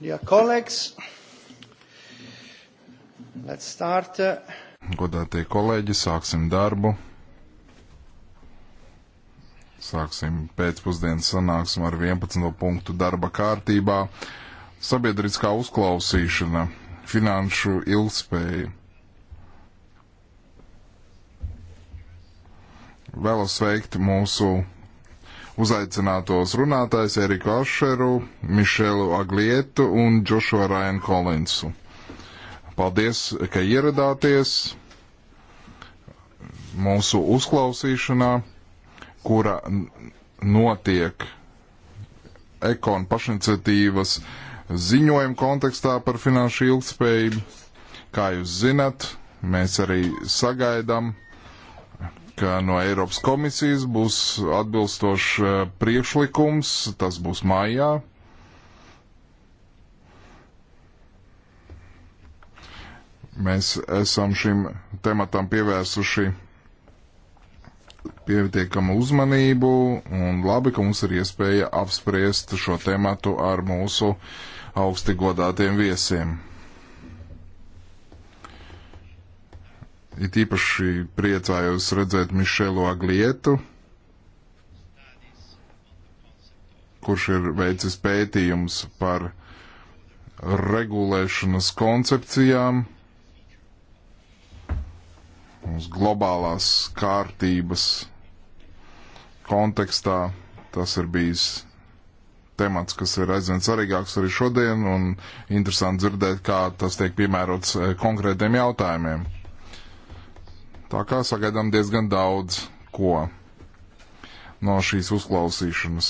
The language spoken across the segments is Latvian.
Dear colleagues, let's start. Godātie kolēģi, sāksim darbu. Sāksim pēcpusdienas sanāksim ar 11. punktu darba kārtībā. Sabiedriskā uzklausīšana, finanšu ilgspēja. Vēlos sveikt mūsu uzaicinātos runātājs Eriku Ašeru, Mišelu Aglietu un Džošu Ryan Collinsu. Paldies, ka ieradāties mūsu uzklausīšanā, kura notiek ekon pašiniciatīvas ziņojuma kontekstā par finanšu ilgspējību. Kā jūs zinat, mēs arī sagaidām ka no Eiropas komisijas būs atbilstošs eh, priekšlikums, tas būs mājā. Mēs esam šim tematam pievērsuši pietiekamu uzmanību, un labi, ka mums ir iespēja apspriest šo tēmatu ar mūsu augsti godātiem viesiem. It īpaši priecājos redzēt Mišelu Aglietu, kurš ir veicis pētījums par regulēšanas koncepcijām uz globālās kārtības kontekstā. Tas ir bijis temats, kas ir aizvien svarīgāks arī šodien, un interesanti dzirdēt, kā tas tiek piemērots eh, konkrētiem jautājumiem. Tā kā sagaidām diezgan daudz ko no šīs uzklausīšanas.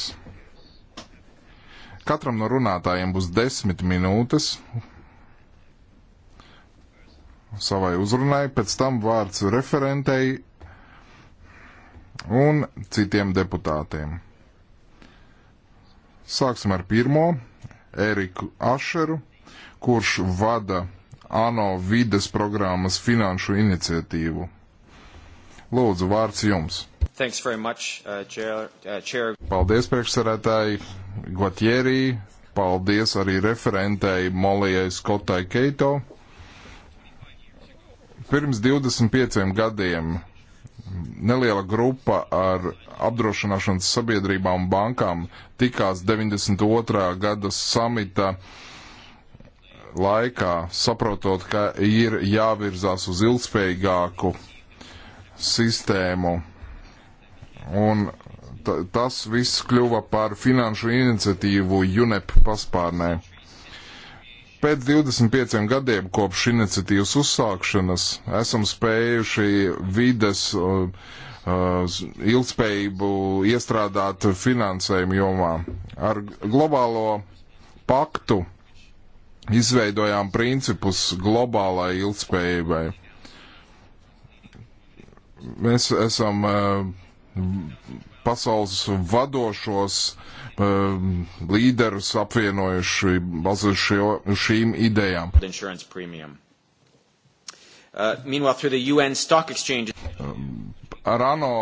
Katram no runātājiem būs desmit minūtes savai uzrunai, pēc tam vārds referentei un citiem deputātiem. Sāksim ar pirmo, Eriku Ašeru, kurš vada ANO vides programmas finanšu iniciatīvu. Lūdzu, vārds jums. Much, uh, chair, uh, chair. Paldies, priekšsarētāji Gotjērī. Paldies arī referentei Molijai Skotai Keito. Pirms 25 gadiem neliela grupa ar apdrošināšanas sabiedrībām un bankām tikās 92. gada samita laikā, saprotot, ka ir jāvirzās uz ilgspējīgāku sistēmu. Un tas viss kļuva par finanšu iniciatīvu UNEP paspārnē. Pēc 25 gadiem kopš iniciatīvas uzsākšanas esam spējuši vides uh, uh, ilgspējību iestrādāt finansējuma jomā. Ar globālo paktu izveidojām principus globālai ilgspējībai Mēs esam eh, pasaules vadošos eh, līderus apvienojuši balstoties uz šīm idejām. Uh, meanwhile, through the UN stock exchange. Eh, ar ANO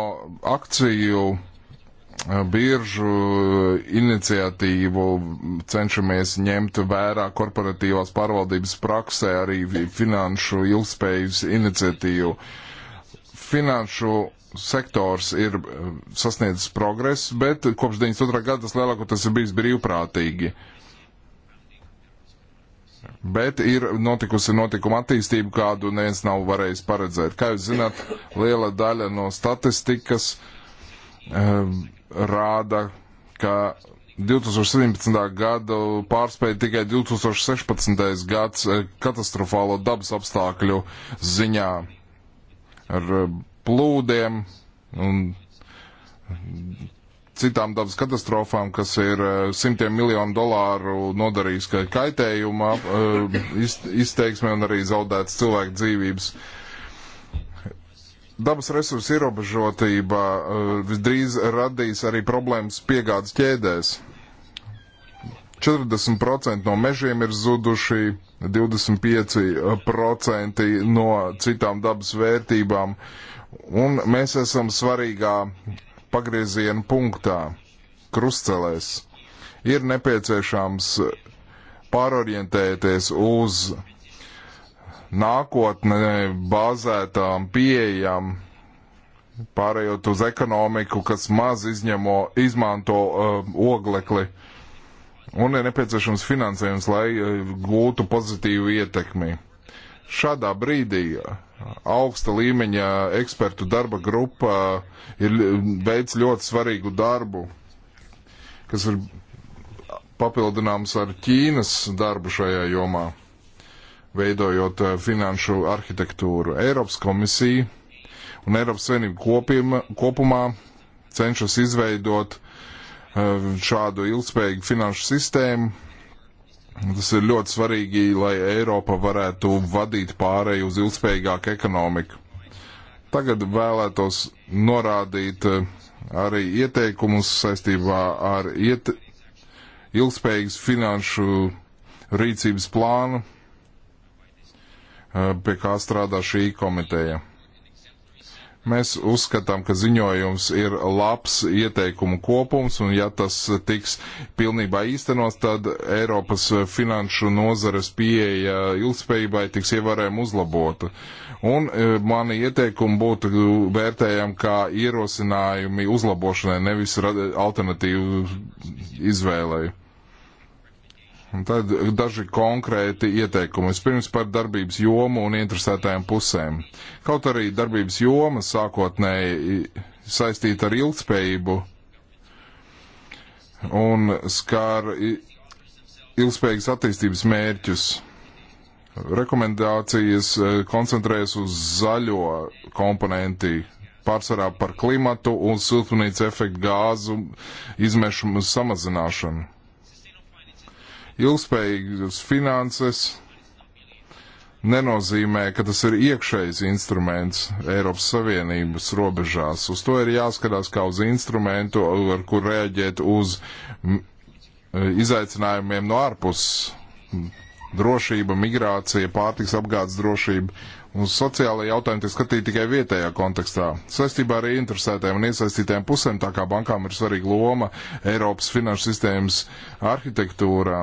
akciju biržu iniciatīvu cenšamies ņemt vērā korporatīvās pārvaldības praksē arī finanšu ilgspējas iniciatīvu. Uh, finanšu sektors ir eh, sasniedzis progresu, bet kopš 92. gada tas lielākoties ir bijis brīvprātīgi. Bet ir notikusi notikuma attīstība, kādu neviens nav varējis paredzēt. Kā jūs zināt, liela daļa no statistikas um, rāda, ka 2017. gadu pārspēja tikai 2016. gads eh, katastrofālo dabas apstākļu ziņā ar eh, plūdiem un citām dabas katastrofām, kas ir eh, simtiem miljonu dolāru nodarījis kaitējumu eh, izteiksmē un arī zaudēts cilvēku dzīvības. Dabas resursu ierobežotība visdrīz radīs arī problēmas piegādes ķēdēs. 40% no mežiem ir zuduši, 25% no citām dabas vērtībām, un mēs esam svarīgā pagrieziena punktā, krustcelēs. Ir nepieciešams pārorientēties uz nākotnē bāzētām pieejām, pārējot uz ekonomiku, kas maz izņemo, izmanto uh, oglekli. Uh, un ir nepieciešams finansējums, lai e, gūtu pozitīvu ietekmi. Šādā brīdī e, augsta līmeņa ekspertu darba grupa e, ir veids ļoti svarīgu darbu, kas ir papildināms ar Ķīnas darbu šajā jomā, veidojot finanšu arhitektūru. Eiropas komisija un Eiropas Savienība kopumā cenšas izveidot uh, Um, šādu ilgspējīgu finanšu sistēmu. Tas ir ļoti svarīgi, lai Eiropa varētu vadīt pārēju uz ilgspējīgāku ekonomiku. Tagad vēlētos norādīt uh, arī ieteikumus saistībā ar iet ilgspējīgas finanšu rīcības plānu, uh, pie kā strādā šī komiteja. Mēs uzskatām, ka ziņojums ir labs ieteikumu kopums, un ja tas tiks pilnībā īstenos, tad Eiropas finanšu nozares pieeja ilgspējībai tiks ievērējami uzlabota. Un e, mani ieteikumi būtu vērtējami kā ierosinājumi uzlabošanai, nevis alternatīvu izvēlēju. Un tad daži konkrēti ieteikumi. Pirms par darbības jomu un interesētajām pusēm. Kaut arī darbības joma sākotnēji saistīta ar ilgspējību un skār ilgspējīgas attīstības mērķus. Rekomendācijas e, koncentrējas uz zaļo komponenti, pārsvarā par klimatu un siltumnīca efektu gāzu izmešumu samazināšanu Ilgspējīgas finanses nenozīmē, ka tas ir iekšējs instruments Eiropas Savienības robežās. Uz to ir jāskatās kā uz instrumentu, ar kur reaģēt uz izaicinājumiem no ārpus - drošība, migrācija, pārtiks apgādes drošība. Uz sociālajiem jautājumiem tiek skatīti tikai vietējā kontekstā. Saistībā ar interesētēm un iesaistītēm pusēm, tā kā bankām ir svarīga loma Eiropas finanšu sistēmas arhitektūrā,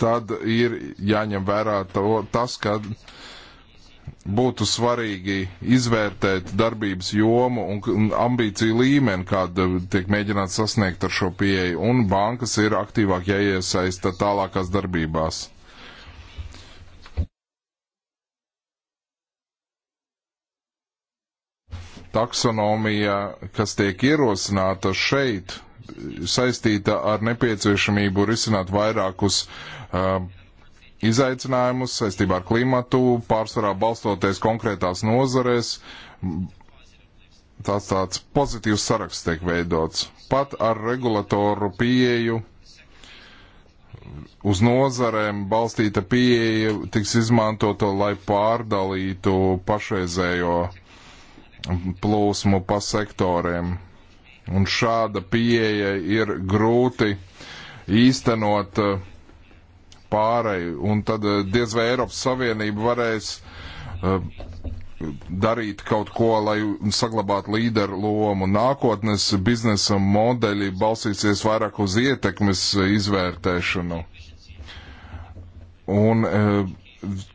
tad ir jāņem vērā to, tas, ka būtu svarīgi izvērtēt darbības jomu un ambīciju līmeni, kāda tiek mēģināts sasniegt ar šo pieeju, un bankas ir aktīvāk jāiesaista tālākās darbībās. taksonomija, kas tiek ierosināta šeit, saistīta ar nepieciešamību risināt vairākus uh, izaicinājumus saistībā ar klimatu, pārsvarā balstoties konkrētās nozarēs. Tāds tāds pozitīvs saraksts tiek veidots. Pat ar regulatoru pieeju uz nozarēm balstīta pieeja tiks izmantota, lai pārdalītu pašreizējo plūsmu pa sektoriem Un šāda pieeja ir grūti īstenot eh, pārēju, un tad eh, diez vai Eiropas Savienība varēs eh, darīt kaut ko, lai saglabātu līderu lomu. Nākotnes biznesa modeļi balsīsies vairāk uz ietekmes izvērtēšanu. Un e,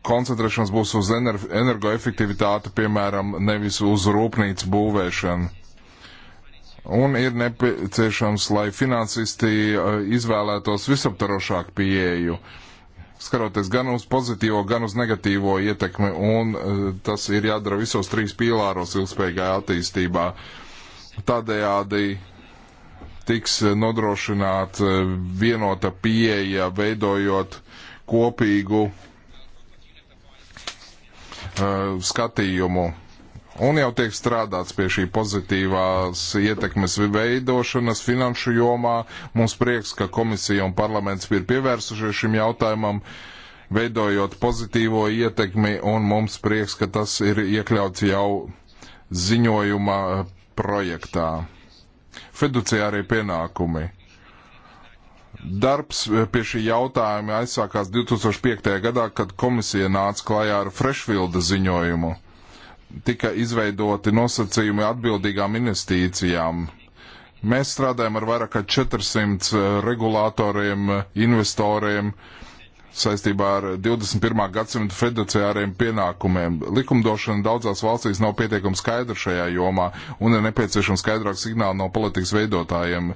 koncentrēšanās būs uz energoefektivitāti, piemēram, nevis uz rūpnīcu būvēšanu. Un ir nepieciešams, lai finansisti eh, izvēlētos visaptarošāku pieeju, skatoties gan uz pozitīvo, gan uz negatīvo ietekmi, un eh, tas ir jādara visos trīs pīlāros ilgspējīgā attīstībā. Tādējādi tiks eh, nodrošināta vienota pieeja, veidojot kopīgu uh, skatījumu Un jau tiek strādāts pie šī pozitīvās ietekmes veidošanas finanšu jomā. Mums prieks, ka komisija un parlaments ir pievērsušies šim jautājumam, veidojot pozitīvo ietekmi, un mums prieks, ka tas ir iekļauts jau ziņojuma projektā. Fiduciārie pienākumi. Darbs pie šī jautājuma aizsākās 2005. gadā, kad komisija nāca klajā ar Freshfielda ziņojumu tika izveidoti nosacījumi atbildīgām investīcijām. Mēs strādājam ar vairāk kā 400 eh, regulātoriem, investoriem, uh, saistībā ar 21. gadsimtu fiduciāriem pienākumiem. Likumdošana daudzās valstīs nav pietiekami skaidra šajā jomā un ir nepieciešams skaidrāk signāli no politikas veidotājiem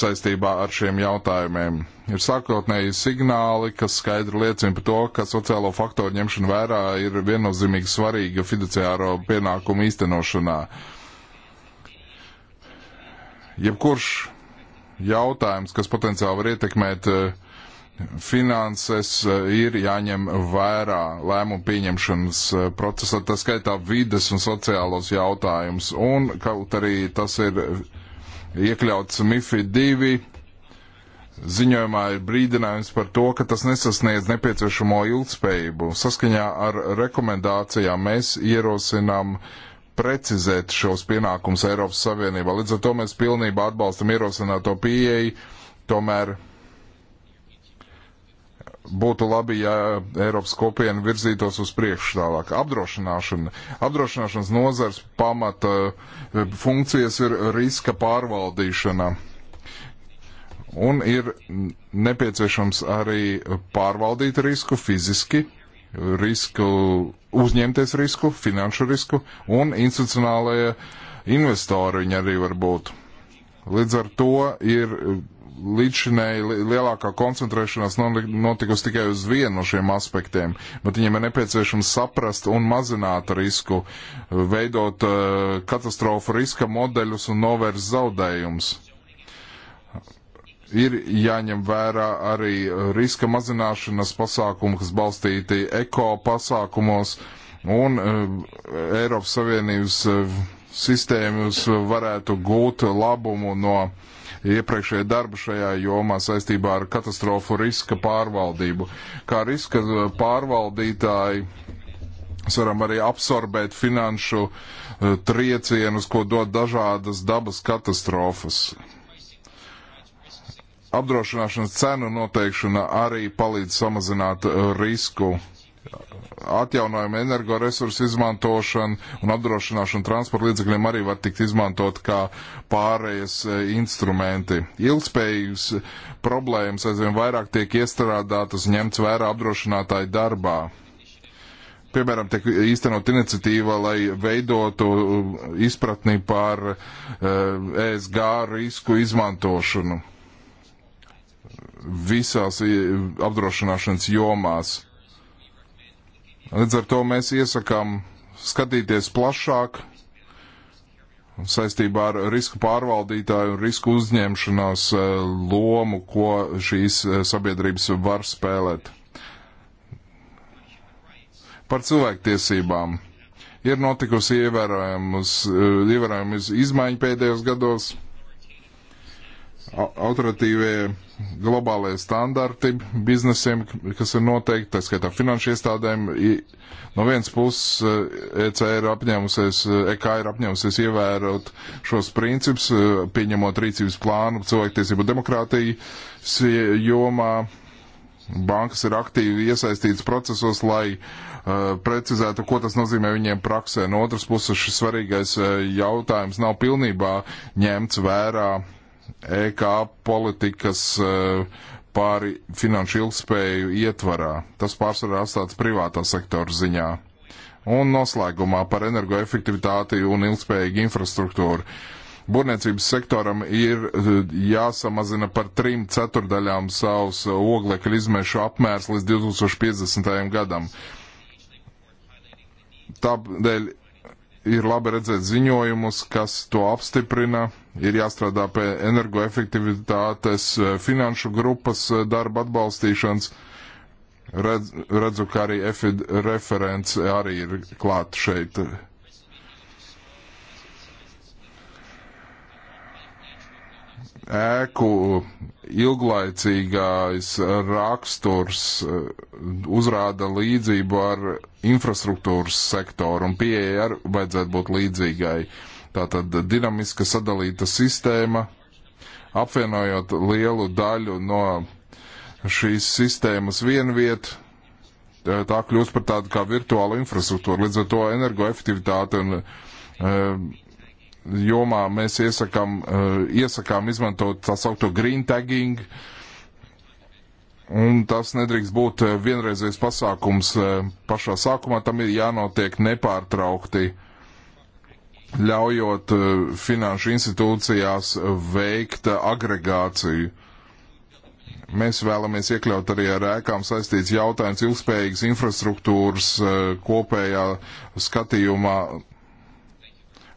saistībā ar šiem jautājumiem. Ir sākotnēji signāli, kas skaidri liecina par to, ka sociālo faktoru ņemšana vērā ir viennozīmīgi svarīga fiduciāro pienākumu īstenošanā. Jebkurš jautājums, kas potenciāli var ietekmēt uh, finanses eh, ir jāņem vērā lēmumu pieņemšanas eh, procesā, tā skaitā vides un sociālos jautājumus. Un kaut arī tas ir iekļauts MIFID 2, ziņojumā ir brīdinājums par to, ka tas nesasniedz nepieciešamo ilgspējību. Saskaņā ar rekomendācijām mēs ierosinām precizēt šos pienākumus Eiropas Savienībā. Līdz ar to mēs pilnībā atbalstam ierosināto pieeju, tomēr būtu labi, ja Eiropas kopiena virzītos uz priekšu tālāk. Apdrošināšana. Apdrošināšanas nozars pamata e, funkcijas ir riska pārvaldīšana. Un ir nepieciešams arī pārvaldīt risku fiziski, risku, uzņemties risku, finanšu risku un institucionālajie investori viņi arī var būt. Līdz ar to ir līdšanai lielākā koncentrēšanās notikusi tikai uz vienu no šiem aspektiem, bet viņiem ir nepieciešams saprast un mazināt risku, veidot eh, katastrofu riska modeļus un novērst zaudējumus. Ir jāņem vērā arī riska mazināšanas pasākumi, kas balstīti eko pasākumos un eh, Eiropas Savienības eh, sistēmas varētu gūt labumu no uh, iepriekšēja darba šajā jomā saistībā ar katastrofu riska pārvaldību. Kā riska eh, pārvaldītāji mēs varam arī absorbēt finanšu eh, triecienus, ko dod dažādas dabas katastrofas. Apdrošināšanas cenu noteikšana arī palīdz samazināt eh, risku atjaunojama energoresursu izmantošana un apdrošināšana transporta līdzekļiem arī var tikt izmantot kā pārējas e, instrumenti. Ilgspējīgas e, problēmas aizvien vairāk tiek iestrādātas un ņemts vērā apdrošinātāju darbā piemēram, tiek īstenot iniciatīva, lai veidotu e, izpratni par uh, ESG risku izmantošanu visās apdrošināšanas jomās. Līdz ar to mēs iesakām skatīties plašāk saistībā ar risku pārvaldītāju un risku uzņemšanās e, lomu, ko šīs e, sabiedrības var spēlēt. Par cilvēktiesībām ir notikusi ievērojamas e, izmaiņas pēdējos gados autoritīvie globālie standarti biznesiem, kas ir noteikti, tā skaitā finanšu iestādēm. No vienas puses EC e ir apņēmusies, EK e ir apņēmusies ievērot šos principus, e, pieņemot rīcības plānu cilvēktiesību demokrātijas jomā. Bankas ir aktīvi iesaistītas procesos, lai uh, precizētu, ko tas nozīmē viņiem praksē. No otras puses, šis svarīgais uh, jautājums nav pilnībā ņemts vērā uh, EK politikas e, pāri finanšu ilgspēju ietvarā. Tas pārsvarā atstāts privātā sektora ziņā. Un noslēgumā par energoefektivitāti un ilgspējīgu infrastruktūru. Būrniecības sektoram ir e, jāsamazina par trim ceturdaļām savus oglekļa izmešu apmērs līdz 2050. gadam. Tādēļ ir labi redzēt ziņojumus, kas to apstiprina. Ir jāstrādā pie energoefektivitātes, eh, finanšu grupas eh, darba atbalstīšanas. Redz, redzu, ka arī EFID referents arī ir klāt šeit ēku ilglaicīgais raksturs eh, uzrāda līdzību ar infrastruktūras sektoru un pieeja ar vajadzētu būt līdzīgai. Tātad dinamiska sadalīta sistēma, apvienojot lielu daļu no šīs sistēmas vienvietu, eh, tā kļūst par tādu kā virtuālu infrastruktūru, līdz ar to energoefektivitāte un uh, jomā mēs iesakām, eh, iesakām izmantot tā saukto green tagging, un tas nedrīkst būt eh, vienreizējs pasākums eh, pašā sākumā, tam ir jānotiek nepārtraukti, ļaujot finanšu institūcijās veikt agregāciju. Mēs vēlamies iekļaut arī ar ēkām saistīts jautājums ilgspējīgas infrastruktūras kopējā skatījumā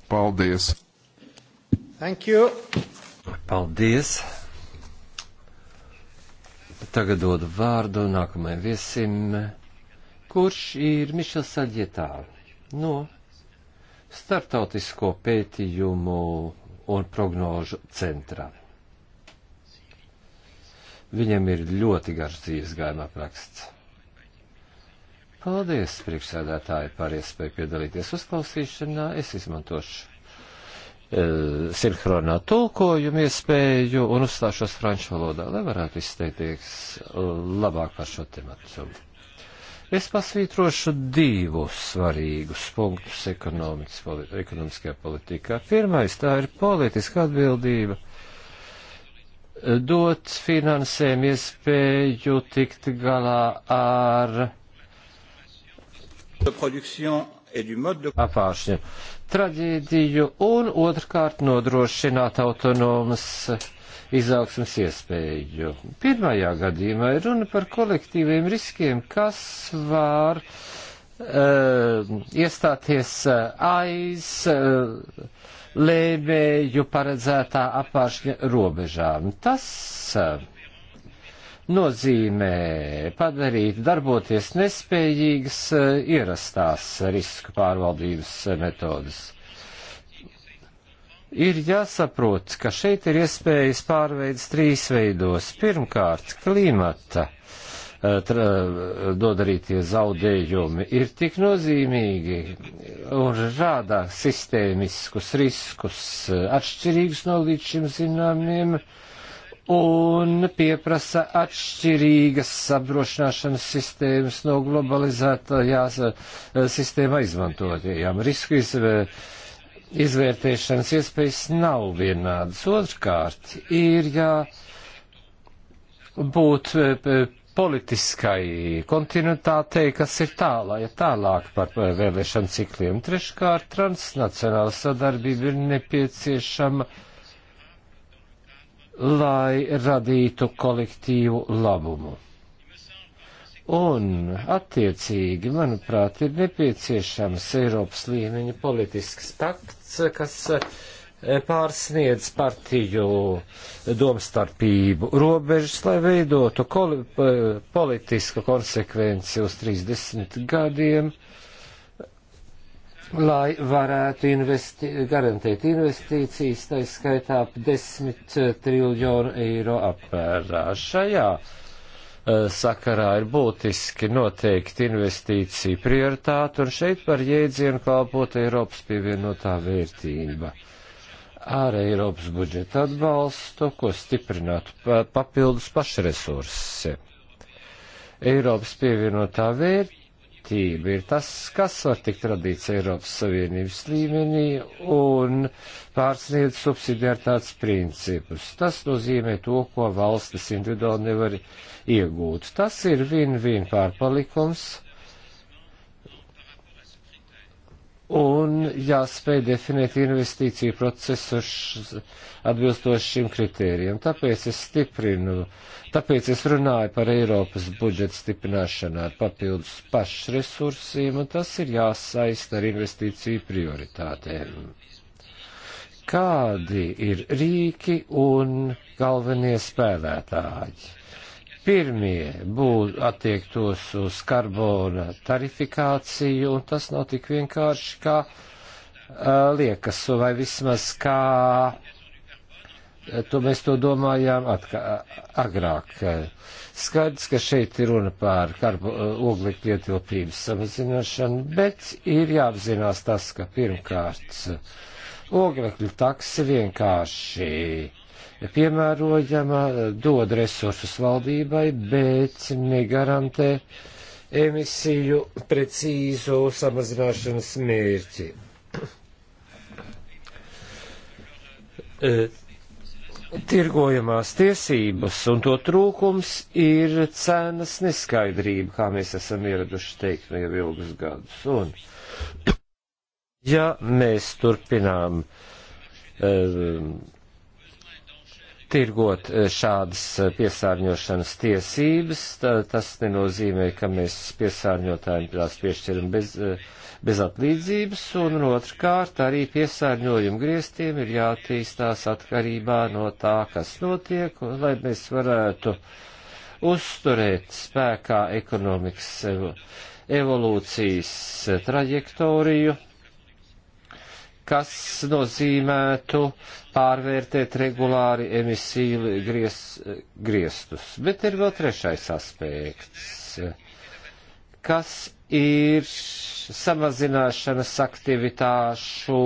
Paldies! Thank you! Paldies! Tagad dodu vārdu nākamajai viesim, kurš ir Mišels Aģetā no Startautisko pētījumu un prognožu centrā. Viņam ir ļoti garš dzīves gājuma apraksts. Paldies, priekšsēdētāji, par iespēju piedalīties uzklausīšanā. Es izmantošu e, eh, sinhronā tulkojumu iespēju un uzstāšos franču valodā, lai varētu izteikties eh, labāk par šo tematu. Es pasvītrošu divus svarīgus punktus politi ekonomiskajā politikā. Pirmais tā ir politiska atbildība eh, dot finansēm iespēju tikt galā ar apāršņu traģēdiju un otrkārt nodrošināt autonomas izaugsmas iespēju. Pirmajā gadījumā ir runa par kolektīviem riskiem, kas var uh, iestāties uh, aiz uh, lēmēju paredzētā apāršņa robežām. Tas uh, nozīmē padarīt darboties nespējīgas eh, ierastās risku pārvaldības eh, metodas. Ir jāsaprot, ka šeit ir iespējas pārveidas trīs veidos. Pirmkārt, klimata eh, dodarītie zaudējumi ir tik nozīmīgi un rādā sistēmiskus riskus atšķirīgus no līdz šim zināmiem. Uh, un pieprasa atšķirīgas apdrošināšanas sistēmas no globalizētajās eh, sistēmā izmantotajām. Risku izvēr, izvērtēšanas iespējas nav vienādas. Otrkārt, ir jābūt eh, politiskai kontinuitātei, kas ir tālāk, ja tālāk par vēlēšanu cikliem. Treškārt, transnacionāla sadarbība ir nepieciešama lai radītu kolektīvu labumu. Un, attiecīgi, manuprāt, ir nepieciešams Eiropas līmeņa politisks pakts, kas eh, pārsniedz partiju domstarpību robežas, lai veidotu eh, politisku konsekvenci uz 30 gadiem lai varētu investi garantēt investīcijas, tā skaitā ap 10 triljonu eiro apmērā. Šajā e, sakarā ir būtiski noteikti investīciju prioritāti, un šeit par jēdzienu kalpot Eiropas pievienotā vērtība. Ar Eiropas budžeta atbalstu, ko stiprinātu papildus pašresursi. Eiropas pievienotā vērt, vērtība ir tas, kas var tikt radīts Eiropas Savienības līmenī un pārsniedz subsidiartāts principus. Tas nozīmē to, ko valstis individuāli nevar iegūt. Tas ir vien-vien pārpalikums un jāspēj definēt investīciju procesu atbilstoši šim kritērijam. Tāpēc es stiprinu, tāpēc es runāju par Eiropas budžetu stiprināšanu ar papildus pašresursiem, un tas ir jāsaista ar investīciju prioritātēm. Kādi ir rīki un galvenie spēlētāji? pirmie būtu attiektos uz karbona tarifikāciju, un tas nav tik vienkārši kā uh, liekas, vai vismaz kā to mēs to domājām atkā, agrāk. Skaidrs, ka šeit ir runa par karbu oglekļu ietilpības samazināšanu, bet ir jāapzinās tas, ka pirmkārt Oglekļu takse vienkārši piemērojama, dod resursus valdībai, bet negarantē emisiju precīzu samazināšanas mērķi. E, tirgojamās tiesības un to trūkums ir cenas neskaidrība, kā mēs esam ieraduši teikt no nu jau ilgus gadus. Un Ja mēs turpinām um, tirgot eh, šādas eh, piesārņošanas tiesības, tā, tas nenozīmē, ka mēs piesārņotājiem tās piešķiram bez, eh, bez atlīdzības, un otrkārt arī piesārņojumu griestiem ir jātīstās atkarībā no tā, kas notiek, un lai mēs varētu uzturēt spēkā ekonomikas evolūcijas trajektoriju kas nozīmētu pārvērtēt regulāri emisiju gries, griestus. Bet ir vēl trešais aspekts, kas ir samazināšanas aktivitāšu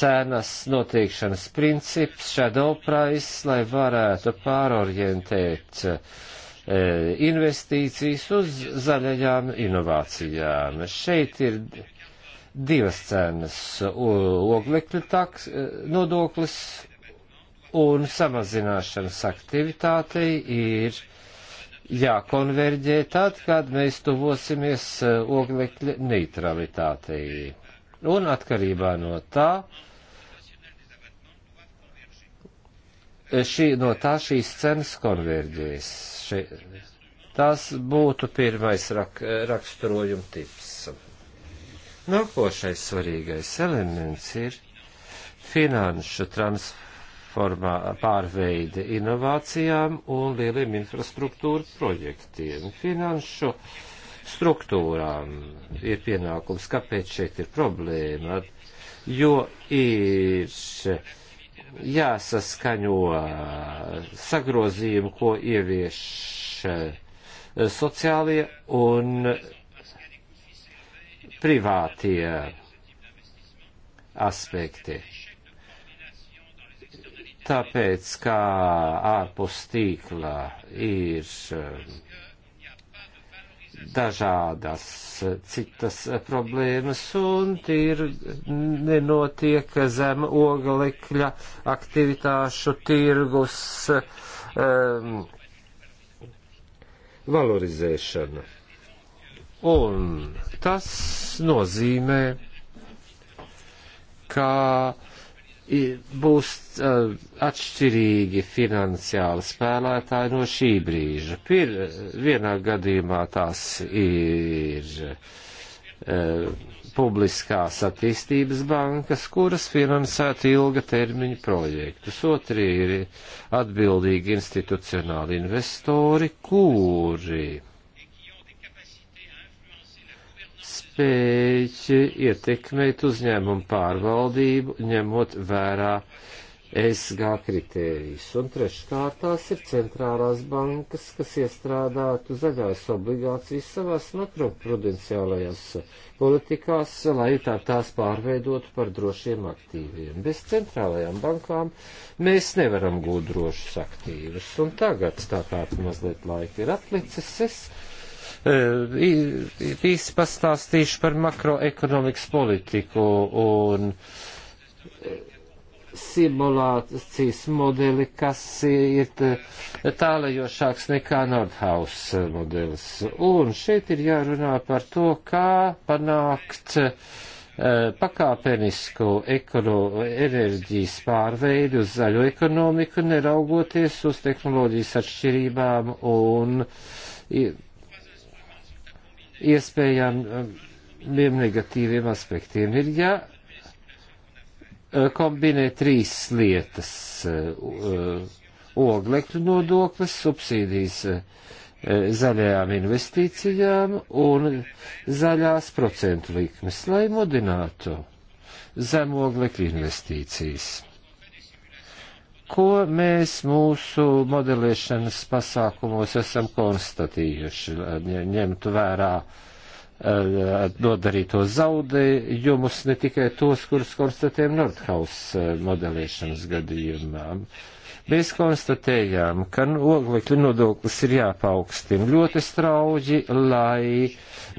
cenas noteikšanas princips, shadow price, lai varētu pārorientēt e, investīcijas uz zaļajām inovācijām. Šeit ir divas cenas - oglekļa taks, e, nodoklis un samazināšanas aktivitātei ir jākonverģē tad, kad mēs tuvosimies e, oglekļa neutralitātei. Un atkarībā no tā, šī, no tā šīs cenas konverģēs. Še, tas būtu pirmais rak, raksturojuma tips. Nākošais svarīgais elements ir finanšu transformā pārveide inovācijām un lieliem infrastruktūra projektiem. Finanšu struktūrām ir pienākums, kāpēc šeit ir problēma, jo ir jāsaskaņo sagrozījumu, ko ievieš eh, sociālie un privātie aspekti. Tāpēc, kā ārpus tīkla ir eh, dažādas citas problēmas un ir nenotiek zem oglekļa aktivitāšu tirgus um, valorizēšana. Un tas nozīmē, ka būs uh, atšķirīgi finansiāli spēlētāji no šī brīža. Pir, vienā gadījumā tās ir uh, publiskās attīstības bankas, kuras finansētu ilga termiņa projektus. Otri ir atbildīgi institucionāli investori, kuri spēj ietekmēt uzņēmumu pārvaldību, ņemot vērā SG kritērijus. Un treškārt tās ir centrālās bankas, kas iestrādātu zaļās obligācijas savās makroprudenciālajās politikās, lai tā tās pārveidotu par drošiem aktīviem. Bez centrālajām bankām mēs nevaram gūt drošus aktīvus. Un tagad, tā kā mazliet laika ir atlicis, es īsi pastāstīšu par makroekonomikas politiku un simulācijas modeli, kas ir tālajošāks nekā Nordhaus modelis. Un šeit ir jārunā par to, kā panākt pakāpenisku ekono, enerģijas pārveidu uz zaļo ekonomiku, neraugoties uz tehnoloģijas atšķirībām un iespējamiem um, negatīviem aspektiem ir, ja uh, kombinē trīs lietas uh, - uh, oglekļu nodoklis, subsīdijas zaļajām investīcijām un zaļās procentu likmes, lai modinātu zemoglekļu investīcijas ko mēs mūsu modelēšanas pasākumos esam konstatījuši, ņemtu vērā e, nodarīto zaudējumus, ne tikai tos, kurus konstatējam Nordhaus e, modelēšanas gadījumā. Mēs konstatējām, ka nu, oglekļa nodoklis ir jāpaukstina ļoti strauji, lai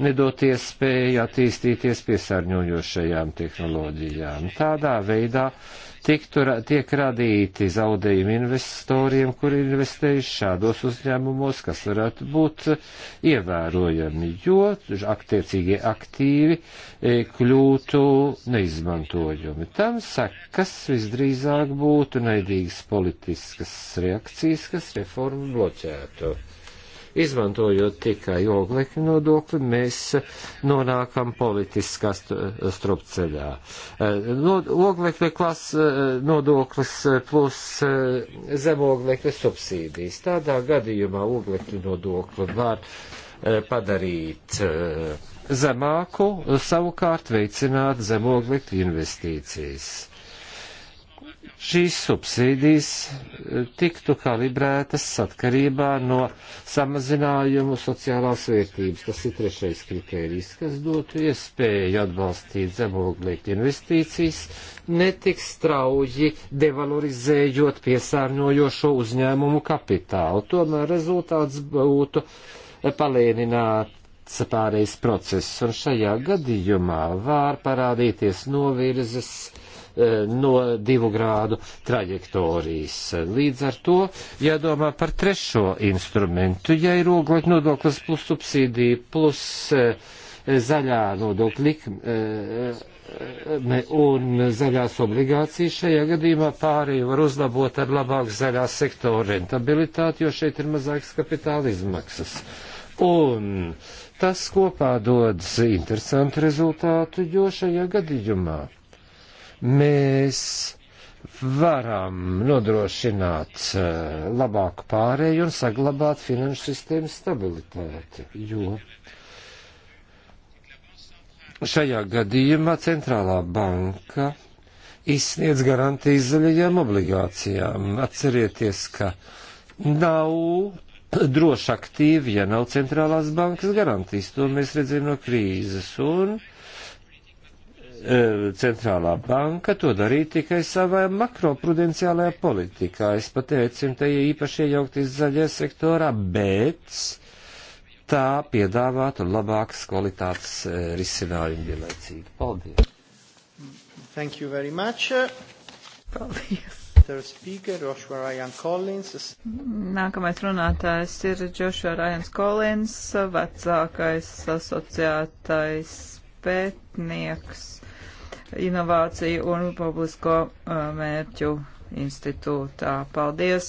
nedot iespēju attīstīties piesārņojošajām tehnoloģijām. Tādā veidā uh, tiktu, tiek radīti zaudējumi investoriem, kuri investējuši šādos uzņēmumos, kas varētu būt ievērojami, jo attiecīgie aktīvi e, kļūtu neizmantojumi. Tam sekas visdrīzāk būtu naidīgas politiskas reakcijas, kas reformu bloķētu. Izmantojot tikai oglekļu nodokli, mēs nonākam politiskā strupceļā. Eh, no, oglekļa klas, eh, nodoklis eh, plus zemoglekļa subsīdijas. Tādā gadījumā oglekļu nodokli var padarīt zemāku, savukārt veicināt zemoglekļu investīcijas šīs subsīdijas eh, tiktu kalibrētas atkarībā no samazinājumu sociālās vērtības. Tas ir trešais kritērijs, kas dotu iespēju atbalstīt zemoglīti investīcijas, netik strauji devalorizējot piesārņojošo uzņēmumu kapitālu. Tomēr rezultāts būtu palēnināt pārējais process, un šajā gadījumā var parādīties novirzes Eh, no divu grādu trajektorijas. Līdz ar to jādomā par trešo instrumentu. Ja ir oglekļa nodoklis plus subsīdija plus eh, zaļā nodokļa likme eh, un zaļās obligācijas šajā gadījumā pārēju var uzlabot ar labāku zaļā sektora rentabilitāti, jo šeit ir mazāks kapitāla izmaksas. Un tas kopā dodas interesantu rezultātu, jo šajā gadījumā mēs varam nodrošināt eh, labāku pārēju un saglabāt finanšu sistēmas stabilitāti, jo šajā gadījumā centrālā banka izsniedz garantijas zaļajām obligācijām. Atcerieties, ka nav droši aktīvi, ja nav centrālās bankas garantijas. To mēs redzējām no krīzes. Un E, centrālā banka to darīja tikai savā makroprudenciālajā politikā. Es pat aicinu te īpaši iejaukties zaļajā sektorā, bet tā piedāvātu labākas kvalitātes e, risinājumu vienlaicīgi. Paldies! Thank you very much. Paldies! Speaker, Nākamais runātājs ir Joshua Ryan Collins, vecākais asociētais pētnieks inovāciju un publisko uh, mērķu institūtā. Paldies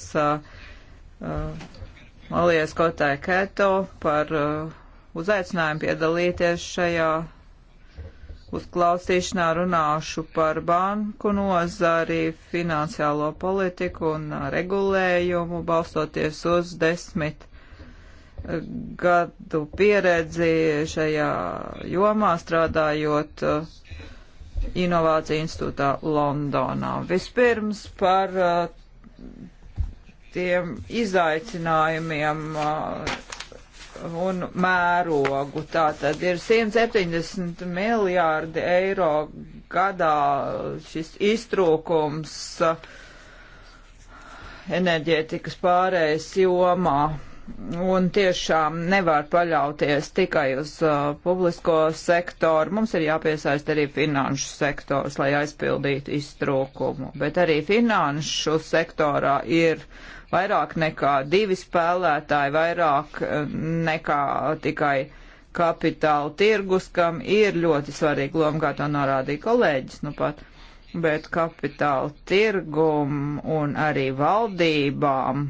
Malijas uh, uh, Kotai Keto par uzaicinājumu piedalīties šajā uzklausīšanā runāšu par banku nozari, finansiālo politiku un regulējumu, balstoties uz desmit gadu pieredzi šajā jomā strādājot Inovācija institūtā Londonā. Vispirms par uh, tiem izaicinājumiem uh, un mērogu. Tā tad ir 170 miljārdi eiro gadā šis iztrūkums uh, enerģētikas pārējais jomā un tiešām nevar paļauties tikai uz uh, publisko sektoru. Mums ir jāpiesaist arī finanšu sektors, lai aizpildītu iztrūkumu. Bet arī finanšu sektorā ir vairāk nekā divi spēlētāji, vairāk uh, nekā tikai kapitāla tirgus, kam ir ļoti svarīga loma, kā to norādīja kolēģis. Nu pat. Bet kapitāla tirgum un arī valdībām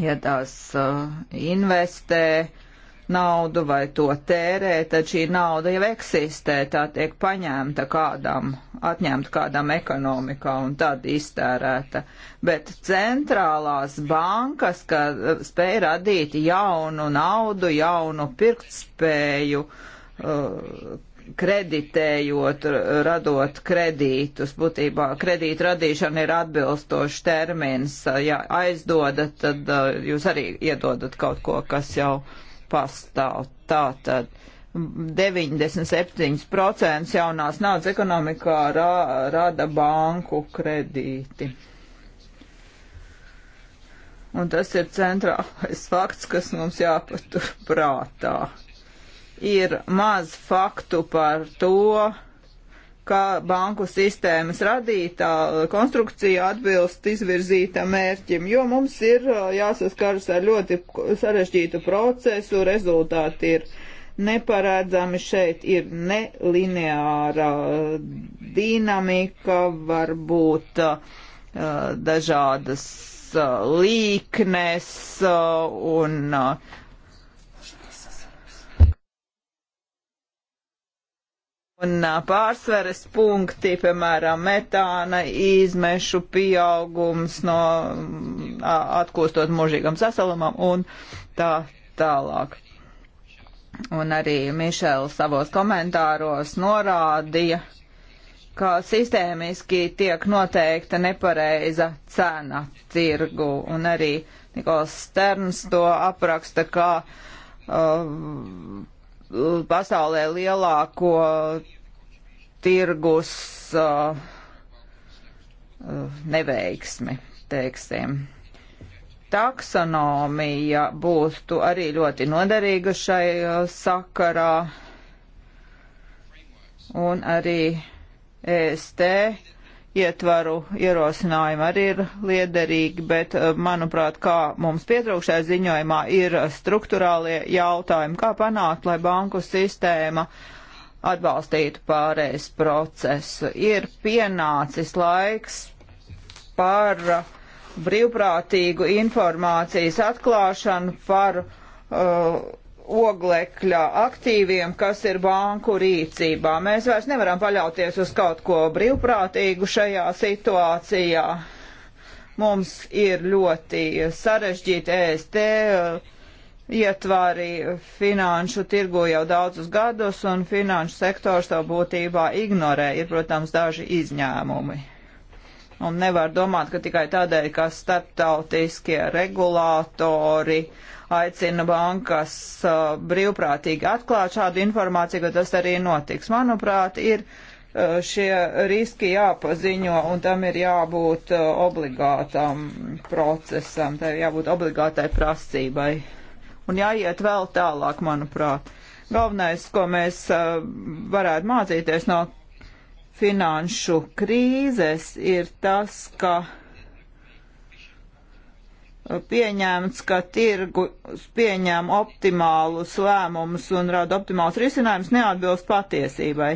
ja tās uh, investē naudu vai to tērē, tad šī nauda jau eksistē, tā tiek paņemta kādam, atņemta kādam ekonomikā un tad iztērēta. Bet centrālās bankas, ka uh, spēja radīt jaunu naudu, jaunu pirktspēju, uh, kreditējot, radot kredītus. Būtībā kredītu radīšana ir atbilstošs termins. Ja aizdodat, tad uh, jūs arī iedodat kaut ko, kas jau pastāv. Tātad 97% jaunās naudas ekonomikā rā, rada banku kredīti. Un tas ir centrālais fakts, kas mums jāpatur prātā ir maz faktu par to, ka banku sistēmas radītā konstrukcija atbilst izvirzītam mērķim, jo mums ir jāsaskaras ar ļoti sarežģītu procesu, rezultāti ir neparedzami, šeit ir nelineāra dinamika, varbūt dažādas līknes un uh, Un pārsveres punkti, piemēram, metāna izmešu pieaugums no atkostot mūžīgam sasalumam un tā tālāk. Un arī Mišela savos komentāros norādīja, ka sistēmiski tiek noteikta nepareiza cena tirgu, un arī Nikols Sterns to apraksta kā uh, pasaulē lielāko tirgus uh, uh, neveiksmi, teiksim. Taksonomija būtu arī ļoti noderīga šai uh, sakarā un arī EST ietvaru ierosinājumi arī ir liederīgi, bet, eh, manuprāt, kā mums pietrūkšai ziņojumā ir struktūrālie jautājumi, kā panākt, lai banku sistēma atbalstītu pārējais procesu. Ir pienācis laiks par brīvprātīgu informācijas atklāšanu par uh, oglekļa aktīviem, kas ir banku rīcībā. Mēs vairs nevaram paļauties uz kaut ko brīvprātīgu šajā situācijā. Mums ir ļoti sarežģīti EST uh, ietvari finanšu tirgu jau daudzus gadus, un finanšu sektors to būtībā ignorē. Ir, protams, daži izņēmumi. Un nevar domāt, ka tikai tādēļ, ka starptautiskie regulātori uh, aicina bankas uh, brīvprātīgi atklāt šādu informāciju, ka tas arī notiks. Manuprāt, ir uh, šie riski jāpaziņo un tam ir jābūt uh, obligātam procesam, tai jābūt obligātai prasībai. Un jāiet vēl tālāk, manuprāt. Galvenais, ko mēs uh, varētu mācīties no finanšu krīzes, ir tas, ka Eh, pieņēmts, ka tirgus pieņem optimālus lēmumus un rada optimālus risinājumus, neatbilst patiesībai.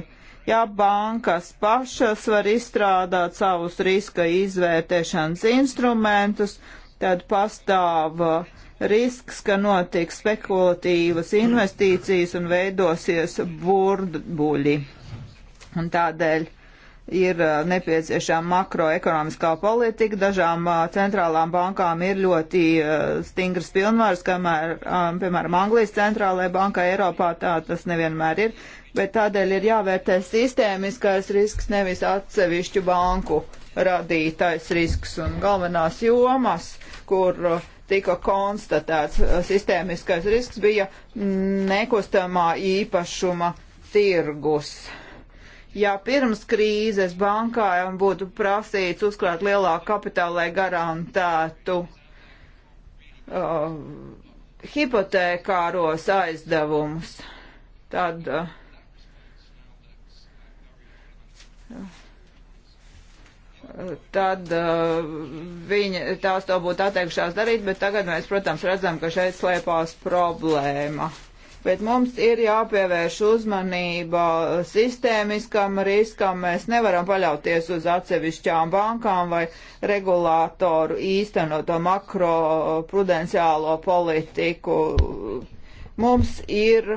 Ja bankas pašas var izstrādāt savus riska izvērtēšanas instrumentus, tad pastāv eh, risks, ka notiks spekulatīvas investīcijas un veidosies burbuļi. Un tādēļ ir nepieciešama makroekonomiskā politika. Dažām centrālām bankām ir ļoti stingras pilnvaras, kamēr, piemēram, Anglijas centrālajai bankai Eiropā tā tas nevienmēr ir, bet tādēļ ir jāvērtē sistēmiskais risks, nevis atsevišķu banku radītais risks un galvenās jomas, kur tika konstatēts sistēmiskais risks bija mm, nekustamā īpašuma tirgus ja pirms krīzes bankājiem būtu prasīts uzkrāt lielāku kapitālu, lai garantētu uh, hipotekāros aizdevumus, tad. Uh, tad uh, viņi tās to būtu atteikušās darīt, bet tagad mēs, protams, redzam, ka šeit slēpās problēma. Uh, bet mums ir jāpievērš uzmanība sistēmiskam riskam. Mēs nevaram paļauties uz atsevišķām bankām vai regulātoru īstenoto makroprudenciālo politiku. Mums ir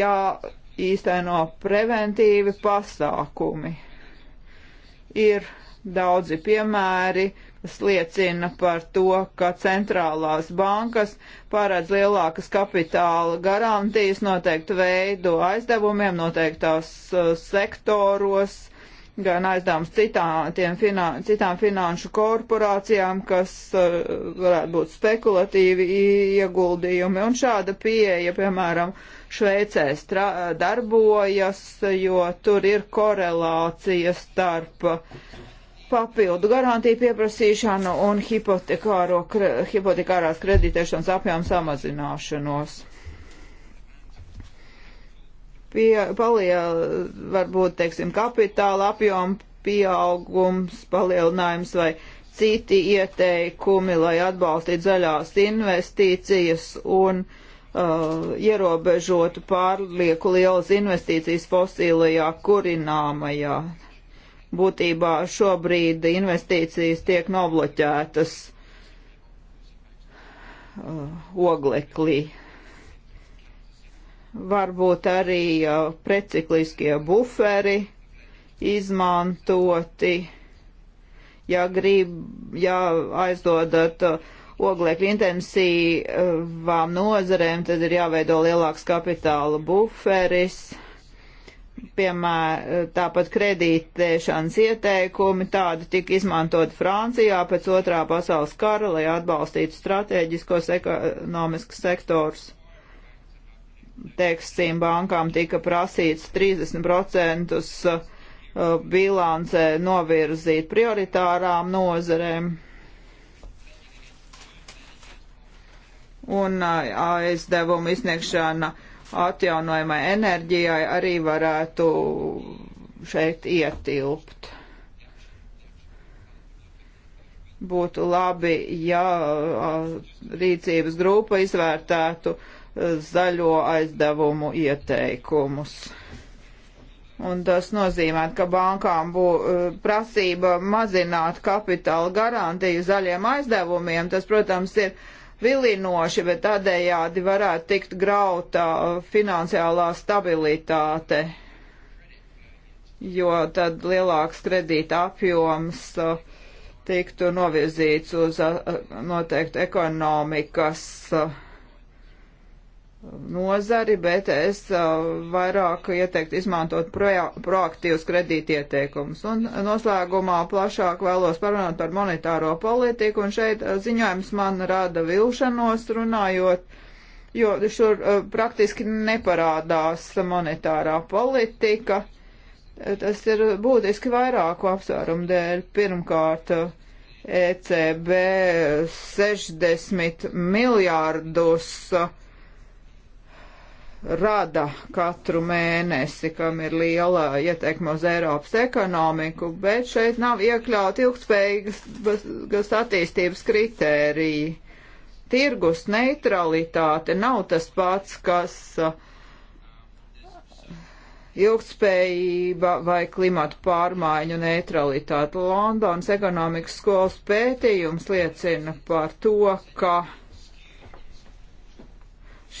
jāīsteno preventīvi pasākumi. Ir daudzi piemēri, liecina par to, ka centrālās bankas pārēdz lielākas kapitāla garantijas noteiktu veidu aizdevumiem, noteiktās uh, sektoros, gan aizdevums citām, finan citām finanšu korporācijām, kas uh, varētu būt spekulatīvi ieguldījumi. Un šāda pieeja, piemēram, Šveicē darbojas, jo tur ir korelācija starp uh, papildu garantiju pieprasīšanu un kre, hipotekārās kreditēšanas apjomu samazināšanos. Pie, paliel, varbūt, teiksim, kapitāla apjomu pieaugums, palielinājums vai citi ieteikumi, lai atbalstītu zaļās investīcijas un uh, ierobežotu pārlieku lielas investīcijas fosīlajā kurināmajā būtībā šobrīd investīcijas tiek nobloķētas uh, ogleklī. Varbūt arī uh, precikliskie buferi izmantoti, ja grib, ja aizdodat uh, oglekļu intensīvām nozarēm, tad ir jāveido lielāks kapitāla buferis piemēram, tāpat kredītēšanas ieteikumi tādi tika izmantot Francijā pēc otrā pasaules kara, lai atbalstītu strateģiskos ekonomiskas sektors. Tekstīm bankām tika prasīts 30% uh, bilancē novirzīt prioritārām nozerēm. Un uh, aizdevumu izsniegšana uh, atjaunojamai enerģijai arī varētu šeit ietilpt. Būtu labi, ja rīcības grupa izvērtētu zaļo aizdevumu ieteikumus. Un tas nozīmē, ka bankām būs prasība mazināt kapitāla garantiju zaļiem aizdevumiem. Tas, protams, ir uh, vilinoši, bet tādējādi varētu tikt grauta uh, finansiālā stabilitāte, jo tad lielāks kredīta apjoms uh, tiktu novirzīts uz uh, noteiktu ekonomikas uh, nozari, bet es vairāk ieteiktu izmantot proaktīvus kredītieteikumus. Un noslēgumā plašāk vēlos parunāt par monetāro politiku, un šeit ziņojums man rada vilšanos runājot, jo šur praktiski neparādās monetārā politika. Tas ir būtiski vairāku apsvērumu dēļ. Pirmkārt, ECB 60 miljārdus uh, rada katru mēnesi, kam ir liela ietekme uz Eiropas ekonomiku, bet šeit nav iekļauti ilgspējīgas attīstības kritēriji. Tirgus neutralitāte nav tas pats, kas ilgspējība vai klimatu pārmaiņu neutralitāte. Londonas ekonomikas skolas pētījums liecina par to, ka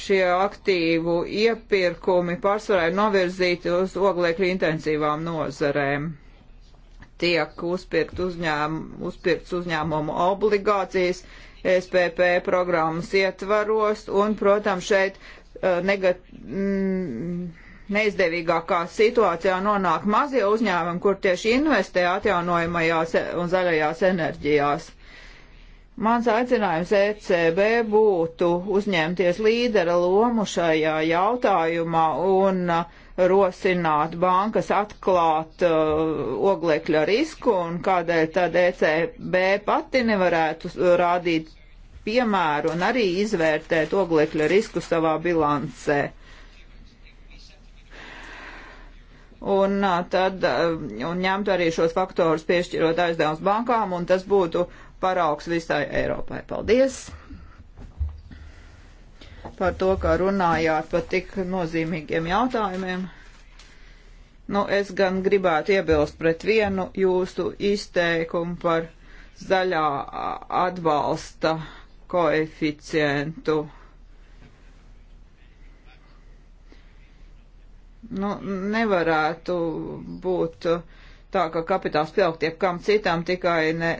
šie aktīvu iepirkumi pārsvarā ir novirzīti uz oglekļu intensīvām nozarēm. Tiek uzpirkt uzņēm, uzpirkts uzņēmumu obligācijas SPP programmas ietvaros, un, protams, šeit uh, negat, mm, neizdevīgākā situācijā nonāk mazie uzņēmumi, kur tieši investē atjaunojamajās e, un zaļajās enerģijās Mans aicinājums ECB būtu uzņemties līdera lomu šajā jautājumā un uh, rosināt bankas atklāt uh, oglekļa risku un kādēļ tad ECB pati nevarētu uh, rādīt piemēru un arī izvērtēt oglekļa risku savā bilancē. Un uh, tad, uh, un ņemt arī šos faktorus piešķirot aizdevums bankām, un tas būtu uh, paraugs visai Eiropai. Paldies par to, ka runājāt par tik nozīmīgiem jautājumiem. Nu, es gan gribētu iebilst pret vienu jūsu izteikumu par zaļā atbalsta koeficientu. Nu, nevarētu būt uh, tā, ka kapitāls pieaug tiek kam citam tikai ne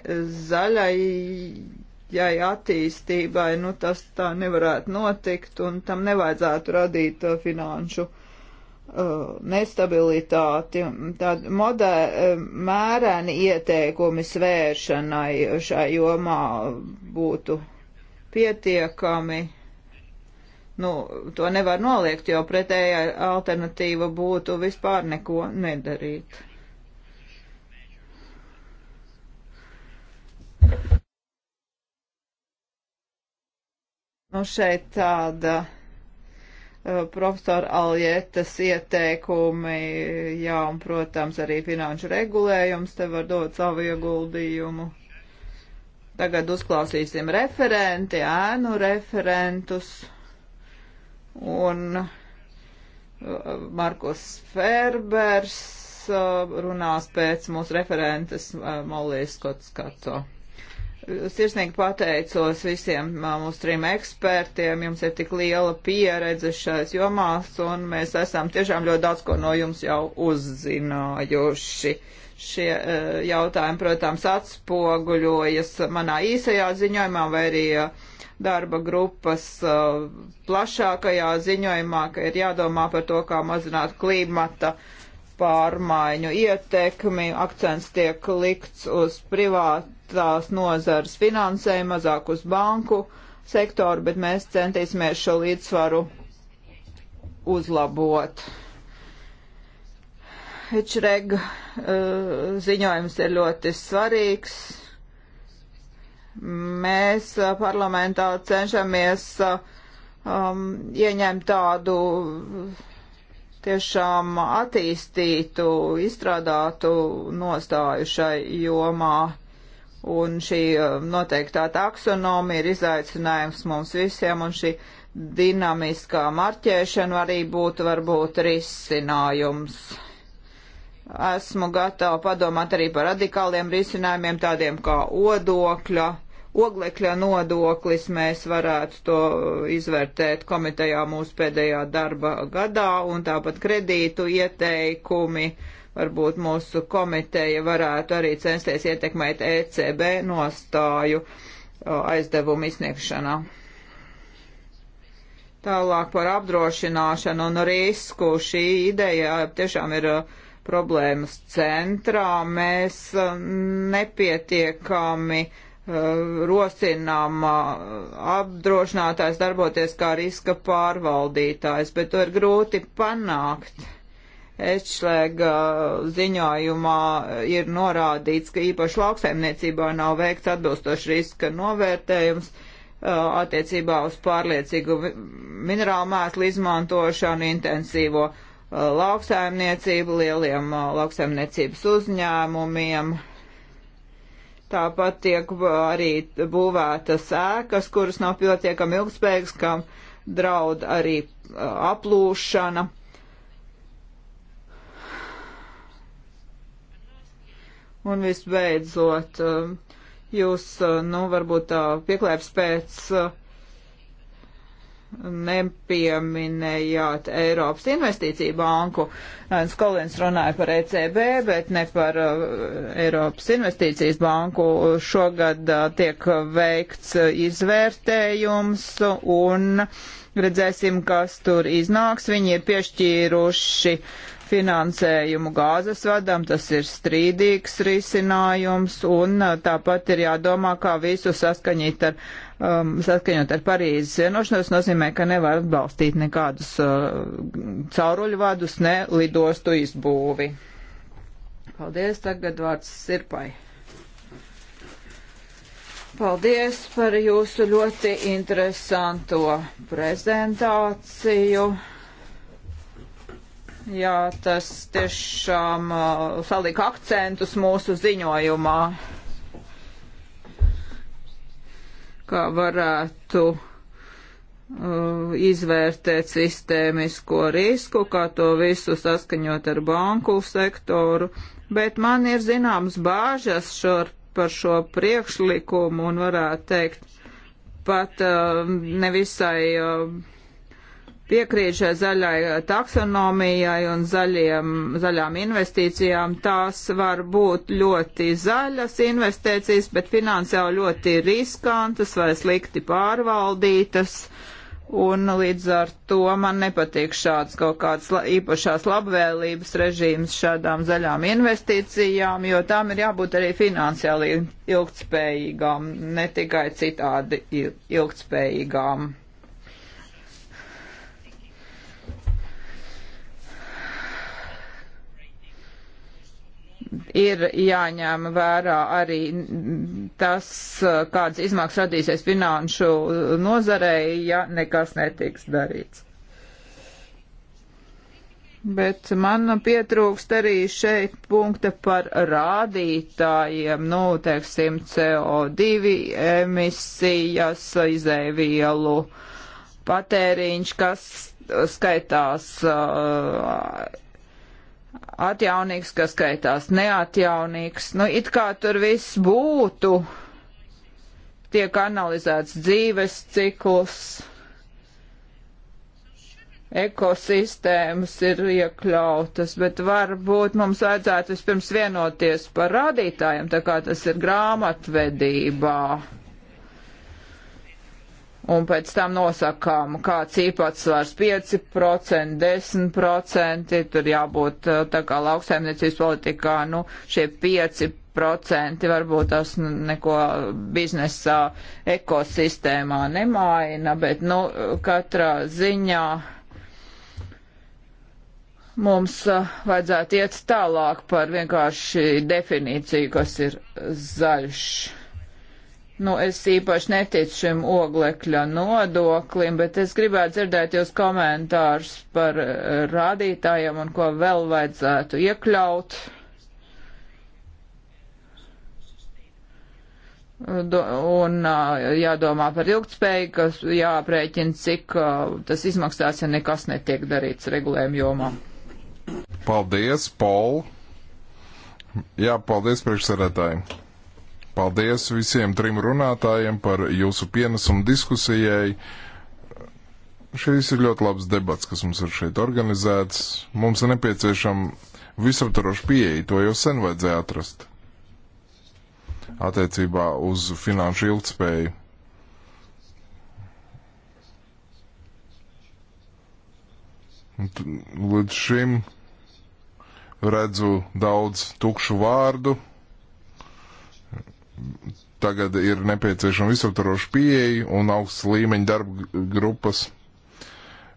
zaļajai attīstībai, nu tas tā nevarētu notikt un tam nevajadzētu radīt uh, finanšu uh, nestabilitāti. Tād modē uh, mērēni ieteikumi svēršanai šai jomā būtu pietiekami nu, to nevar noliegt, jo pretējā alternatīva būtu vispār neko nedarīt. Nu, šeit tāda uh, profesora Alietas ieteikumi, jā, un, protams, arī finanšu regulējums te var dot savu ieguldījumu. Tagad uzklausīsim referenti, ēnu referentus un uh, Markus Ferbers uh, runās pēc mūsu referentes uh, Molijas Skotskato. Sirsnīgi pateicos visiem mūsu trim ekspertiem, jums ir tik liela pieredze šajās jomās, un mēs esam tiešām ļoti daudz ko no jums jau uzzinājuši. Šie uh, jautājumi, protams, atspoguļojas manā īsajā ziņojumā vai arī darba grupas uh, plašākajā ziņojumā, ka ir jādomā par to, kā mazināt klimata pārmaiņu ietekmi, akcents tiek likts uz privātu citās nozares finansēju, mazāk uz banku sektoru, bet mēs centīsimies šo līdzsvaru uzlabot. Hičreg eh, ziņojums ir ļoti svarīgs. Mēs eh, parlamentā cenšamies eh, um, ieņemt tādu tiešām attīstītu, izstrādātu nostāju šai jomā un šī uh, noteiktā taksonomija ir izaicinājums mums visiem, un šī dinamiskā marķēšana arī būtu varbūt risinājums. Esmu gatava padomāt arī par radikāliem risinājumiem, tādiem kā odokļa, oglekļa nodoklis. Mēs varētu to izvērtēt komitejā mūsu pēdējā darba gadā, un tāpat kredītu ieteikumi. Uh, Varbūt mūsu komiteja varētu arī censties ietekmēt ECB nostāju aizdevumu izsniegšanā. Tālāk par apdrošināšanu un risku. Šī ideja tiešām ir problēmas centrā. Mēs nepietiekami rosinām apdrošinātājs darboties kā riska pārvaldītājs, bet to ir grūti panākt Ešlēga ziņojumā ir norādīts, ka īpaši lauksaimniecībā nav veikts atbilstoši riska novērtējums attiecībā uz pārliecīgu minerālu mēslu izmantošanu, intensīvo lauksaimniecību, lieliem lauksaimniecības uzņēmumiem. Tāpat tiek arī būvētas ēkas, kuras nav pietiekami ilgspējīgas, kam draud arī aplūšana. Un visbeidzot, um, jūs, uh, nu, varbūt tā pieklēps pēc uh, nepieminējāt Eiropas investīciju banku. Nēns Kolins runāja par ECB, bet ne par uh, Eiropas investīcijas banku. Šogad tiek veikts izvērtējums un redzēsim, kas tur iznāks. Viņi ir piešķīruši uh, finansējumu gāzes vadam, tas ir strīdīgs risinājums, un uh, tāpat ir jādomā, kā visu saskaņot ar, um, saskaņot ar Parīzes vienošanos, nozīmē, ka nevar atbalstīt nekādus uh, cauruļvadus, ne lidostu izbūvi. Paldies, tagad vārds Sirpai. Paldies par jūsu ļoti interesanto prezentāciju. Jā, tas tiešām uh, salika akcentus mūsu ziņojumā, kā varētu uh, izvērtēt sistēmisko risku, kā to visu saskaņot ar banku sektoru, bet man ir zināms bāžas šor, par šo priekšlikumu un varētu teikt pat uh, nevisai. Uh, piekrīt šai zaļai taksonomijai un zaļiem, zaļām investīcijām. Tās var būt ļoti zaļas investīcijas, bet finansiāli ļoti riskantas vai slikti pārvaldītas. Un līdz ar to man nepatīk šāds kaut kāds la, īpašās labvēlības režīms šādām zaļām investīcijām, jo tām ir jābūt arī finansiāli ilgtspējīgām, ne tikai citādi ilgtspējīgām. ir jāņem vērā arī tas, kādas izmaksas radīsies finanšu nozarei, ja nekas netiks darīts. Bet man pietrūkst arī šeit punkta par rādītājiem, nu, teiksim, CO2 emisijas, izēvielu patēriņš, kas skaitās uh, atjaunīgs, kas skaitās neatjaunīgs. Nu, it kā tur viss būtu, tiek analizēts dzīves cikls, ekosistēmas ir iekļautas, bet varbūt mums vajadzētu vispirms vienoties par rādītājiem, tā kā tas ir grāmatvedībā un pēc tam nosakām, kāds īpatsvars 5%, 10%, tur jābūt eh, tā kā lauksaimniecības politikā, nu, šie 5% varbūt tas neko biznesā ekosistēmā nemaina, bet, nu, katrā ziņā mums eh, vajadzētu iet tālāk par vienkārši definīciju, kas ir zaļš. Nu, es īpaši neticu šim oglekļa nodoklim, bet es gribētu dzirdēt jūs komentārus par eh, rādītājiem un ko vēl vajadzētu iekļaut. Un eh, jādomā par ilgtspēju, kas jāprēķina, cik eh, tas izmaksās, ja nekas netiek darīts regulējuma jomā. Paldies, Pol! Jā, paldies priekšsarētāji! Paldies visiem trim runātājiem par jūsu pienesumu diskusijai. Šīs ir ļoti labs debats, kas mums ir šeit organizēts. Mums ir nepieciešama visaptaroša pieeja, to jau sen vajadzēja atrast attiecībā uz finanšu ilgspēju. Līdz šim redzu daudz tukšu vārdu tagad ir nepieciešama visaptvaroša pieeja un augsts līmeņa darba grupas.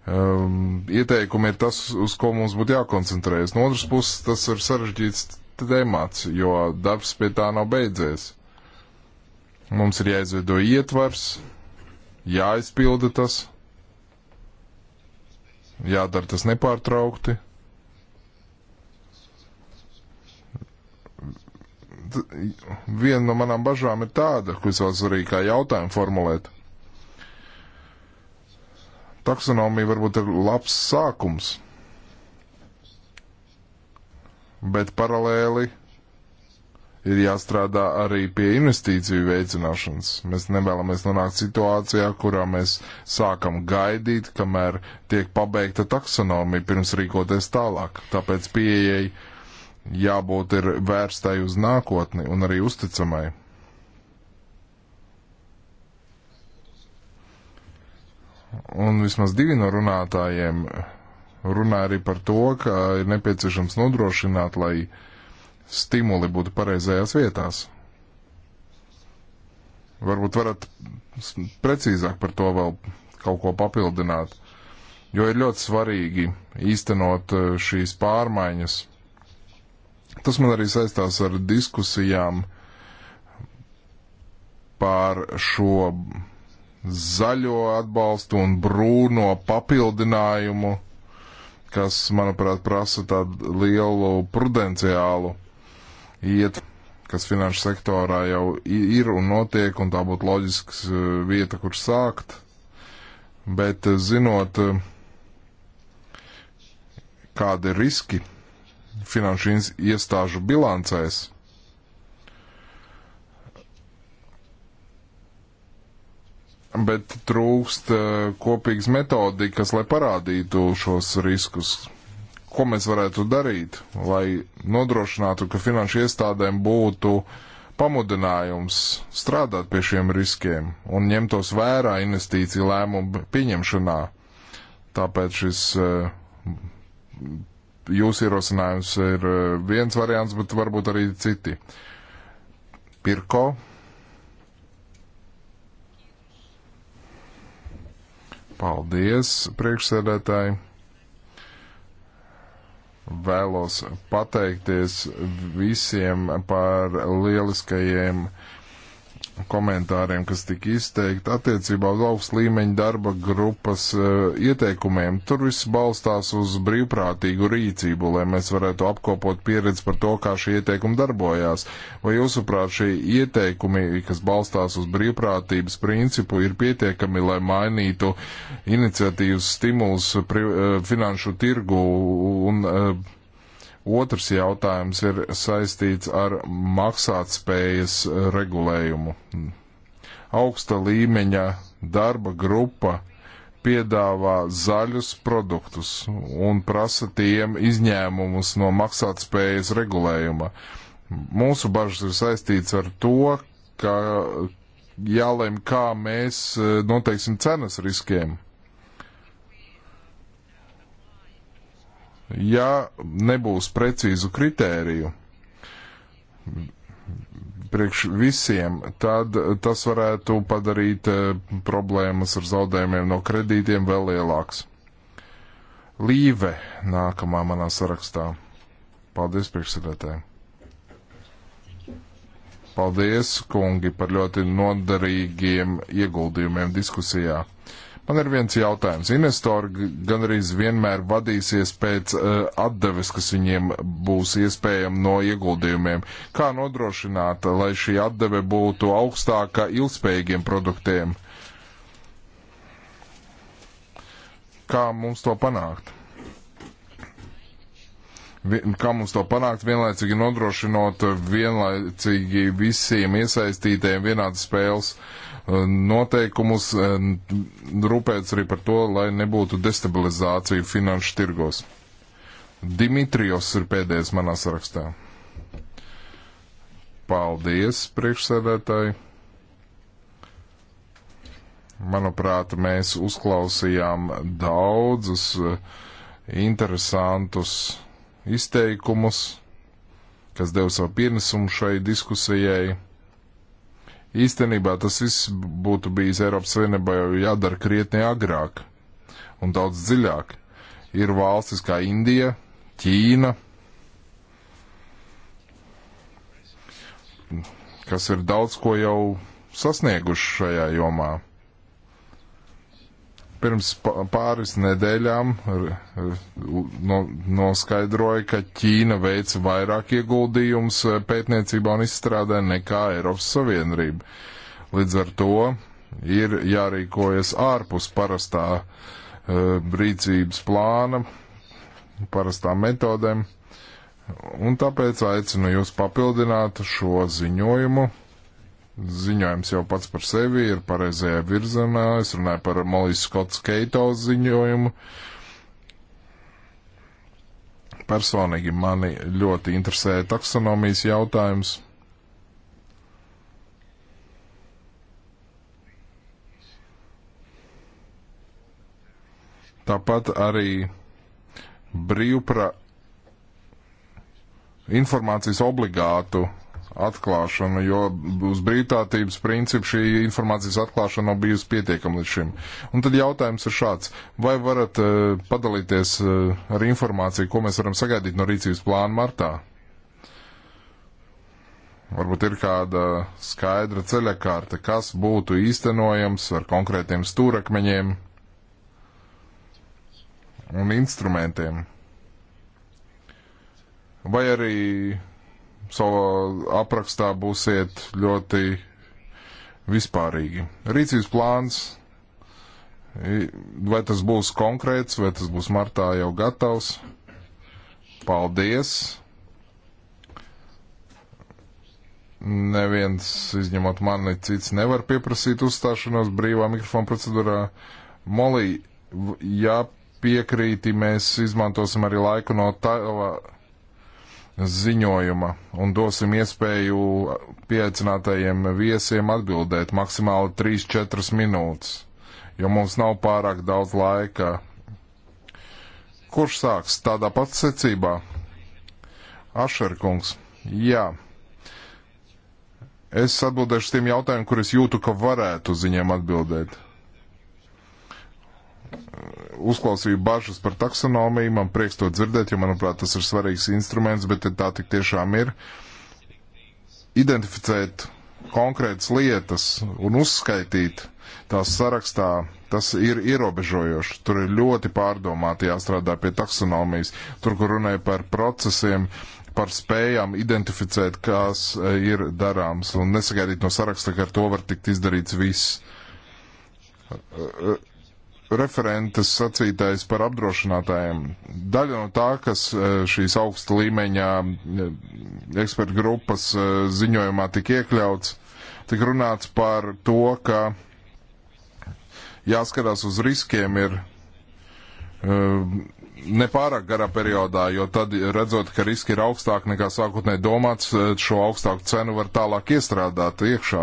Um, ieteikumi ir tas, uz ko mums būtu jākoncentrējas. No otras puses, tas ir sarežģīts temats, jo darbs pie tā nav beidzies. Mums ir jāizveido ietvars, jāizpilda tas, jādara tas nepārtraukti. viena no manām bažām ir tāda, ko es vēlos arī kā jautājumu formulēt. Taksonomija varbūt ir labs sākums, bet paralēli ir jāstrādā arī pie investīciju veicināšanas. Mēs nevēlamies nonākt situācijā, kurā mēs sākam gaidīt, kamēr tiek pabeigta taksonomija, pirms rīkoties tālāk. Tāpēc pieejai jābūt ir vērstai uz nākotni un arī uzticamai. Un vismaz divi no runātājiem runā arī par to, ka ir nepieciešams nodrošināt, lai stimuli būtu pareizajās vietās. Varbūt varat precīzāk par to vēl kaut ko papildināt, jo ir ļoti svarīgi īstenot eh, šīs pārmaiņas Tas man arī saistās ar diskusijām par šo zaļo atbalstu un brūno papildinājumu, kas, manuprāt, prasa tādu lielu prudenciālu iet, kas finanšu sektorā jau ir un notiek, un tā būtu loģisks e, vieta, kur sākt. Bet e, zinot, e, kādi riski finanšu iestāžu bilancēs. Bet trūkst eh, kopīgas metodikas, lai parādītu šos riskus. Ko mēs varētu darīt, lai nodrošinātu, ka finanšu iestādēm būtu uh, pamudinājums strādāt pie šiem riskiem un ņemtos vērā investīciju lēmumu pieņemšanā. Tāpēc šis eh, jūsu ierosinājums ir eh, viens variants, bet varbūt arī citi. Pirko. Paldies, priekšsēdētāji. Vēlos pateikties visiem par lieliskajiem komentāriem, kas tika izteikti attiecībā uz augstu līmeņu darba grupas uh, ieteikumiem. Tur viss balstās uz brīvprātīgu rīcību, lai mēs varētu apkopot pieredzi par to, kā šie ieteikumi darbojās. Vai jūsuprāt, šie ieteikumi, kas balstās uz brīvprātības principu, ir pietiekami, lai mainītu iniciatīvas stimulus pri, uh, finanšu tirgu un uh, Otrs jautājums ir saistīts ar maksātspējas regulējumu. Augsta līmeņa darba grupa piedāvā zaļus produktus un prasa tiem izņēmumus no maksātspējas regulējuma. Mūsu bažas ir saistīts ar to, ka jālem, kā mēs eh, noteiksim cenas riskiem Ja nebūs precīzu kritēriju priekš visiem, tad tas varētu padarīt eh, problēmas ar zaudējumiem no kredītiem vēl lielāks. Līve nākamā manā sarakstā. Paldies priekšsēdētājiem! Paldies, kungi, par ļoti noderīgiem ieguldījumiem diskusijā. Man ir viens jautājums. Investori gandrīz vienmēr vadīsies pēc uh, atdeves, kas viņiem būs iespējama no ieguldījumiem. Kā nodrošināt, lai šī atdeve būtu augstāka ilgspējīgiem produktiem? Kā mums to panākt? Kā mums to panākt, vienlaicīgi nodrošinot eh, vienlaicīgi visiem iesaistītējiem vienādas spēles uh, noteikumus, rūpēts arī par to, lai nebūtu destabilizācija finanšu tirgos. Dimitrijos ir pēdējais manā sarakstā. Paldies, priekšsēdētāji! Manuprāt, mēs uzklausījām daudzus eh, interesantus izteikumus, kas deva savu pienesumu šai diskusijai. Īstenībā tas viss būtu bijis Eiropas Savienībā jau jādara krietni agrāk un daudz dziļāk. Ir valstis kā Indija, Ķīna, kas ir daudz ko jau sasnieguši šajā jomā pirms pāris nedēļām no, noskaidroja, ka Ķīna veica vairāk ieguldījums e, pētniecībā un izstrādē nekā Eiropas Savienība. Līdz ar to ir jārīkojas ārpus parastā uh, rīcības plāna, parastām metodēm, un tāpēc aicinu jūs papildināt šo ziņojumu Ziņojums jau pats par sevi ir pareizajā virzienā. Es runāju par Molijas Skots Keito ziņojumu. Personīgi mani ļoti interesē taksonomijas jautājums. Tāpat arī brīvprā informācijas obligātu atklāšanu, jo uz brīvprātības principu šī informācijas atklāšana nav bijusi pietiekama līdz šim. Un tad jautājums ir šāds. Vai varat uh, padalīties uh, ar informāciju, ko mēs varam sagaidīt no rīcības plāna martā? Varbūt ir kāda skaidra ceļakārta, kas būtu īstenojams ar konkrētiem stūrakmeņiem un instrumentiem. Vai arī savā aprakstā būsiet ļoti vispārīgi. Rīcības plāns, vai tas būs konkrēts, vai tas būs martā jau gatavs. Paldies! Neviens, izņemot mani, cits nevar pieprasīt uzstāšanos brīvā mikrofona procedūrā. Molī, ja piekrīti, mēs izmantosim arī laiku no tava. Tā ziņojuma un dosim iespēju pieaicinātajiem viesiem atbildēt maksimāli 3-4 minūtes, jo mums nav pārāk daudz laika. Kurš sāks tādā pat secībā? Ašerkungs. Jā. Es atbildēšu tiem jautājumiem, kur es jūtu, ka varētu uz viņiem atbildēt uzklausīju bažas par taksonomiju, man prieks to dzirdēt, jo, manuprāt, tas ir svarīgs instruments, bet tā tik tiešām ir. Identificēt konkrētas lietas un uzskaitīt tās sarakstā, tas ir ierobežojoši. Tur ir ļoti pārdomāti jāstrādā pie taksonomijas, tur, kur runāja par procesiem, par spējām identificēt, kas e, ir darāms, un nesagaidīt no saraksta, ka ar to var tikt izdarīts viss e, e, referentes sacītais par apdrošinātājiem. Daļa no tā, kas e, šīs augsta līmeņa e, ekspertu grupas e, ziņojumā tika iekļauts, tika runāts par to, ka jāskatās uz riskiem ir nepārāk garā periodā, jo tad redzot, ka riski ir augstāki nekā sākotnēji domāts, šo augstāku cenu var tālāk iestrādāt iekšā.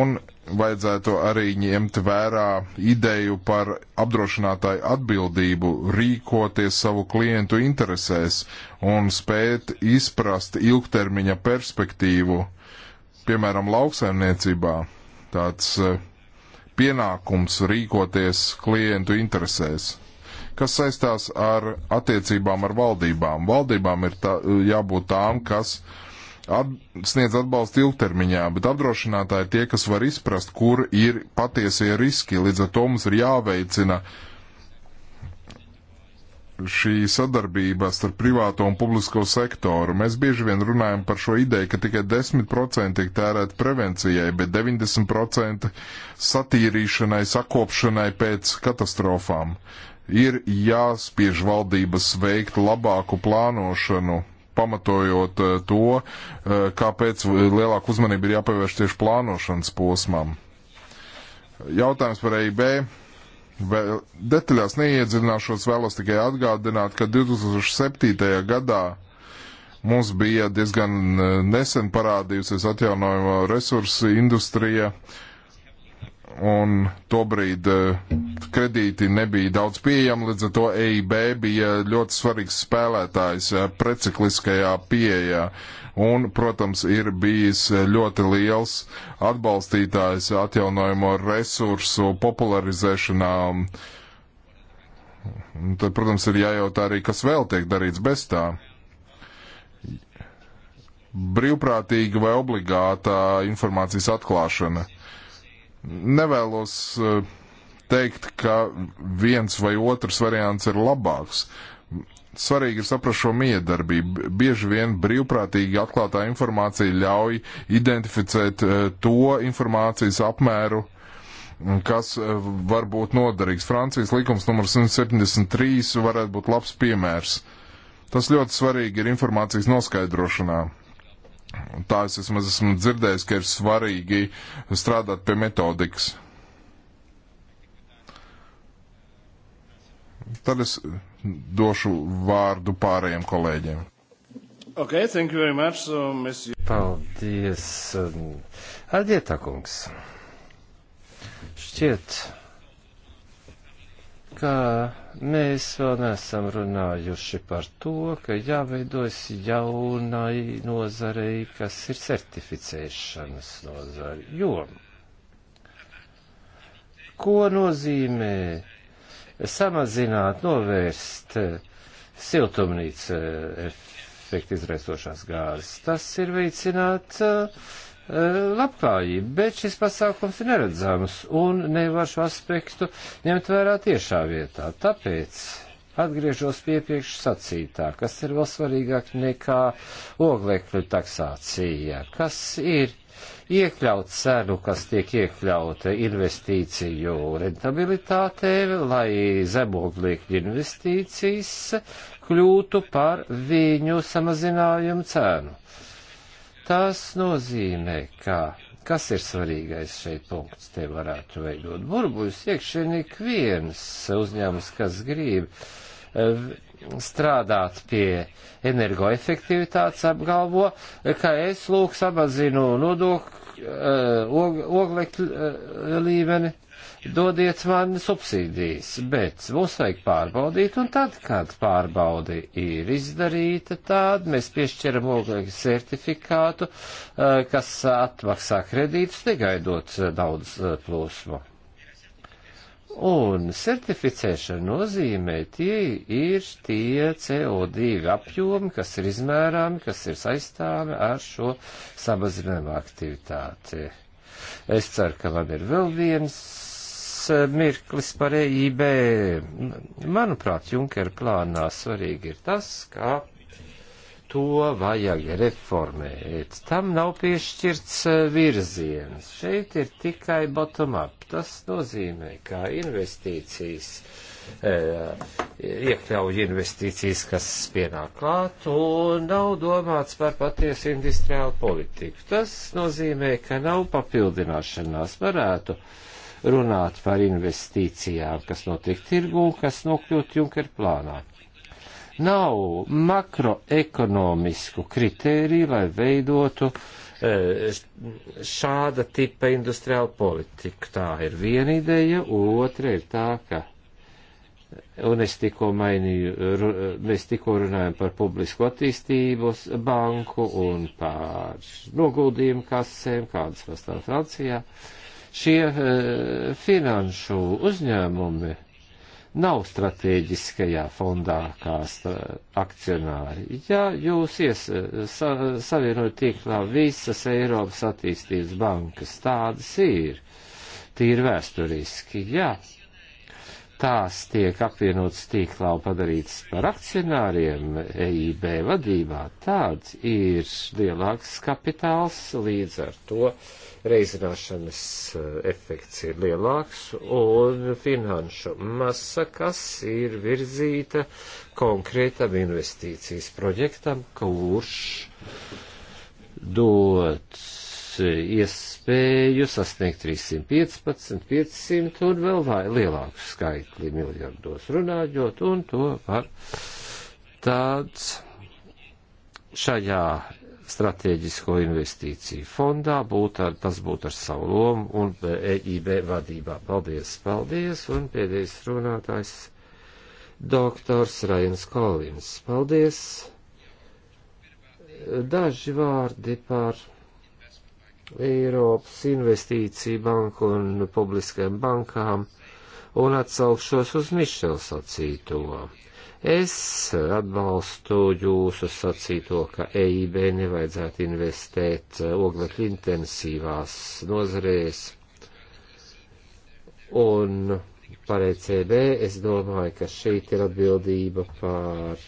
Un vajadzētu arī ņemt vērā ideju par apdrošinātāju atbildību, rīkoties savu klientu interesēs un spēt izprast ilgtermiņa perspektīvu, piemēram, lauksaimniecībā. Tāds e, pienākums rīkoties klientu interesēs, kas saistās ar attiecībām ar valdībām. Valdībām ir tā, e, jābūt tām, kas uh, at, sniedz atbalstu ilgtermiņā, bet apdrošinātāji tie, kas var izprast, kur ir patiesie riski. Līdz ar to mums ir jāveicina šī sadarbība starp privāto un publisko sektoru. Mēs bieži vien runājam par šo ideju, ka tikai 10% tiek tērēt prevencijai, bet 90% satīrīšanai, sakopšanai pēc katastrofām. Ir jāspiež valdības veikt labāku plānošanu pamatojot eh, to, eh, kāpēc lielāku uzmanību ir jāpievērš tieši plānošanas posmam. Jautājums par EIB. Vēl detaļās neiedzināšos, vēlos tikai atgādināt, ka 2007. gadā mums bija diezgan eh, nesen parādījusies atjaunojuma resursi industrija, uh, un tobrīd eh, kredīti nebija daudz pieejami, līdz ar to EIB bija ļoti svarīgs spēlētājs eh, precikliskajā pieejā. Un, protams, ir bijis eh, ļoti liels atbalstītājs atjaunojamo resursu popularizēšanā. Tad, protams, ir jājautā arī, kas vēl tiek darīts bez tā brīvprātīga vai obligāta informācijas atklāšana nevēlos eh, teikt, ka viens vai otrs variants ir labāks. Svarīgi ir saprast šo miedarbību. Bieži vien brīvprātīgi atklātā informācija ļauj identificēt eh, to informācijas apmēru, kas eh, var būt noderīgs. Francijas likums numur 173 varētu būt labs piemērs. Tas ļoti svarīgi ir informācijas noskaidrošanā. Tā es vismaz esmu dzirdējis, ka ir svarīgi strādāt pie metodikas. Tad es došu vārdu pārējiem kolēģiem. Okay, thank you very much, so, monsieur. Paldies, um, Adieta kungs. Šķiet ka mēs vēl neesam runājuši par to, ka jāveidojas jaunai nozarei, kas ir certificēšanas nozare. Jo, ko nozīmē samazināt, novērst siltumnīca efektu izraisošās gāzes? Tas ir veicināt uh, Eh, labklājību, bet šis pasākums ir neredzams un nevar šo aspektu ņemt vērā tiešā vietā. Tāpēc atgriežos pie priekš sacītā, kas ir vēl svarīgāk nekā oglekļu taksācija, kas ir iekļaut cenu, kas tiek iekļauta investīciju rentabilitātē, lai zemogliekļu investīcijas kļūtu par viņu samazinājumu cenu. Tas nozīmē, ka kas ir svarīgais šeit punkts, te varētu veidot burbuļus iekšienē ik viens uzņēmums, kas grib eh, strādāt pie energoefektivitātes apgalvo, ka es lūk samazinu nodokļu eh, oglekļu eh, līmeni dodiet man subsīdijas, bet mums vajag pārbaudīt, un tad, kad pārbaudi ir izdarīta, tad mēs piešķiram oglekļa certifikātu, eh, kas atmaksā kredītus, negaidot eh, daudz eh, plūsmu. Un certificēšana nozīmē, tie ir tie CO2 apjomi, kas ir izmērāmi, kas ir saistāmi ar šo samazinājumu aktivitāti. Es ceru, ka man ir vēl viens mirklis par EIB. Manuprāt, Junker plānā svarīgi ir tas, ka to vajag reformēt. Tam nav piešķirts e, virziens. Šeit ir tikai bottom-up. Tas nozīmē, ka investīcijas e, iekļauj investīcijas, kas pienāk klāt, un nav domāts par patiesu industriālu politiku. Tas nozīmē, ka nav papildināšanās. Varētu uh, runāt par investīcijām, kas notiek tirgū un kas nokļūt Junker plānā. Nav makroekonomisku kritēriju, lai veidotu e, šāda tipa industriālu politiku. Tā ir viena ideja, otra ir tā, ka un es tikko mainīju, mēs tikko runājam par publisku attīstības banku un par noguldījumu kasēm, kādas pastāv Francijā. Uh, Šie e, finanšu uzņēmumi nav strateģiskajā fondā kā akcionāri. Ja jūs ies, e, sa, savienot tīklā visas Eiropas attīstības bankas, tādas ir, tīri vēsturiski, jā. Tās tiek apvienotas tīklā un padarītas par akcionāriem EIB vadībā, tāds ir lielāks kapitāls līdz ar to reizināšanas eh, efekts ir lielāks un finanšu masa, kas ir virzīta konkrētam investīcijas projektam, kurš dot iespēju sasniegt 315, 500 un vēl vai lielāku skaitli miljardos runājot, un to var tāds šajā strateģisko investīciju fondā, būt ar, tas būtu ar savu lomu un EIB vadībā. Paldies, paldies, un pēdējais runātājs doktors Rajans Kolins. Paldies! Daži vārdi par Eiropas investīciju banku un publiskajām bankām un atsaukšos uz Mišela sacīto Es atbalstu jūsu sacīto, ka EIB nevajadzētu investēt eh, oglekļu intensīvās nozarēs. Un par ECB es domāju, ka šeit ir atbildība par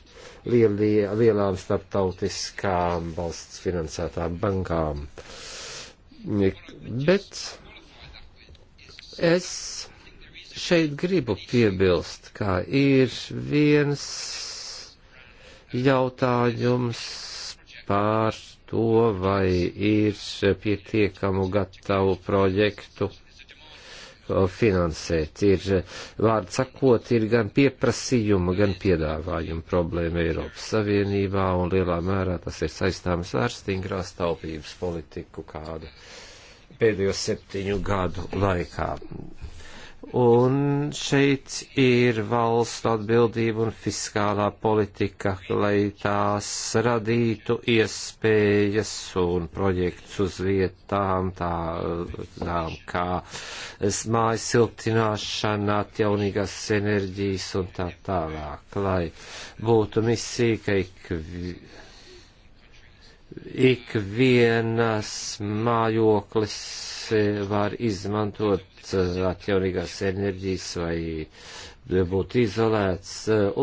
lielie, lielām starptautiskām valsts finansētām bankām. Bet es šeit gribu piebilst, ka ir viens jautājums pār to, vai ir pietiekamu gatavu projektu finansēt. Ir, vārdu sakot, ir gan pieprasījuma, gan piedāvājuma problēma Eiropas Savienībā, un lielā mērā tas ir saistāms ar stingrā staupības politiku kādu pēdējo septiņu gadu laikā. Un šeit ir valstu atbildība un fiskālā politika, lai tās radītu iespējas un projekts uz vietām, tādām kā mājas siltināšana, atjaunīgās enerģijas un tā tālāk, lai būtu misija, ka ik ikvienas mājoklis e, var izmantot e, atjaunīgās enerģijas vai e, būt izolēts,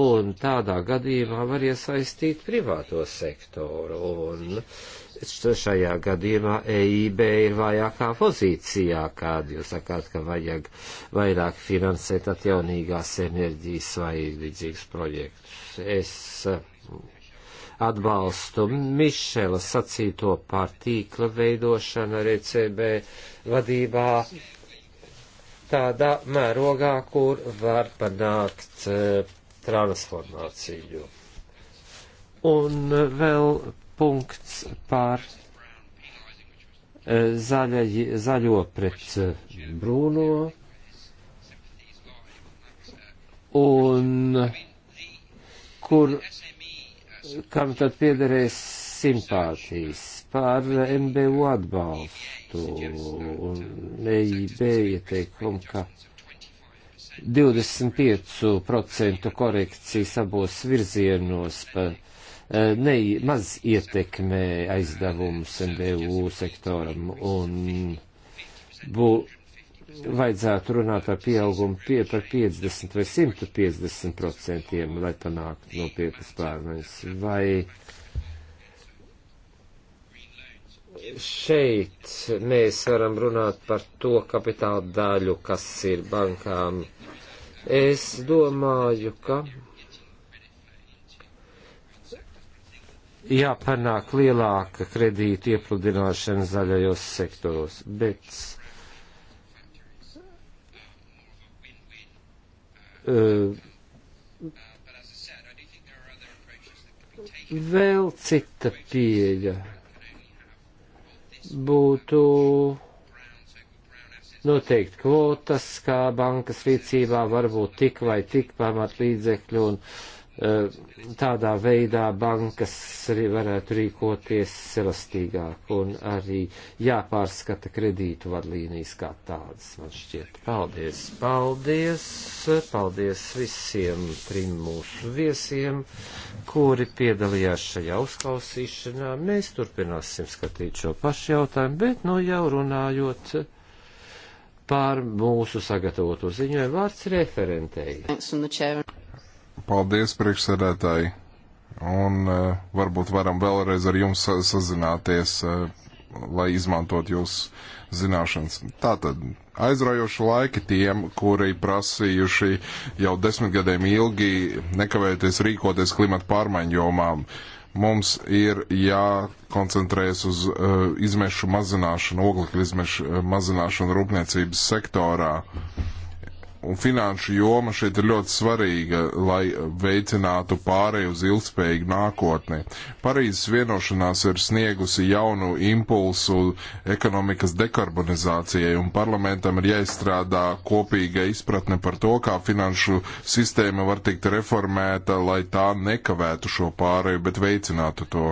un tādā gadījumā var iesaistīt privāto sektoru, un šajā gadījumā EIB ir vājākā pozīcijā, kād jūs sakāt, ka vajag vairāk finansēt atjaunīgās enerģijas vai līdzīgas projektus. Es atbalstu Mišela sacīto par tīkla veidošanu ar ECB vadībā tādā mērogā, kur var panākt eh, transformāciju. Un vēl punkts par eh, zaļa, zaļo pret eh, brūno. Un kur kam tad piederēs simpātijas par MBU atbalstu un EIB ieteikumu, ka 25% korekcijas abos virzienos par e, ne, maz ietekmē aizdevumus MBU sektoram un būtu vajadzētu runāt par pieaugumu pie, par 50 vai 150 procentiem, lai panāktu nopietnas pārmaiņas. Vai šeit mēs varam runāt par to kapitāla daļu, kas ir bankām? Es domāju, ka jāpanāk lielāka kredītu iepludināšana zaļajos sektoros, bet Uh, vēl cita pieeja būtu noteikt kvotas, kā bankas rīcībā var būt tik vai tik pamatlīdzekļu un uh, Eh, tādā veidā bankas arī varētu rīkoties elastīgāk un arī jāpārskata kredītu vadlīnijas kā tādas, man šķiet. Paldies, paldies, paldies visiem trim mūsu viesiem, kuri piedalījās šajā uzklausīšanā. Mēs turpināsim skatīt šo pašu jautājumu, bet no nu jau runājot par mūsu sagatavoto ziņojumu vārds referentei. Paldies, priekšsēdētāji. Un uh, varbūt varam vēlreiz ar jums sazināties, uh, lai izmantot jūsu zināšanas. Tātad, aizraujoši laiki tiem, kuri prasījuši jau desmit gadiem ilgi nekavēties rīkoties klimata pārmaiņu jomām. Mums ir jākoncentrējas uz uh, izmešu mazināšanu, oglekļa izmešu mazināšanu rūpniecības sektorā. Uh, un finanšu joma šeit ir ļoti svarīga, lai veicinātu pārēju uz ilgspējīgu nākotni. Parīzes vienošanās ir sniegusi jaunu impulsu ekonomikas dekarbonizācijai, un parlamentam ir jāizstrādā kopīga izpratne par to, kā finanšu sistēma var tikt reformēta, lai tā nekavētu šo pārēju, bet veicinātu to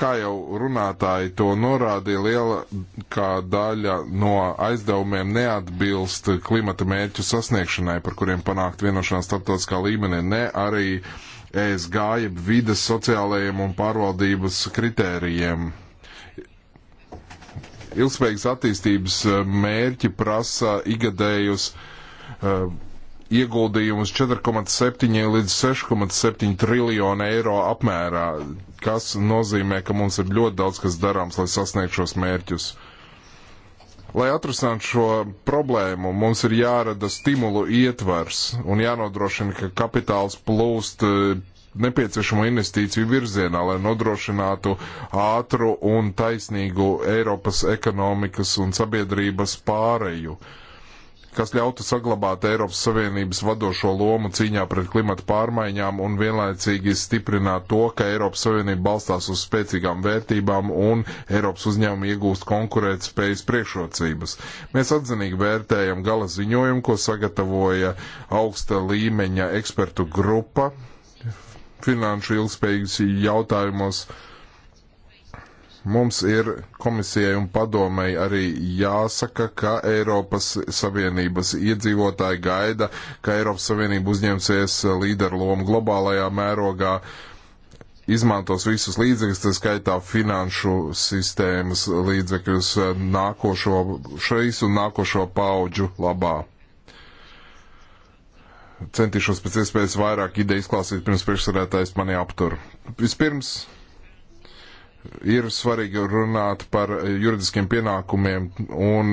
kā jau runātāji to norādīja, lielākā daļa no aizdevumiem neatbilst klimata mērķu sasniegšanai, par kuriem panākt vienošanās starptautiskā līmenī, ne arī ESG, jeb vides sociālajiem un pārvaldības kritērijiem. Ilgspējīgas attīstības e, mērķi prasa igadējus uh, ieguldījumus 4,7 līdz 6,7 triljonu eiro apmērā kas nozīmē, ka mums ir ļoti daudz kas darāms, lai sasniegtu šos mērķus. Lai atrisinātu šo problēmu, mums ir jārada stimulu ietvers un jānodrošina, ka kapitāls plūst eh, nepieciešamo investīciju virzienā, lai nodrošinātu ātru un taisnīgu Eiropas ekonomikas un sabiedrības pāreju. Uh, kas ļautu saglabāt Eiropas Savienības vadošo lomu cīņā pret klimata pārmaiņām un vienlaicīgi stiprināt to, ka Eiropas Savienība balstās uz spēcīgām vērtībām un Eiropas uzņēmumi iegūst konkurētspējas priekšrocības. Mēs atzinīgi vērtējam gala ziņojumu, ko sagatavoja augsta līmeņa ekspertu grupa finanšu ilgspējīgas jautājumos. Uh, Mums ir komisijai un padomei arī jāsaka, ka Eiropas Savienības iedzīvotāji gaida, ka Eiropas Savienība uzņemsies līderlomu globālajā mērogā izmantos visus līdzekļus, tā skaitā finanšu sistēmas līdzekļus nākošo, šeis un nākošo pauģu labā. Centīšos pēc iespējas vairāk ideju izklāsīt, pirms priekšsarētājs mani aptur. Vispirms ir svarīgi runāt par juridiskiem pienākumiem un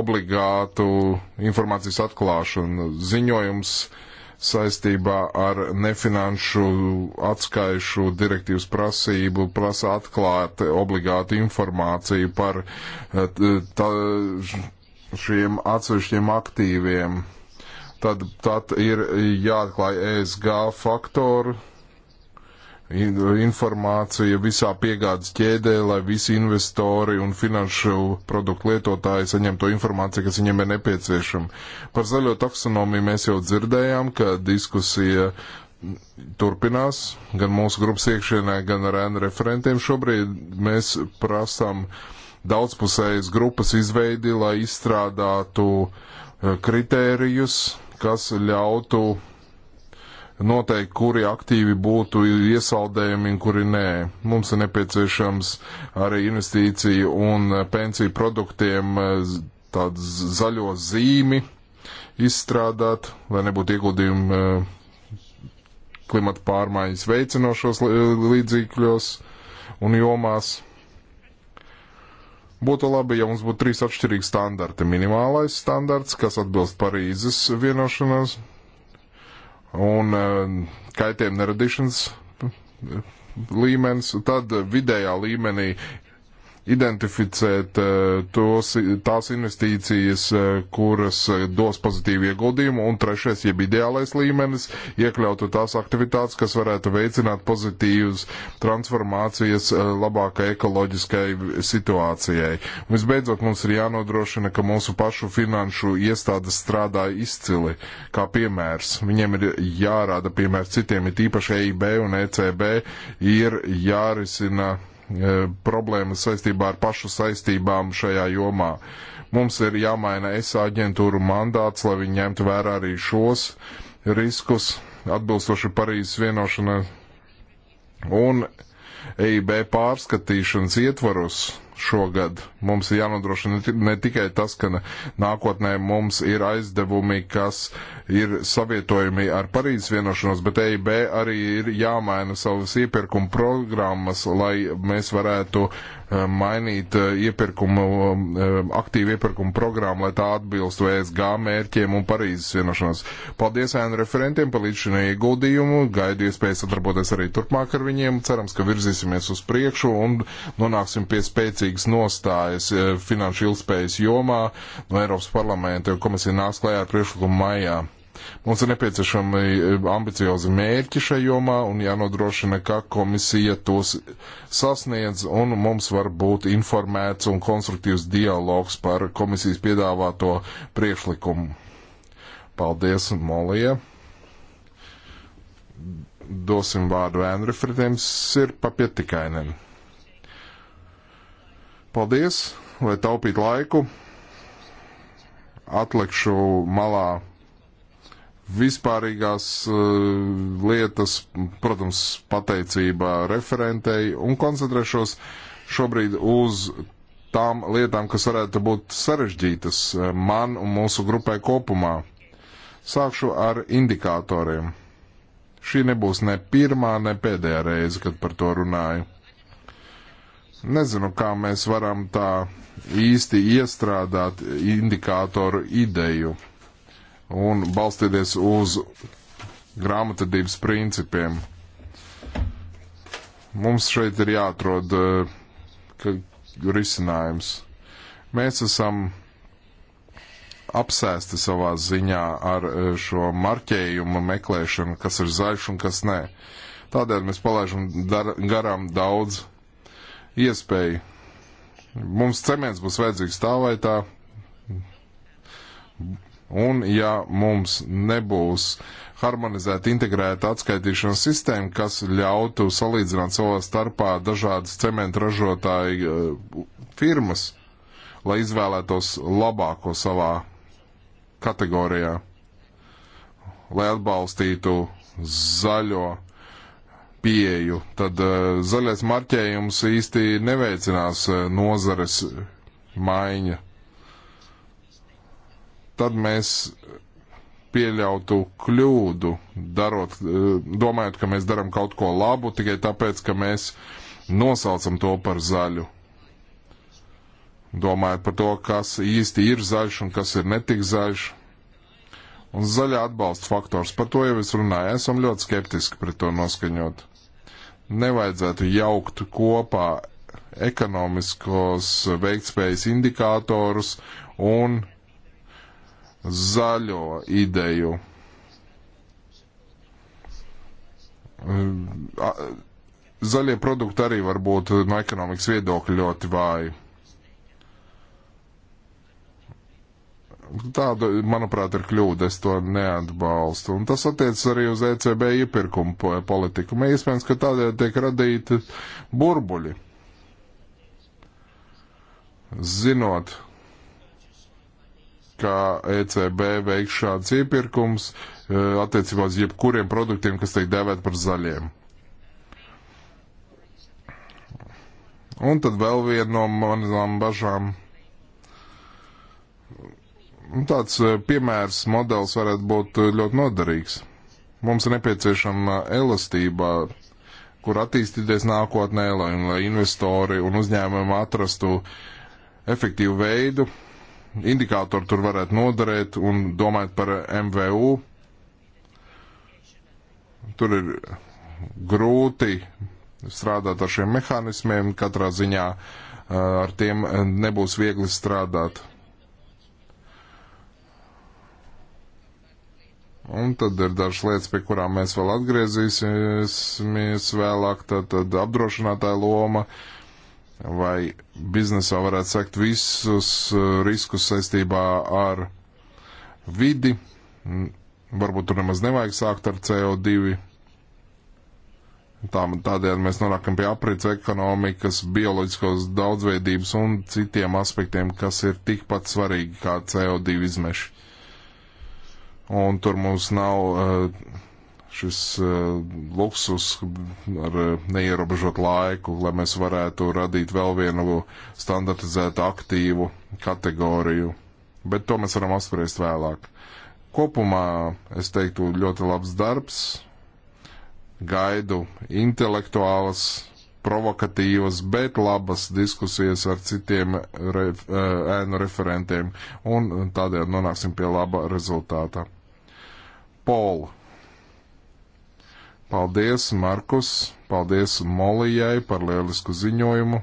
obligātu informācijas atklāšanu. Ziņojums saistībā ar nefinanšu atskaišu direktīvas prasību prasa atklāt obligātu informāciju par eh, tā, šiem atsevišķiem aktīviem. Tad, tad ir jāatklāj ESG faktoru informācija visā piegādes ķēdē, lai visi investori un finanšu produktu lietotāji saņemtu informāciju, kas viņiem ir nepieciešama. Par zaļo taksonomiju mēs jau dzirdējām, ka diskusija turpinās gan mūsu grupas iekšienē, gan ar ēnu referentiem. Šobrīd mēs prasām daudzpusējas grupas izveidi, lai izstrādātu eh, kritērijus, kas ļautu noteikt, kuri aktīvi būtu iesaldējami un kuri nē. Mums ir nepieciešams arī investīciju un pensiju produktiem eh, tādu zaļo zīmi izstrādāt, lai nebūtu ieguldījumi eh, klimata pārmaiņas veicinošos līdzīgļos un jomās. Būtu labi, ja mums būtu trīs atšķirīgi standarti. Minimālais standarts, kas atbilst Parīzes vienošanās un um, kaitējuma neradīšanas uh, uh, līmenis, tad vidējā līmenī identificēt eh, tos, tās investīcijas, eh, kuras eh, dos pozitīvu ieguldījumu, un trešais, jeb ideālais līmenis, iekļautu tās aktivitātes, kas varētu veicināt pozitīvas transformācijas labākai ekoloģiskai situācijai. Visbeidzot, mums ir jānodrošina, ka mūsu pašu finanšu iestādes strādā izcili, kā piemērs. Viņiem ir jārāda piemērs citiem, it īpaši EIB un ECB ir jārisina E, problēmas saistībā ar pašu saistībām šajā jomā. Mums ir jāmaina ESA aģentūru mandāts, lai viņi ņemtu vērā arī šos riskus atbilstoši Parīzes vienošanai un EIB pārskatīšanas ietvarus šogad. Mums ir jānodrošina ne tikai tas, ka nākotnē mums ir aizdevumi, kas ir savietojami ar Parīzes vienošanos, bet EIB arī ir jāmaina savas iepirkuma programmas, lai mēs varētu uh, Eh, mainīt eh, iepirkumu, eh, aktīvu iepirkumu programmu, lai tā atbilst VSG mērķiem un Parīzes vienošanos. Paldies ēnu referentiem par līdz šim ieguldījumu, gaidu iespēju sadarboties arī turpmāk ar viņiem, cerams, ka virzīsimies uz priekšu un nonāksim pie spēcīgas nostājas finanšu ilgspējas jomā no Eiropas parlamenta, jo komisija nāks klajā ar priekšlikumu maijā. Mums ir nepieciešami e, ambiciozi mērķi šai jomā un jānodrošina, ka komisija tos sasniedz un mums var būt informēts un konstruktīvs dialogs par komisijas piedāvāto priekšlikumu. Paldies, Molija. Dosim vārdu Enrifritiem Sirpa Pietikainen. Paldies, lai taupītu laiku. Atlikšu malā vispārīgās uh, lietas, protams, pateicībā referentei un koncentrēšos šobrīd uz tām lietām, kas varētu būt sarežģītas eh, man un mūsu grupai kopumā. Sākšu ar indikatoriem. Šī nebūs ne pirmā, ne pēdējā reize, kad par to runāju. Nezinu, kā mēs varam tā īsti iestrādāt indikātoru ideju un balstīties uz grāmatvedības principiem. Mums šeit ir jāatrod eh, ka, risinājums. Mēs esam apsēsti savā ziņā ar eh, šo marķējumu meklēšanu, kas ir zaļš un kas nē. Tādēļ mēs palaidām garām daudz iespēju. Mums cements būs vajadzīgs tā vai tā. Un ja mums nebūs harmonizēta integrēta atskaitīšanas sistēma, kas ļautu salīdzināt savā starpā dažādas cementu ražotāju eh, firmas, lai izvēlētos labāko savā kategorijā, lai atbalstītu zaļo pieeju, tad eh, zaļais marķējums īsti neveicinās eh, nozares maiņa tad mēs pieļautu kļūdu, darot, eh, domājot, ka mēs darām kaut ko labu tikai tāpēc, ka mēs nosaucam to par zaļu. Domājot par to, kas īsti ir zaļš un kas ir netik zaļš. Un zaļā atbalsta faktors, par to jau es runāju, esam ļoti skeptiski pret to noskaņot. Nevajadzētu jaukt kopā ekonomiskos veiktspējas indikātorus un zaļo ideju. Ehm, zaļie produkti arī var būt no ekonomikas viedokļa ļoti vāji. Tāda, manuprāt, ir kļūda. Es to neatbalstu. Un tas attiecas arī uz ECB iepirkumu politiku. Mēs iespējams, ka tādēļ tiek radīti burbuļi. Zinot, ka ECB veiks šāds iepirkums e, attiecībā uz jebkuriem produktiem, kas tiek dēvēti par zaļiem. Un tad vēl viena no manām bažām. Nu, tāds e, piemērs modelis varētu būt e, ļoti noderīgs. Mums ir nepieciešama elastība, kur attīstīties nākotnē, lai, lai investori un uzņēmumi atrastu efektīvu veidu, indikātori tur varētu noderēt un domājot par MVU. Tur ir grūti strādāt ar šiem mehānismiem, katrā ziņā eh, ar tiem nebūs viegli strādāt. Un tad ir dažas lietas, pie kurām mēs vēl atgriezīsimies vēlāk, tad, tad apdrošinātāja loma. Uh, vai biznesā varētu sekt visus uh, riskus saistībā ar vidi. Varbūt tur nemaz nevajag sākt ar CO2. Tā, tādēļ mēs nonākam pie aprits ekonomikas, bioloģiskos daudzveidības un citiem aspektiem, kas ir tikpat svarīgi kā CO2 izmeši. Un tur mums nav uh, šis eh, luksus ar eh, neierobežot laiku, lai mēs varētu radīt vēl vienu standartizētu aktīvu kategoriju. Bet to mēs varam apspriest vēlāk. Kopumā es teiktu ļoti labs darbs. Gaidu intelektuālas provokatīvas, bet labas diskusijas ar citiem ref, eh, ēnu referentiem, un tādēļ nonāksim pie laba rezultāta. Pola. Paldies, Markus! Paldies Molijai par lielisku ziņojumu!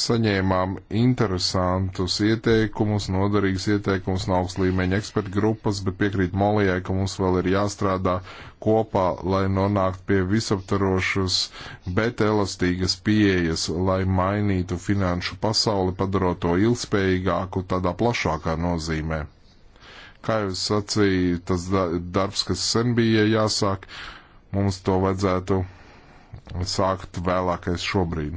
saņēmām interesantus ieteikumus, noderīgus ieteikumus no augsts līmeņa ekspertu grupas, bet piekrīt Molijai, ka mums vēl ir jāstrādā kopā, lai nonāktu pie visaptarošas, bet elastīgas pieejas, lai mainītu finanšu pasauli, padarot to ilgspējīgāku tādā plašākā nozīmē. Kā jau sacīju, tas darbs, kas sen bija jāsāk, mums to vajadzētu sākt vēlākais šobrīd.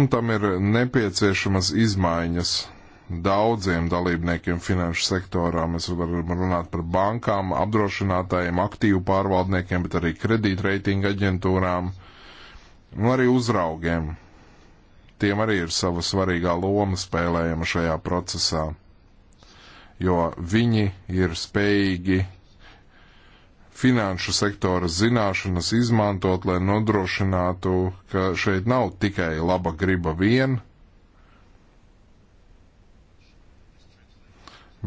Un tam ir nepieciešamas izmaiņas daudziem dalībniekiem finanšu sektorā. Mēs varam runāt par bankām, apdrošinātājiem, aktīvu pārvaldniekiem, bet arī kredītreitinga aģentūrām un arī uzraugiem tiem arī ir sava svarīgā loma spēlējama šajā procesā, jo viņi ir spējīgi finanšu sektora zināšanas izmantot, lai nodrošinātu, ka šeit nav tikai laba griba vien,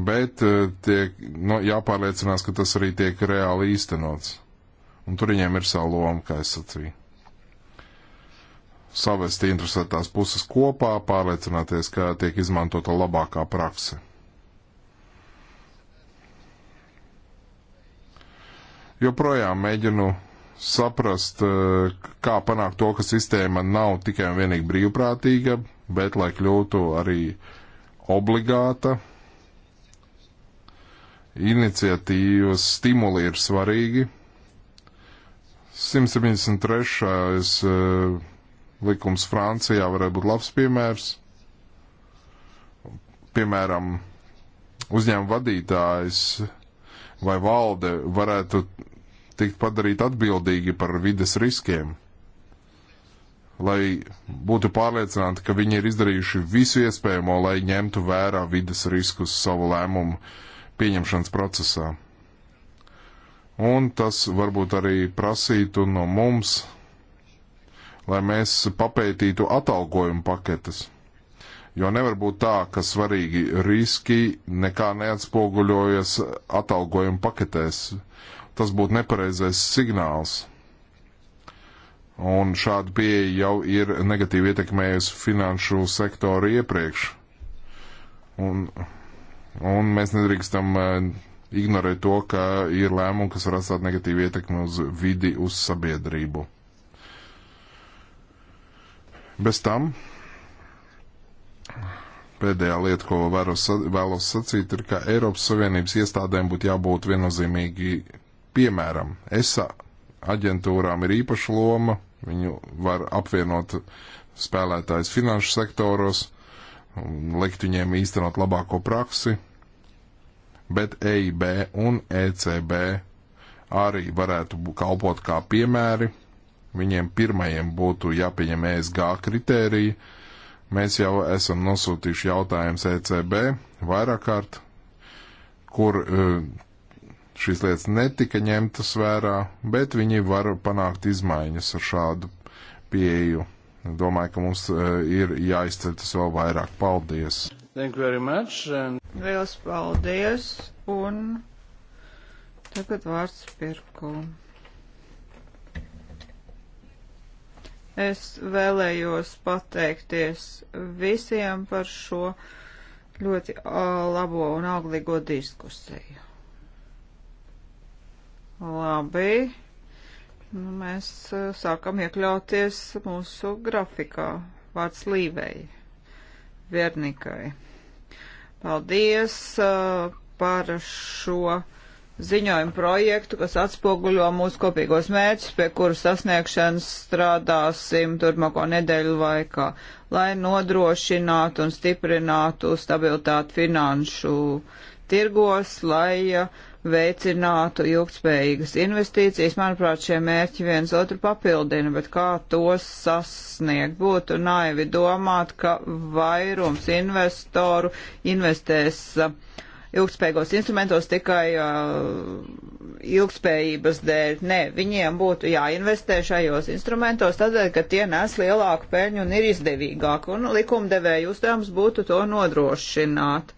bet eh, tiek, no, nu, jāpārliecinās, ka tas arī tiek reāli īstenots. Un tur viņiem ir savu lomu, kā es sacīju savest interesētās puses kopā, pārliecināties, ka tiek izmantota labākā prakse. Joprojām mēģinu saprast, eh, kā panākt to, ka sistēma nav tikai un vienīgi brīvprātīga, bet lai kļūtu arī obligāta. Iniciatīvas stimuli ir svarīgi. 173 likums Francijā varētu būt labs piemērs. Piemēram, uzņēmuma vadītājs vai valde varētu tikt padarīt atbildīgi par vides riskiem, lai būtu pārliecināti, ka viņi ir izdarījuši visu iespējamo, lai ņemtu vērā vides riskus savu lēmumu pieņemšanas procesā. Un tas varbūt arī prasītu no mums lai mēs papētītu atalgojumu paketes. Jo nevar būt tā, ka svarīgi riski nekā neatspoguļojas atalgojumu paketēs. Tas būtu nepareizais signāls. Un šāda pieeja jau ir negatīvi ietekmējusi finanšu sektoru iepriekš. Un, un mēs nedrīkstam e, ignorēt to, ka ir lēmumi, kas var atstāt negatīvu ietekmi uz vidi, uz sabiedrību. Bez tam pēdējā lieta, ko varu, vēlos sacīt, ir, ka Eiropas Savienības iestādēm būtu jābūt viennozīmīgi piemēram. ESA aģentūrām ir īpaša loma, viņu var apvienot spēlētājs finanšu sektoros, likt viņiem īstenot labāko praksi, bet EIB un ECB arī varētu kalpot kā piemēri Viņiem pirmajiem būtu jāpieņem ESG kritērija. Mēs jau esam nosūtījuši jautājumus ECB vairāk kārt, kur e, šīs lietas netika ņemtas vērā, bet viņi var panākt izmaiņas ar šādu pieeju. Domāju, ka mums e, ir jāizceļ tas vēl vairāk. Paldies! Thank you very much. And... Liels paldies! Un tagad vārds pirkumu. Es vēlējos pateikties visiem par šo ļoti labo un auglīgo diskusiju. Labi. Nu, mēs sākam iekļauties mūsu grafikā. Vārds līvei. Viernikai. Paldies uh, par šo ziņojumu projektu, kas atspoguļo mūsu kopīgos mērķus, pie kuru sasniegšanas strādāsim turpmāko nedēļu laikā, lai nodrošinātu un stiprinātu stabilitāti finanšu tirgos, lai veicinātu ilgspējīgas investīcijas. Manuprāt, šie mērķi viens otru papildina, bet kā tos sasniegt? Būtu naivi domāt, ka vairums investoru investēs uh, ilgspējīgos instrumentos tikai uh, ilgspējības dēļ. Nē, viņiem būtu jāinvestē šajos instrumentos tādēļ, ka tie nes lielāku peļņu un ir izdevīgāki, un likumdevēju uzdevums būtu to nodrošināt.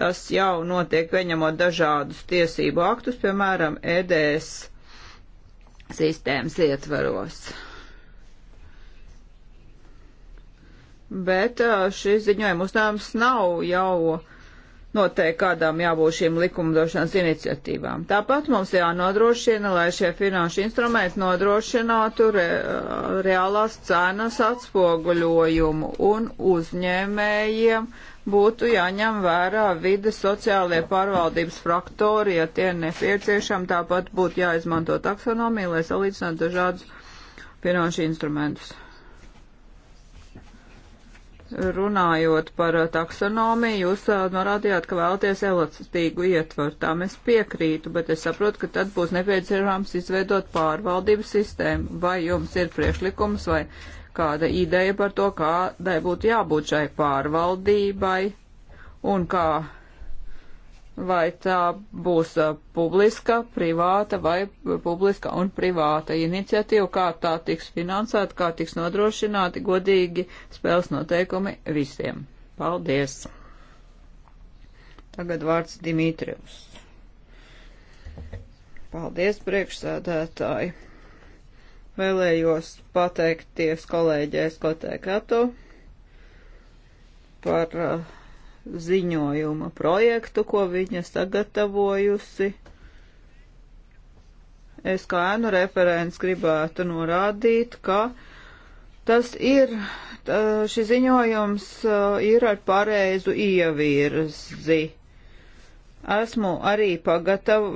Tas jau notiek pieņemot dažādus tiesību aktus, piemēram, EDS sistēmas ietvaros. Bet šis ziņojuma uzdevums nav jau noteikti kādām jābūt šīm likumdošanas iniciatīvām. Tāpat mums jānodrošina, lai šie finanšu instrumenti nodrošinātu re, reālās cenas atspoguļojumu un uzņēmējiem būtu jāņem vērā vides sociālie pārvaldības faktori, ja tie nepieciešami, tāpat būtu jāizmanto taksonomija, lai salīdzinātu dažādus finanšu instrumentus. Runājot par uh, taksonomiju, jūs uh, norādījāt, ka vēlaties elastīgu ietvaru. Tā mēs piekrītu, bet es saprotu, ka tad būs nepieciešams izveidot pārvaldības sistēmu. Vai jums ir priešlikums vai kāda ideja par to, kādai būtu jābūt šai pārvaldībai un kā vai tā būs publiska, privāta vai publiska un privāta iniciatīva, kā tā tiks finansēta, kā tiks nodrošināti godīgi spēles noteikumi visiem. Paldies! Tagad vārds Dimitrijus. Paldies, priekšsēdētāji! Vēlējos pateikties kolēģei Skotē Kato par uh, ziņojuma projektu, ko viņa sagatavojusi. Es kā ēnu referents gribētu norādīt, ka tas ir, tā, šis ziņojums ir ar pareizu ievirzi. Esmu arī pagatav,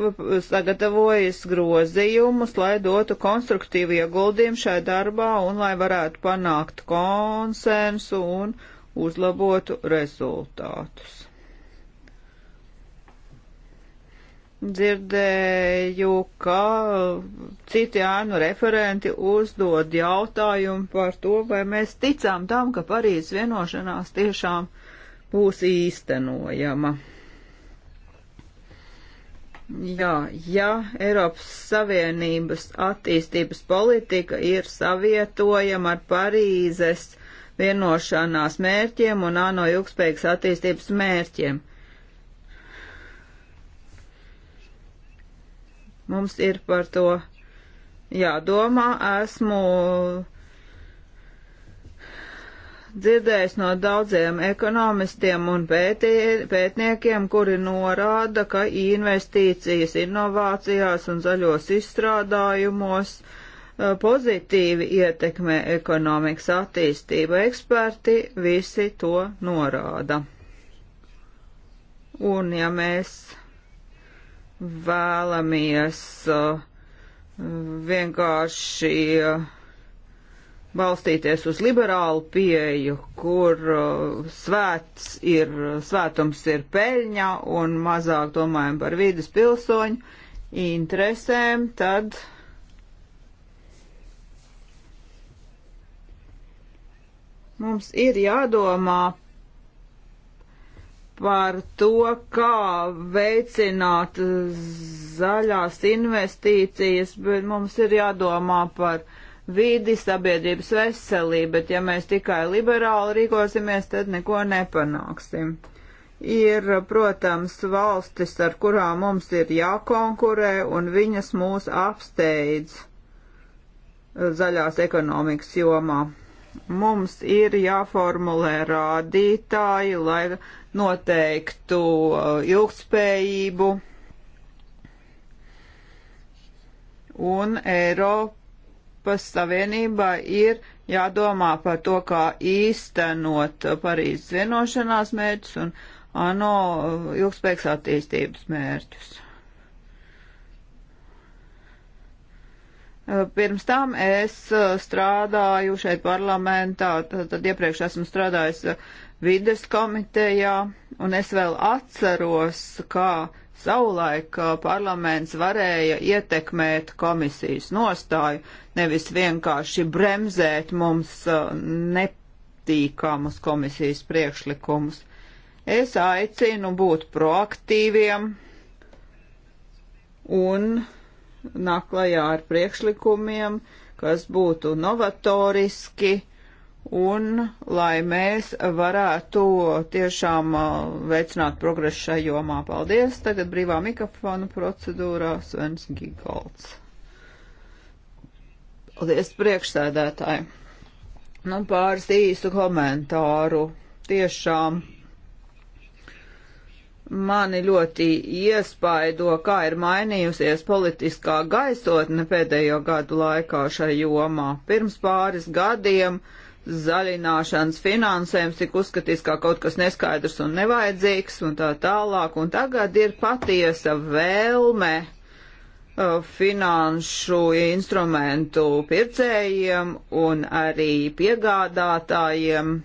sagatavojis grozījumus, lai dotu konstruktīvu ieguldījumu šai darbā un lai varētu panākt konsensu un uh, uzlabotu rezultātus. Dzirdēju, ka citi ēnu referenti uzdod jautājumu par to, vai mēs ticām tam, ka Parīzes vienošanās tiešām būs īstenojama. Jā, ja Eiropas Savienības attīstības politika ir savietojama ar Parīzes vienošanās mērķiem un ANO ilgspējīgas attīstības mērķiem. Mums ir par to jādomā. Esmu dzirdējis no daudziem ekonomistiem un pētī, pētniekiem, kuri norāda, ka investīcijas inovācijās un zaļos izstrādājumos uh, Uh, pozitīvi ietekmē ekonomikas attīstību. Eksperti visi to norāda. Un ja mēs vēlamies uh, vienkārši uh, balstīties uz liberālu pieeju, kur svēts ir, svētums ir peļņa un mazāk domājam par vidas pilsoņu interesēm, tad uh, Mums ir jādomā par to, kā veicināt zaļās investīcijas, bet mums ir jādomā par vidi, sabiedrības veselību, bet ja mēs tikai liberāli rīkosimies, tad neko nepanāksim. Ir, protams, valstis, ar kurām mums ir jākonkurē, un viņas mūs apsteidz zaļās ekonomikas jomā mums ir jāformulē rādītāji, lai noteiktu uh, ilgspējību. Un Eiropas Savienībā ir jādomā par to, kā īstenot Parīzes vienošanās mērķus un ANO uh, ilgspējīgas attīstības mērķus. Eh, pirms tam es eh, strādāju šeit parlamentā, tad, tad iepriekš esmu strādājis eh, vides komitejā, un es vēl atceros, kā savulaik parlaments varēja ietekmēt komisijas nostāju, nevis vienkārši bremzēt mums nepatīkamus komisijas priekšlikumus. Es aicinu būt proaktīviem un nāk klajā ar priekšlikumiem, kas būtu novatoriski un lai mēs varētu tiešām uh, veicināt progresu šajā jomā. Paldies! Tagad brīvā mikrofona procedūrā Svens Gigalds. Paldies priekšsēdētāji! Nu, pāris īsu komentāru. Tiešām Mani ļoti iespaido, kā ir mainījusies politiskā gaisotne pēdējo gadu laikā šai jomā. Pirms pāris gadiem zaļināšanas finansējums tika uzskatīts kā kaut kas neskaidrs un nevajadzīgs un tā tālāk, un tagad ir patiesa vēlme uh, finanšu instrumentu pircējiem un arī piegādātājiem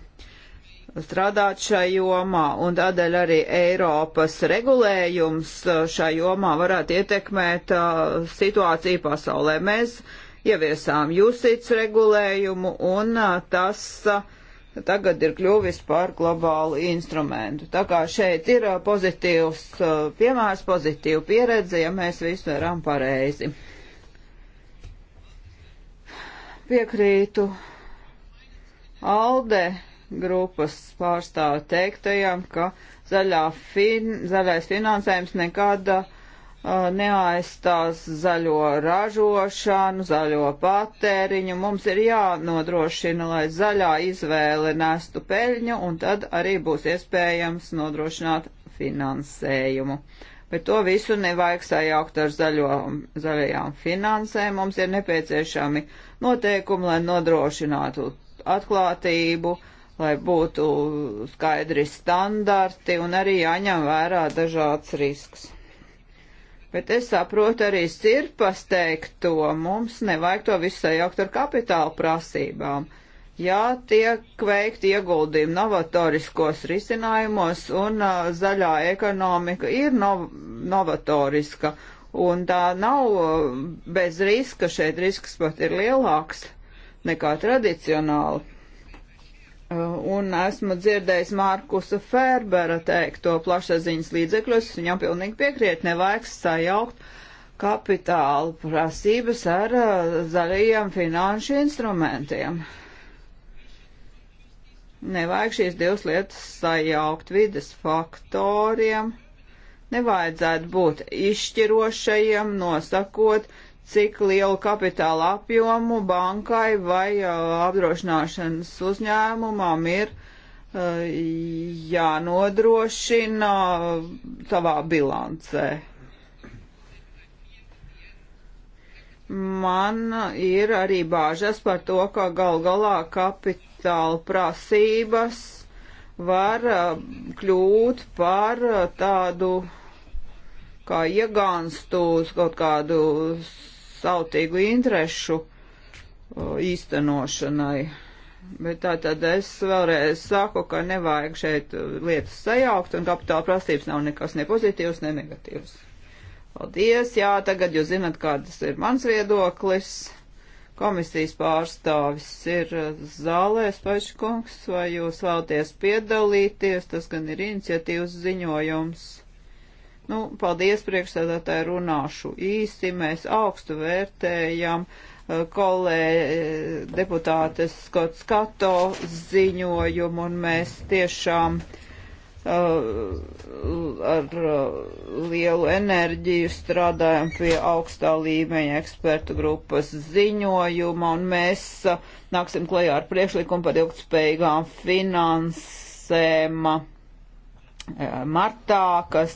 strādāt šai jomā, un tādēļ arī Eiropas regulējums uh, šai jomā varētu ietekmēt uh, situāciju pasaulē. Mēs ieviesām jūsīts regulējumu, un uh, tas uh, tagad ir kļuvis par globālu instrumentu. Tā kā šeit ir uh, pozitīvs uh, piemērs, pozitīva pieredze, ja mēs visu darām pareizi. Piekrītu Alde grupas pārstāvu teiktajam, ka zaļā fin, zaļais finansējums nekāda uh, neaizstās zaļo ražošanu, zaļo patēriņu. Mums ir jānodrošina, lai zaļā izvēle nestu peļņu, un tad arī būs iespējams nodrošināt finansējumu. Bet to visu nevajag sajaukt ar zaļo, zaļajām finansēm. Mums ir nepieciešami noteikumi, lai nodrošinātu atklātību, uh, lai būtu skaidri standarti un arī jāņem vērā dažāds risks. Bet es saprotu arī sirpas teikto, mums nevajag to visu sajaukt ar kapitāla prasībām. Jā, tiek veikt ieguldījumi novatoriskos risinājumos, un uh, zaļā ekonomika ir nov novatoriska, un tā nav uh, bez riska, šeit risks pat ir lielāks nekā tradicionāli Uh, un esmu dzirdējis Mārkusa Ferbera teikto plašsaziņas līdzekļos, viņam pilnīgi piekriet, nevajag sajaukt kapitāla prasības ar uh, zaļajiem finanšu instrumentiem. Nevajag šīs divas lietas sajaukt vides faktoriem, nevajadzētu būt izšķirošajiem, nosakot, uh, cik lielu kapitāla apjomu bankai vai uh, apdrošināšanas uzņēmumam ir uh, jānodrošina uh, savā bilancē. Man ir arī bāžas par to, ka gal galā kapitāla prasības var kļūt par tādu kā iegānstu uz kaut kādus sautīgu interešu uh, īstenošanai. Bet tā tad es vēlreiz saku, ka nevajag šeit uh, lietas sajaukt, un kapitāla prasības nav nekas ne pozitīvs, ne negatīvs. Paldies, jā, tagad jūs zinat, kādas ir mans viedoklis. Komisijas pārstāvis ir uh, zālē, Spačkungs, vai jūs vēlaties piedalīties, tas gan ir iniciatīvas ziņojums. Nu, paldies priekšsēdētāji, runāšu īsi. Mēs augstu vērtējam eh, kolē eh, deputātes Skots Kato ziņojumu un mēs tiešām uh, ar lielu enerģiju strādājam pie augstā līmeņa ekspertu grupas ziņojuma un mēs uh, nāksim klajā ar priekšlikumu par ilgtspējīgām finansēm. Uh, martā, kas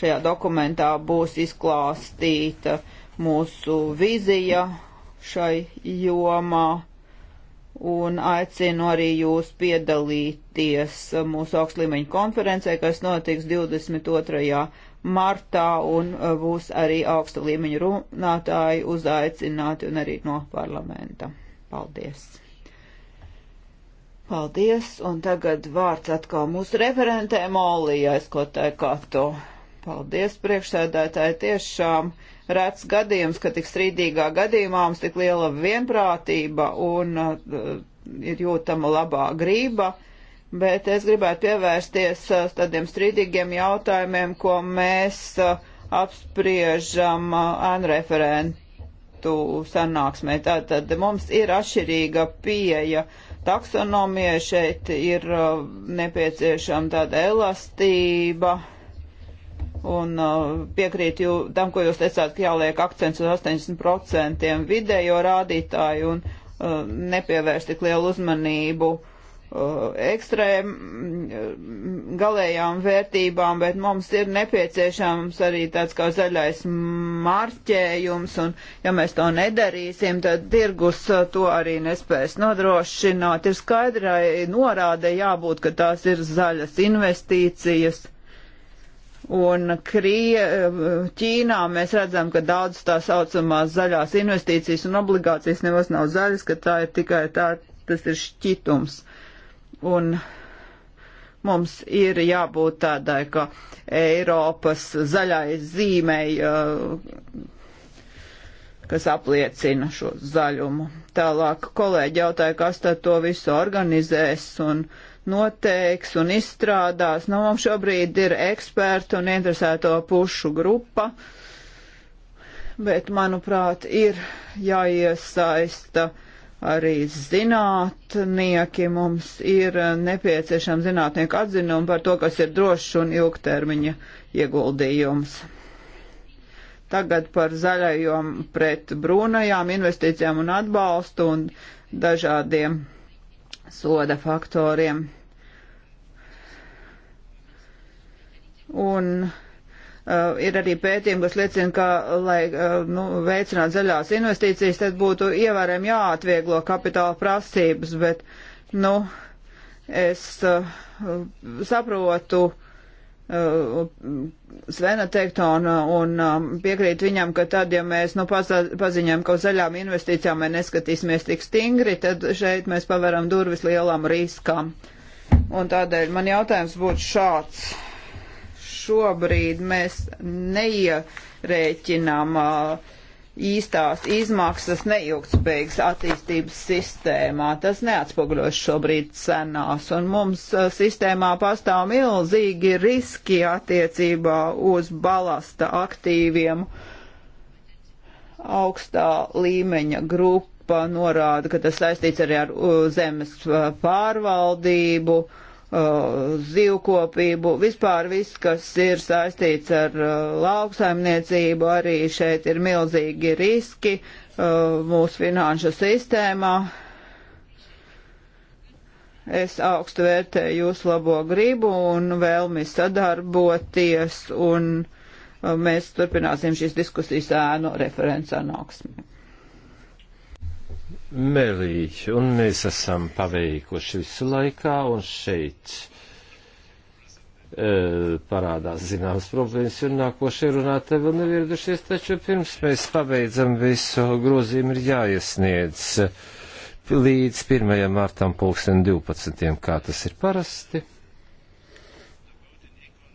šajā dokumentā būs izklāstīta mūsu vizija šai jomā un aicinu arī jūs piedalīties mūsu augstlīmeņu konferencē, kas notiks 22. martā un būs arī augsta līmeņa runātāji uzaicināti un arī no parlamenta. Paldies! Paldies, un tagad vārds atkal mūsu referentē Molijai Skotai Kato. Paldies, priekšsēdētāji, tiešām rēts gadījums, ka tik strīdīgā gadījumā mums tik liela vienprātība un uh, ir jūtama labā grība, bet es gribētu pievērsties uh, tādiem strīdīgiem jautājumiem, ko mēs uh, apspriežam anreferentu uh, sanāksmē. Tātad mums ir atšķirīga pieeja. Uh, taksonomijai. Šeit ir uh, nepieciešama tāda elastība. Un uh, piekrīt jū, tam, ko jūs teicāt, ka jāliek akcents uz 80% vidējo rādītāju un uh, nepievērst tik lielu uzmanību uh, ekstrēm galējām vērtībām, bet mums ir nepieciešams arī tāds kā zaļais marķējums, un ja mēs to nedarīsim, tad tirgus to arī nespēs nodrošināt. Ir skaidrai norāde jābūt, ka tās ir zaļas investīcijas. Un Krie, Ķīnā mēs redzam, ka daudz tā saucamās zaļās investīcijas un obligācijas nemaz nav zaļas, ka tā ir tikai tā, tas ir šķitums. Uh, Un mums ir jābūt tādai, ka Eiropas zaļais zīmei, eh, kas apliecina šo zaļumu. Tālāk kolēģi jautāja, kas tad to visu organizēs un noteiks un izstrādās. Nu, mums šobrīd ir ekspertu un interesēto pušu grupa, bet, manuprāt, ir jāiesaista. Ja arī zinātnieki. Mums ir nepieciešama zinātnieku atzinuma par to, kas ir drošs un ilgtermiņa ieguldījums. Tagad par zaļajām pret brūnajām investīcijām un atbalstu un dažādiem soda faktoriem. Un Uh, ir arī pētījumi, kas liecina, ka, lai uh, nu, veicinātu zaļās investīcijas, tad būtu ievērēm jāatvieglo kapitāla prasības, bet, nu, es uh, saprotu Svena teikto un, un piekrīt viņam, ka tad, ja mēs, nu, paziņam, ka uz zaļām investīcijām mēs neskatīsimies tik stingri, tad šeit mēs pavaram durvis lielam riskam. Un tādēļ man jautājums būtu šāds šobrīd mēs neierēķinām īstās izmaksas neilgtspējīgas attīstības sistēmā. Tas neatspoguļos šobrīd cenās, un mums sistēmā pastāv milzīgi riski attiecībā uz balasta aktīviem augstā līmeņa grupa norāda, ka tas saistīts arī ar zemes pārvaldību, uh, Uh, zivkopību, vispār viss, kas ir saistīts ar uh, lauksaimniecību, arī šeit ir milzīgi riski uh, mūsu finanšu sistēmā. Es augstu vērtēju jūsu labo gribu un vēlmi sadarboties, un mēs turpināsim šīs diskusijas ēnu referents sanāksmi melīķi, un mēs esam paveikuši visu laikā, un šeit e, parādās zināmas problēmas, un nākošie runātāji vēl nevirdušies, taču pirms mēs pabeidzam visu grozījumu ir jāiesniedz līdz 1. martam pulksten 12. kā tas ir parasti.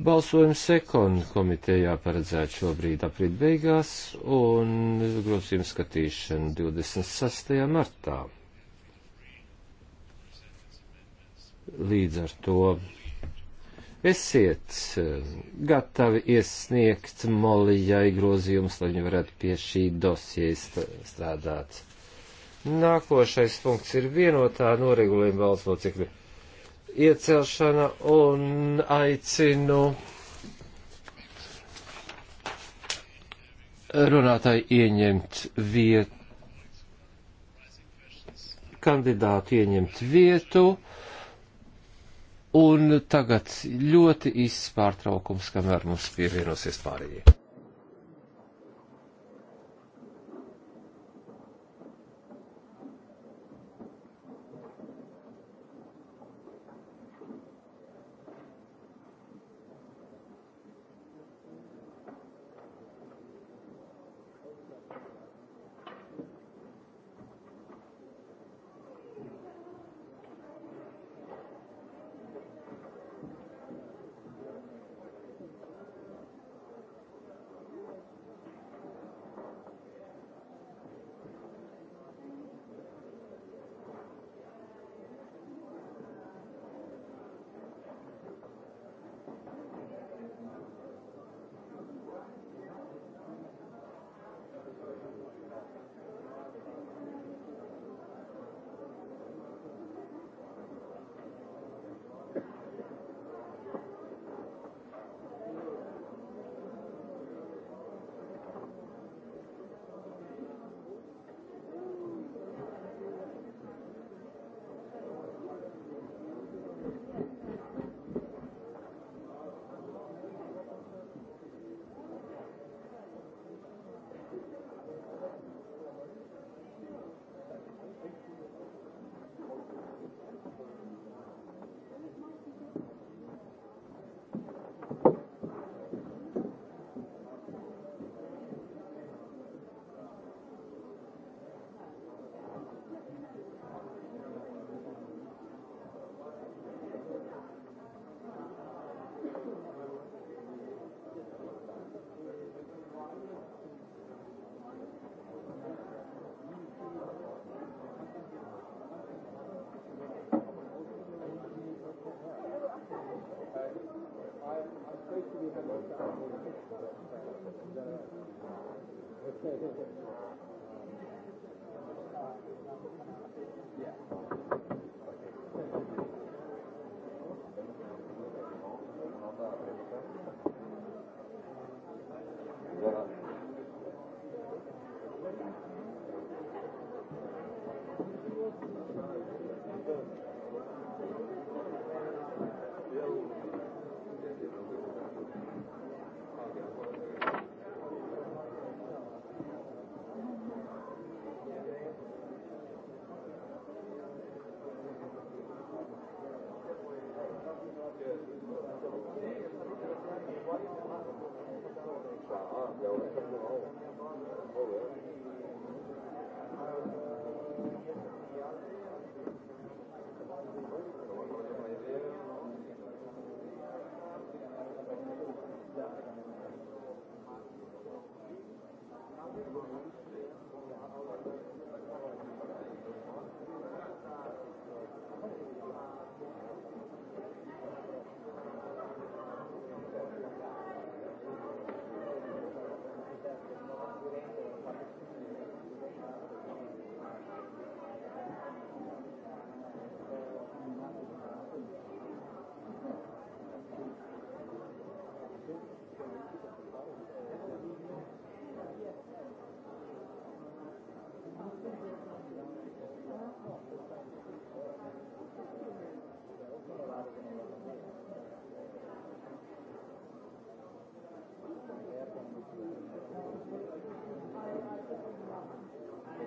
Balsojums sekundu komitejā paredzēts šobrīd aprīt beigās un grozījuma skatīšana 26. martā. Līdz ar to esiet eh, gatavi iesniegt molijai grozījumus, lai viņi varētu pie šī dosieja strādāt. Nākošais punkts ir vienotā noregulējuma balsocikļa iecelšana un aicinu runātāji ieņemt vietu, kandidātu ieņemt vietu, un tagad ļoti īsts pārtraukums, kamēr mums pievienosies pārējie. Oh, yeah.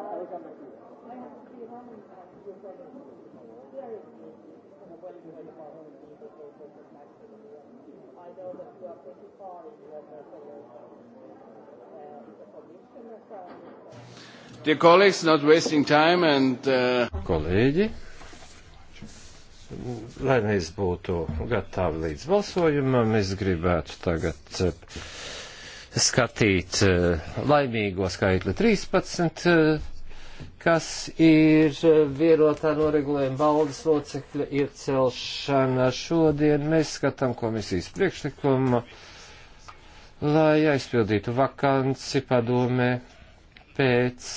I know that you are pretty far in your Dear colleagues, not wasting time and uh... kolēģi, lai mēs būtu gatavi līdz balsojumam, es gribētu tagad eh, skatīt eh, laimīgo skaitli 13, eh, kas ir eh, vienotā noregulējuma valdes locekļa iecelšana. Šodien mēs skatām komisijas priekšlikumu, lai aizpildītu vakanci padomē pēc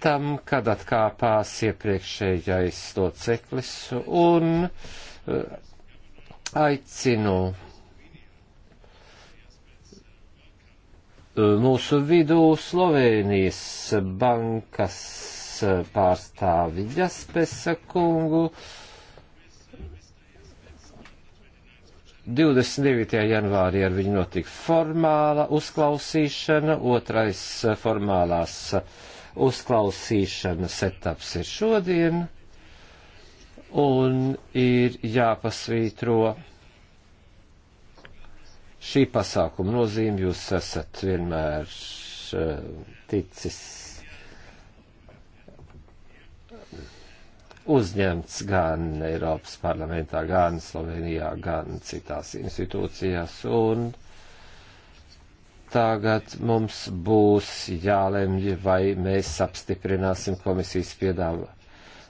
tam, kad atkāpās iepriekšējais loceklis un aicinu Eh, mūsu vidū Slovēnijas bankas eh, pārstāvi Jaspesa kungu. 29. janvārī ar viņu notika formāla uzklausīšana, otrais eh, formālās uzklausīšanas etaps ir šodien, un ir jāpasvītro šī pasākuma nozīme jūs esat vienmēr eh, ticis uzņemts gan Eiropas parlamentā, gan Slovenijā, gan citās institūcijās, un tagad mums būs jālemj, vai mēs apstiprināsim komisijas piedāvājumu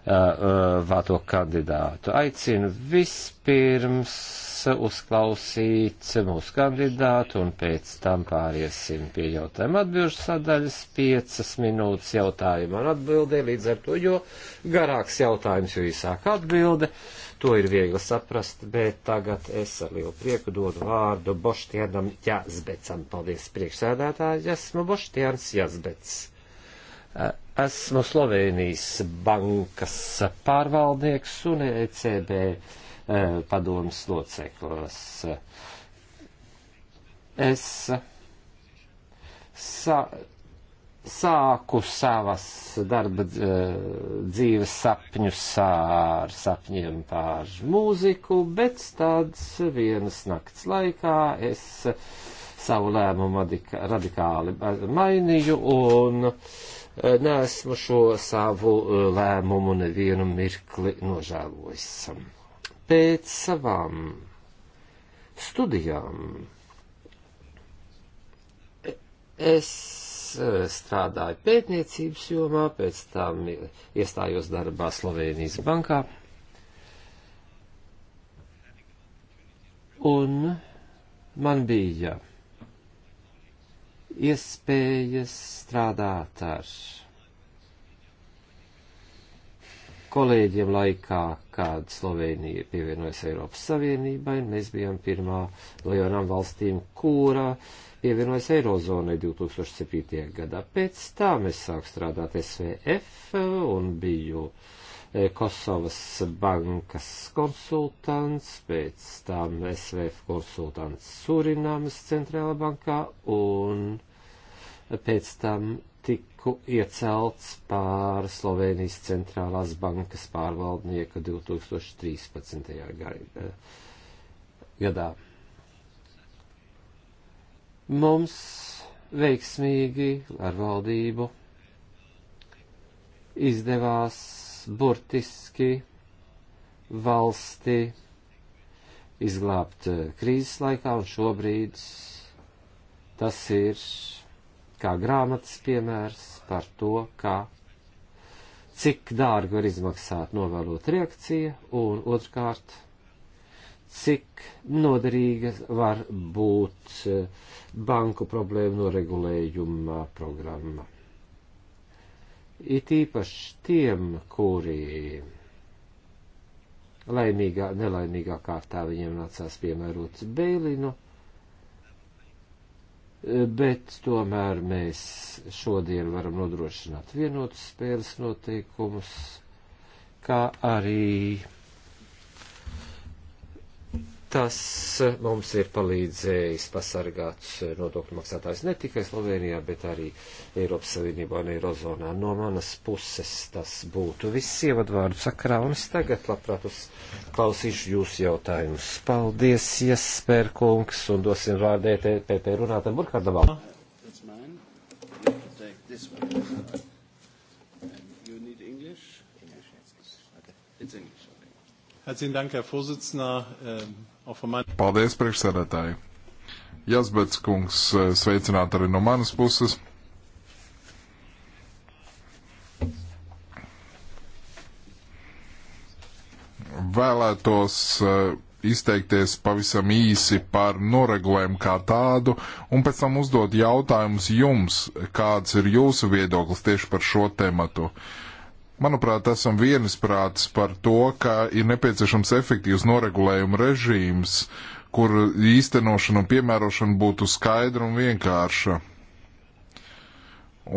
vāto kandidātu. Aicinu vispirms uzklausīt mūsu kandidātu un pēc tam pāriesim pie jautājuma atbilžu sadaļas. Piecas minūtes jautājuma un atbildē līdz ar to, jo garāks jautājums, jo īsāka atbilde. To ir viegli saprast, bet tagad es ar lielu prieku dodu vārdu Boštienam Jāzbecam. Paldies priekšsēdētāji, esmu Boštiens Jāzbecs. Uh, Esmu Slovenijas bankas pārvaldnieks un ECB eh, padomas loceklis. Es sa sāku savas darba eh, dzīves sapņus ar sapņiem par mūziku, bet tāds vienas nakts laikā es savu lēmumu radikāli mainīju un uh, Eh, neesmu šo savu eh, lēmumu nevienu mirkli nožēlojis. Pēc savām studijām es eh, strādāju pētniecības jomā, pēc tam iestājos darbā Slovenijas bankā. Un man bija iespējas strādāt ar kolēģiem laikā, kad Slovenija pievienojas Eiropas Savienībai, un mēs bijām pirmā lielām valstīm, kurā pievienojas Eirozonai 2007. gadā. Pēc tā mēs sāk strādāt SVF un biju uh, Eh, Kosovas bankas konsultants, pēc tam SVF konsultants Surinamas centrāla bankā un pēc tam tiku iecelts pār Slovenijas centrālās bankas pārvaldnieka 2013. Eh, gadā. Mums veiksmīgi ar valdību izdevās burtiski valsti izglābt eh, krīzes laikā, un šobrīd tas ir kā grāmatas piemērs par to, kā cik dārgi var izmaksāt novēlot reakcija, un otrkārt, cik noderīga var būt eh, banku problēmu noregulējuma programma it īpaši tiem, kuri laimīgā, nelaimīgā kārtā viņiem nācās piemērot bēlinu, bet tomēr mēs šodien varam nodrošināt vienotus spēles noteikumus, kā arī Tas eh, mums ir palīdzējis pasargāt eh, nodokļu maksātājs ne tikai Slovenijā, bet arī Eiropas Savienībā un Eirozonā. No manas puses tas būtu viss ievadvārdu sakrā, un es tagad labprāt uzklausīšu jūsu jautājumus. Paldies, Jesper kungs, un dosim vārdu ETPP runātam Burkhardavam. Herzlichen Dank, Herr Vorsitzender. Ähm, Paldies, priekšsēdētāji. Jasbets kungs, eh, sveicināt arī no manas puses. Vēlētos eh, izteikties pavisam īsi par noregulējumu kā tādu, un pēc tam uzdot jautājumus jums, kāds ir jūsu viedoklis tieši par šo tematu. Uh, Manuprāt, esam vienisprātis par to, ka ir nepieciešams efektīvs noregulējuma režīms, kur īstenošana un piemērošana būtu skaidra un vienkārša.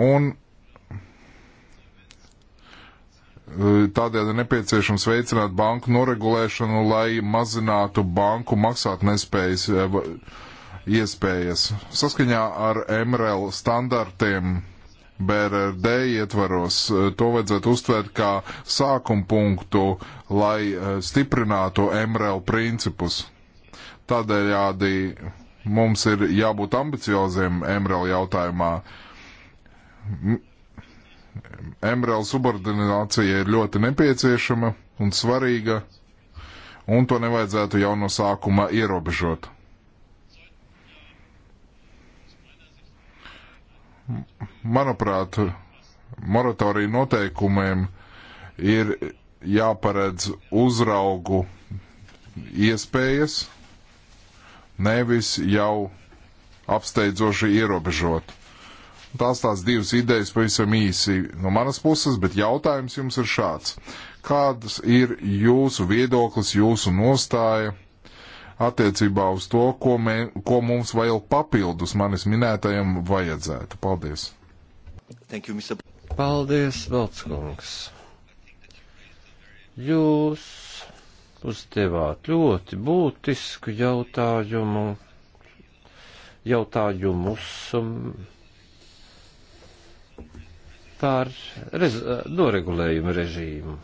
Un eh, tādēļ ir nepieciešams veicināt banku noregulēšanu, lai mazinātu banku maksātnespējas eh, iespējas. Saskaņā ar MRL standartiem BRD ietvaros. Eh, to vajadzētu uztvert kā sākumu punktu, lai eh, stiprinātu MRL principus. Tādējādi mums ir jābūt ambicioziem MRL jautājumā. MRL subordinācija ir ļoti nepieciešama un svarīga, un to nevajadzētu jau no sākuma ierobežot. manuprāt, moratoriju noteikumiem ir jāparedz uzraugu iespējas, nevis jau apsteidzoši ierobežot. Tās tās divas idejas pavisam īsi no manas puses, bet jautājums jums ir šāds. Kādas ir jūsu viedoklis, jūsu nostāja attiecībā uz to, ko, mē, ko mums vēl papildus manis minētajam vajadzētu. Paldies! Thank you, Mr. Paldies, Valtskungs! Jūs uzdevāt ļoti būtisku jautājumu, jautājumus um, par rez, noregulējumu režīmu.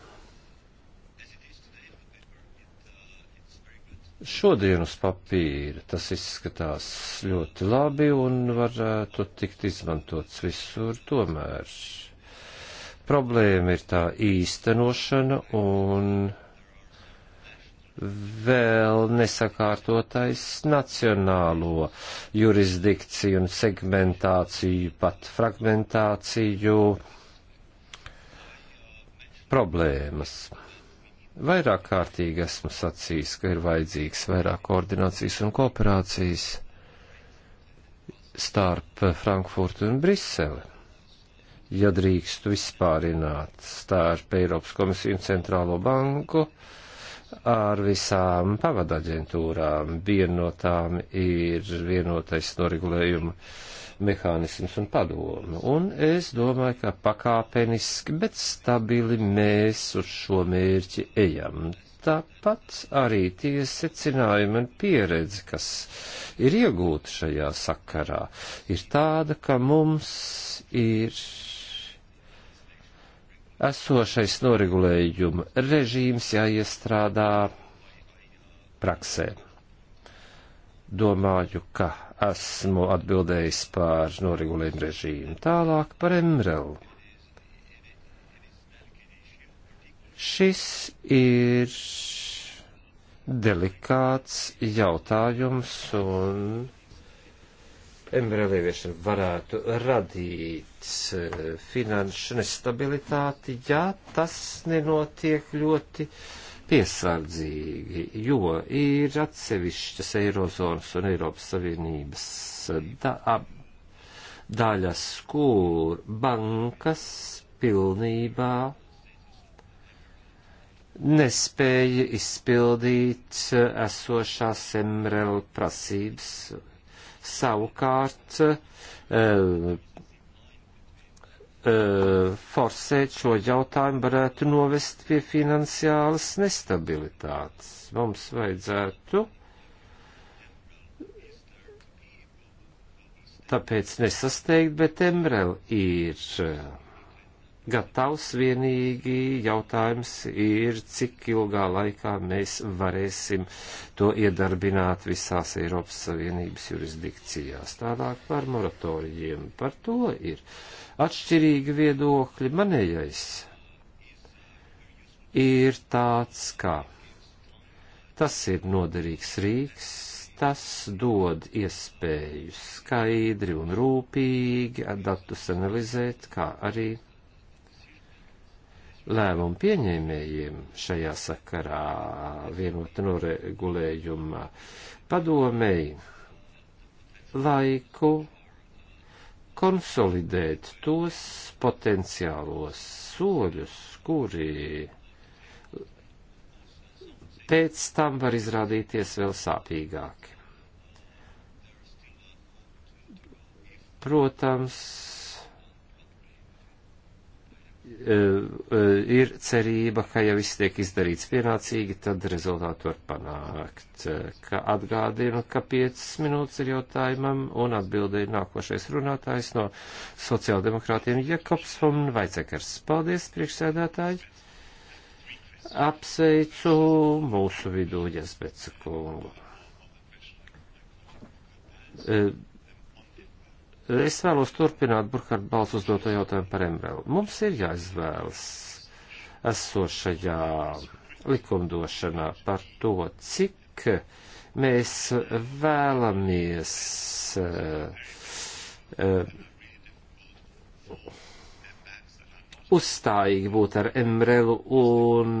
Šodien uz papīra tas izskatās ļoti labi un varētu tikt izmantots visur tomēr. Problēma ir tā īstenošana un vēl nesakārtotais nacionālo jurisdikciju un segmentāciju, pat fragmentāciju problēmas Vairāk kārtīgi esmu sacījis, ka ir vajadzīgs vairāk koordinācijas un kooperācijas starp Frankfurtu un Briseli. Ja drīkstu vispārināt starp Eiropas komisiju un Centrālo banku ar visām pavadaģentūrām, viena no tām ir vienotais noregulējuma uh, mehānisms un padomu. Un es domāju, ka pakāpeniski, bet stabili mēs uz šo mērķi ejam. Tāpat arī tie secinājumi un pieredze, kas ir iegūta šajā sakarā, ir tāda, ka mums ir esošais noregulējuma režīms jāiestrādā praksē. Domāju, ka esmu atbildējis par noregulējumu režīmu. Tālāk par Emrelu. Šis ir delikāts jautājums un Emrela ieviešana varētu radīt eh, finanšu nestabilitāti, ja tas nenotiek ļoti uh, piesardzīgi, jo ir atsevišķas Eirozonas un Eiropas Savienības da daļas, kur bankas pilnībā nespēja izpildīt esošās MRL prasības. Savukārt, eh, Eh, forsēt šo jautājumu varētu novest pie finansiālas nestabilitātes. Mums vajadzētu tāpēc nesasteigt, bet Emrel ir eh, gatavs, vienīgi jautājums ir, cik ilgā laikā mēs varēsim to iedarbināt visās Eiropas Savienības jurisdikcijās. Tālāk par moratorijiem. Par to ir atšķirīgi viedokļi. Manējais ir tāds, kā tas ir noderīgs rīks, tas dod iespēju skaidri un rūpīgi datus analizēt, kā arī lēmumu pieņēmējiem šajā sakarā vienota noregulējuma padomēji laiku konsolidēt tos potenciālos soļus, kuri pēc tam var izrādīties vēl sāpīgāki. Protams, Eh, eh, ir cerība, ka ja viss tiek izdarīts pienācīgi, tad rezultātu var panākt. Ka atgādinu, ka 5 minūtes ir jautājumam un atbildēja nākošais runātājs no sociāldemokrātiem Jakobs un Vaicekars. Paldies, priekšsēdētāji! Apsveicu mūsu vidū, Jasbecu kungu. Eh, Es vēlos turpināt Burkhard Bals uzdoto jautājumu par MRL. Mums ir jāizvēlas esošajā likumdošanā par to, cik mēs vēlamies uh, uh, uzstājīgi būt ar MRL un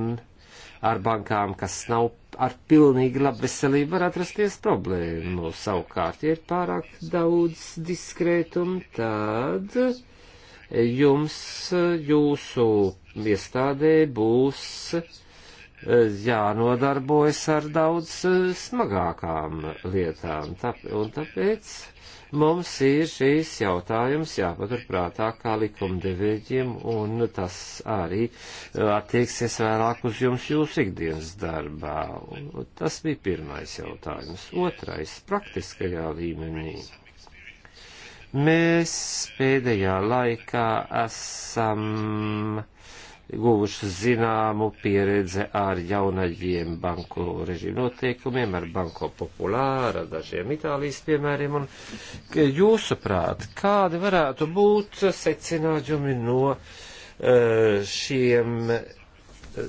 ar bankām, kas nav ar pilnīgi labveselību, var atrasties problēmu. Savukārt, ja ir pārāk daudz diskrētumu, tad jums, jūsu iestādē būs eh, jānodarbojas ar daudz eh, smagākām lietām. Un tāpēc Mums ir šīs jautājums jāpaturprātā kā likumdevēģiem, un tas arī uh, attieksies vairāk uz jums jūsu ikdienas darbā. Tas bija pirmais jautājums. Otrais - praktiskajā līmenī. Mēs pēdējā laikā esam guvuši zināmu pieredze ar jaunajiem banku režīmu noteikumiem, ar banko populāra, dažiem Itālijas piemēriem. Un jūsuprāt, kādi varētu būt secinājumi no eh, šiem eh,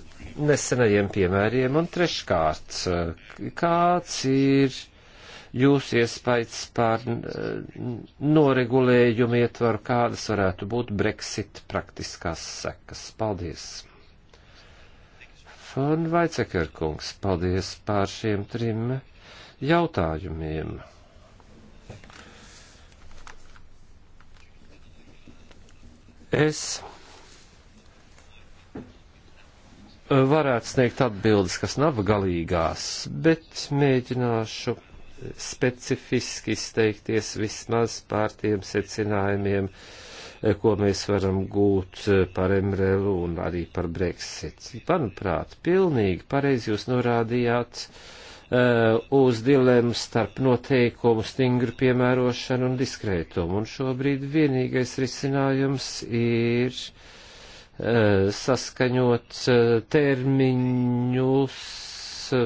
nesenajiem piemēriem? Un treškārt, eh, kāds ir jūsu iespējas pār eh, noregulējumu ietvaru, kādas varētu būt Brexit praktiskās sekas. Paldies! Fon Vaicekerkungs, paldies pār šiem trim jautājumiem. Es varētu sniegt atbildes, kas nav galīgās, bet mēģināšu specifiski izteikties vismaz pār tiem secinājumiem, eh, ko mēs varam gūt eh, par Emrelu un arī par Brexit. Manuprāt, pilnīgi pareizi jūs norādījāt uh, uz dilemmu starp noteikumu stingru piemērošanu un diskrētumu, un šobrīd vienīgais risinājums ir uh, saskaņot uh, termiņus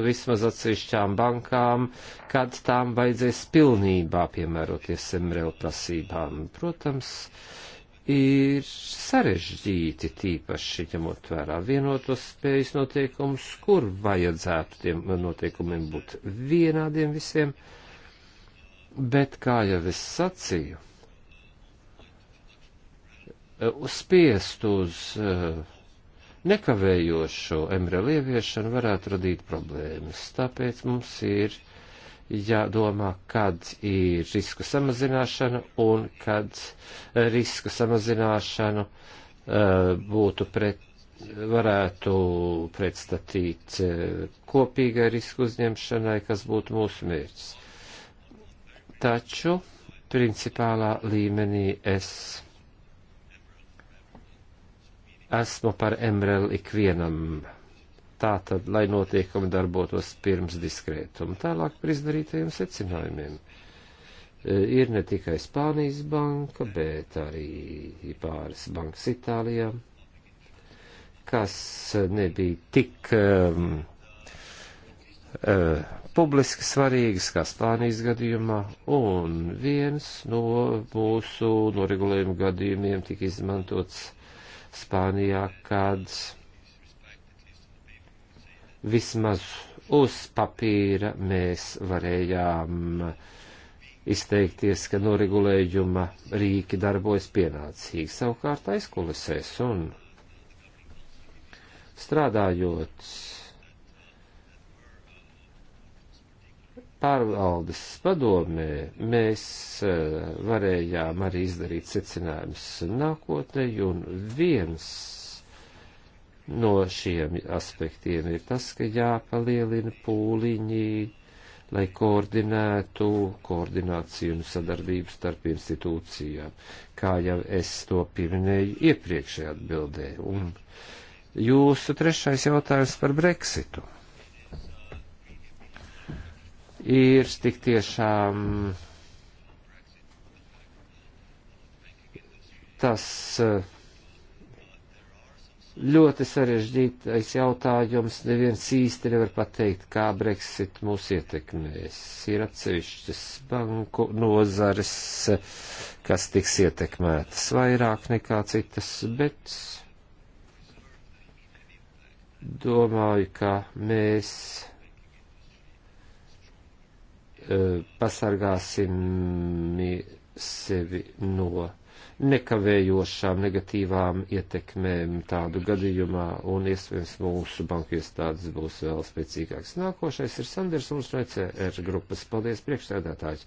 vismaz atsevišķām bankām, kad tām vajadzēs pilnībā piemēroties MRL prasībām. Protams, ir sarežģīti tīpaši ņemot vērā vienotos spējas noteikumus, kur vajadzētu tiem noteikumiem būt vienādiem visiem, bet, kā jau es sacīju, uzspiest uz uh, nekavējošo MRL ieviešanu varētu radīt problēmas. Tāpēc mums ir jādomā, kad ir riska samazināšana un kad eh, riska samazināšanu uh, būtu pret, varētu pretstatīt eh, kopīgai risku uzņemšanai, kas būtu mūsu mērķis. Taču principālā līmenī es esmu par MRL ikvienam. Tā tad, lai notiekumi darbotos pirms diskrētuma, tālāk par izdarītajiem secinājumiem. E, ir ne tikai Spānijas banka, bet arī pāris bankas Itālijā, kas nebija tik um, uh, publiski svarīgas kā Spānijas gadījumā, un viens no mūsu noregulējuma gadījumiem tika izmantots Spānijā, kad vismaz uz papīra mēs varējām izteikties, ka noregulējuma rīki darbojas pienācīgi savukārt aizkulisēs un strādājot pārvaldes padomē mēs eh, varējām arī izdarīt secinājumus nākotnē, un viens no šiem aspektiem ir tas, ka jāpalielina pūliņi, lai koordinētu koordināciju un sadarbību starp institūcijām, kā jau es to pieminēju iepriekšējā atbildē. Un jūsu trešais jautājums par Brexitu ir tik tiešām tas eh, ļoti sarežģītais jautājums. Neviens īsti nevar pateikt, kā Brexit mūs ietekmēs. Ir atsevišķas banku nozares, kas tiks ietekmētas vairāk nekā citas, bet domāju, ka mēs Eh, pasargāsim sevi no nekavējošām negatīvām ietekmēm tādu gadījumā, un iespējams mūsu banku iestādes būs vēl spēcīgākas. Nākošais ir Sanders un ECR grupas. Paldies, priekšsēdētājs!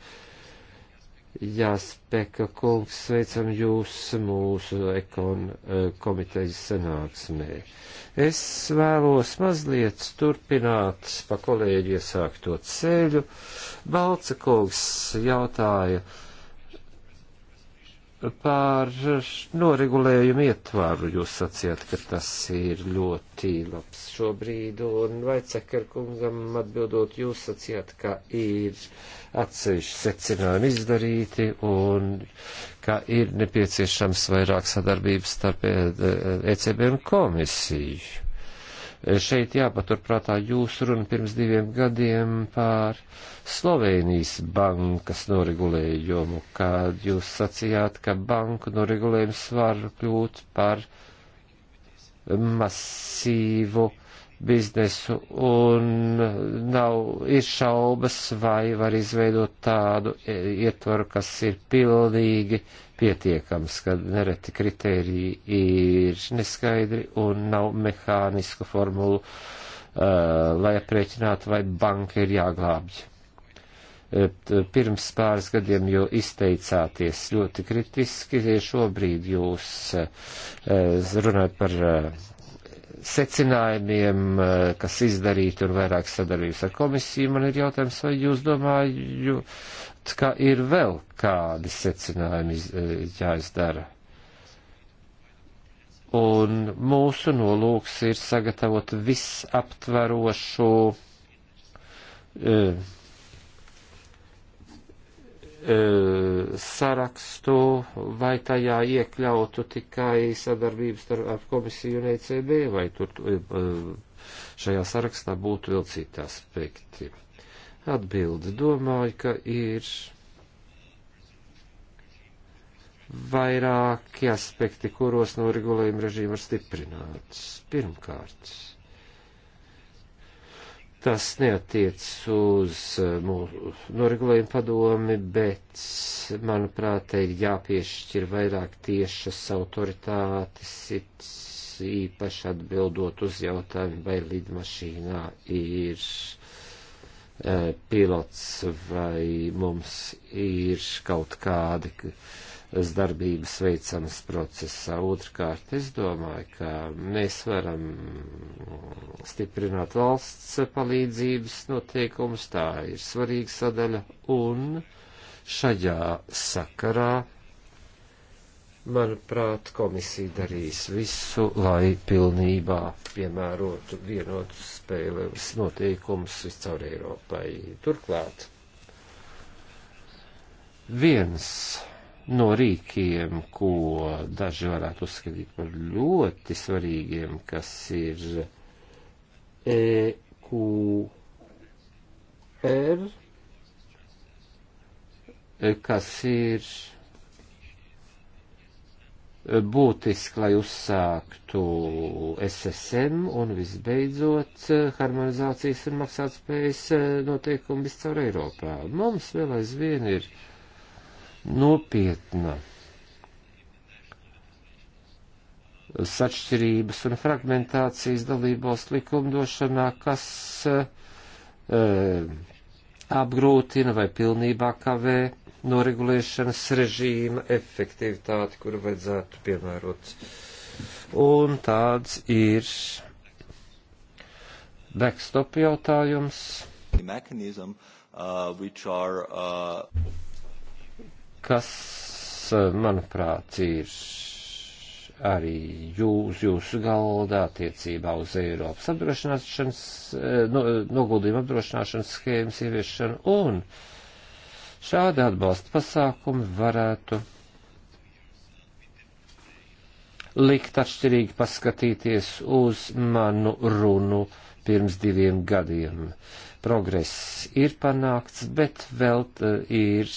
Jāspēka kungs, sveicam jūs mūsu ekon e, komitejas sanāksmē. Es vēlos mazliet turpināt pa kolēģi iesākto ceļu. Balca kungs jautāja, uh, Par noregulējumu ietvaru jūs sacījāt, ka tas ir ļoti labs šobrīd, un vai cekarkungam atbildot, jūs sacījāt, ka ir atsevišķi secinājumi izdarīti un ka ir nepieciešams vairāk sadarbības starp ECB eh, eh, e un komisiju. Šeit jāpaturprātā jūsu runa pirms diviem gadiem pār Slovenijas bankas noregulējumu, kad jūs sacījāt, ka banku noregulējums var kļūt par masīvu uh, biznesu un nav ir šaubas, vai var izveidot tādu e, ietvaru, kas ir pilnīgi pietiekams, kad nereti kritēriji ir neskaidri un nav mehānisku formulu, uh, lai aprēķinātu, vai banka ir jāglābj. E, pirms pāris gadiem jau izteicāties ļoti kritiski, šobrīd jūs uh, runājat par uh, secinājumiem, eh, kas izdarīti un vairāk sadarbības ar komisiju, man ir jautājums, vai jūs domājat, ka ir vēl kādi secinājumi eh, jāizdara? Un mūsu nolūks ir sagatavot visaptvarošu uh, E, sarakstu vai tajā iekļautu tikai sadarbības ar komisiju un ECB, vai tur e, e, šajā sarakstā būtu vēl citi aspekti. Atbildi domāju, ka ir vairāki aspekti, kuros no regulējuma režīma var stiprināt. Pirmkārt, Tas neatiec uz eh, mūsu noregulējumu padomi, bet, manuprāt, ir jāpiešķir vairāk tiešas autoritātes, īpaši atbildot uz jautājumu, vai lidmašīnā ir eh, pilots vai mums ir kaut kādi darbības veicamas procesā. Otrkārt, es domāju, ka mēs varam stiprināt valsts palīdzības noteikumus, tā ir svarīga sadaļa, un šajā sakarā manuprāt, komisija darīs visu, lai pilnībā piemērotu vienotus spēles noteikumus viscaur Eiropai. Turklāt viens no rīkiem, ko daži varētu uzskatīt par ļoti svarīgiem, kas ir EQR, kas ir būtiski, lai uzsāktu SSM un visbeidzot harmonizācijas un maksātspējas noteikumi viscaur Eiropā. Mums vēl aizvien ir nopietna sačķirības un fragmentācijas dalībvalstu likumdošanā, kas uh, apgrūtina vai pilnībā kavē noregulēšanas režīma efektivitāti, kuru vajadzētu piemērot. Un tāds ir backstop jautājums. Mechanism, uh, which are, uh kas, eh, manuprāt, ir arī jūs, jūsu galda attiecībā uz Eiropas apdrošināšanas, eh, no, noguldījuma apdrošināšanas schēmas ieviešanu, un šādi atbalsta pasākumi varētu likt atšķirīgi paskatīties uz manu runu pirms diviem gadiem. Progress ir panākts, bet vēl eh, ir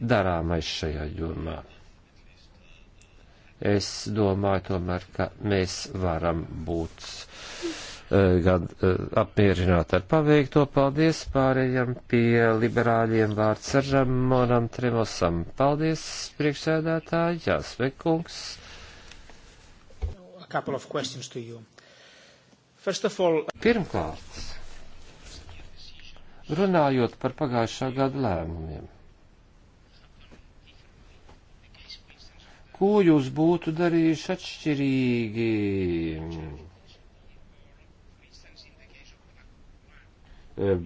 darāmais šajā jomā. Es domāju tomēr, ka mēs varam būt eh, gan eh, apmierināt ar paveikto. Paldies pārējiem pie liberāļiem vārds ar Ramonam Tremosam. Paldies, priekšsēdētāji, jāsvekungs. All... Pirmkārt, runājot par pagājušā gada lēmumiem. ko jūs būtu darījuši atšķirīgi?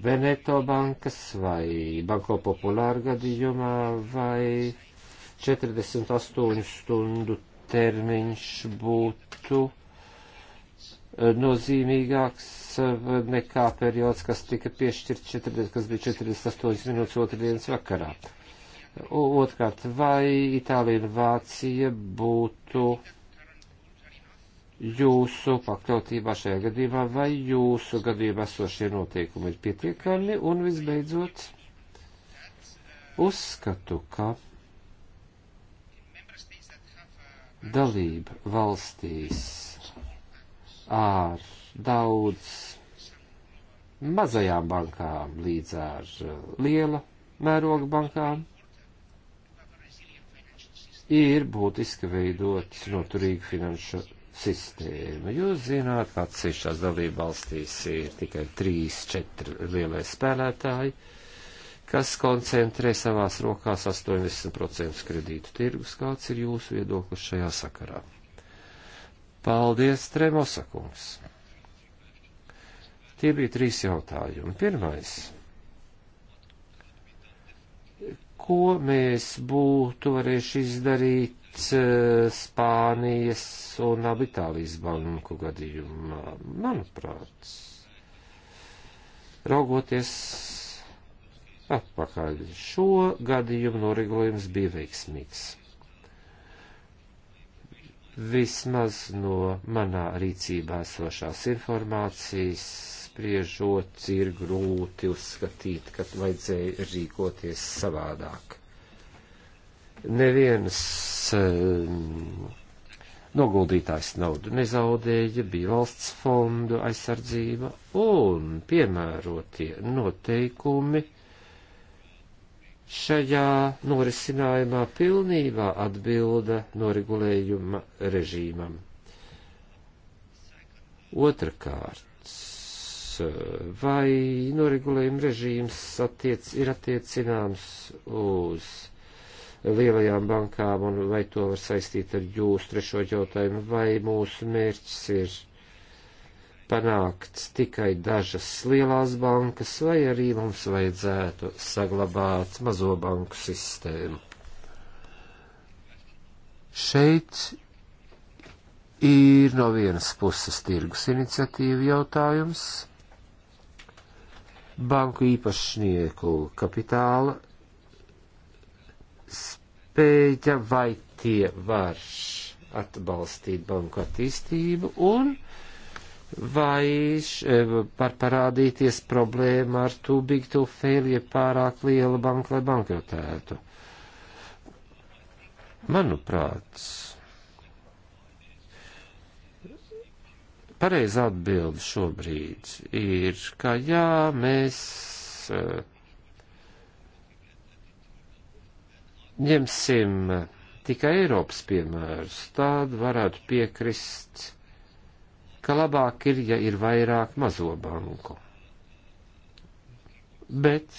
Beneto bankas vai Banko populāru gadījumā vai 48 stundu termiņš būtu e, nozīmīgāks e, nekā periods, kas tika piešķirt 40, kas bija 48 minūtes otrdienas vakarā. Otkārt, vai Itālija un Vācija būtu jūsu pakļautībā šajā gadījumā, vai jūsu gadījumā esošie noteikumi ir pietiekami, un visbeidzot, uzskatu, ka dalība valstīs ar daudz mazajām bankām līdz ar eh, liela mēroga bankām ir būtiski veidot noturīgu finanšu sistēmu. Jūs zināt, ka atsevišķās dalība valstīs ir tikai 3-4 lielie spēlētāji, kas koncentrē savās rokās 80% kredītu tirgus. Kāds ir jūsu viedoklis šajā sakarā? Paldies, Tremosakungs! Tie bija trīs jautājumi. Pirmais. ko mēs būtu varējuši izdarīt eh, Spānijas un abu Itālijas banku gadījumā, manuprāt, raugoties atpakaļ, šo gadījumu noregulējums bija veiksmīgs. Vismaz no manā rīcībā esošās informācijas apspriežot, ir grūti uzskatīt, ka vajadzēja rīkoties savādāk. Neviens um, noguldītājs naudu nezaudēja, bija valsts fondu aizsardzība un piemērotie noteikumi šajā norisinājumā pilnībā atbilda noregulējuma režīmam. Otrakārt, vai noregulējuma režīms attiec, ir attiecināms uz lielajām bankām un vai to var saistīt ar jūsu trešo jautājumu, vai mūsu mērķis ir panākt tikai dažas lielās bankas, vai arī mums vajadzētu saglabāt mazo banku sistēmu. Šeit ir no vienas puses tirgus iniciatīva jautājums, banku īpašnieku kapitāla spēja, vai tie var atbalstīt banku attīstību un vai e, var parādīties problēma ar too big to fail, ja pārāk liela banka, lai bankrotētu. Manuprāt, Pareiza atbilde šobrīd ir, ka jā, mēs eh, ņemsim tikai Eiropas piemērus, tad varētu piekrist, ka labāk ir, ja ir vairāk mazo banku. Bet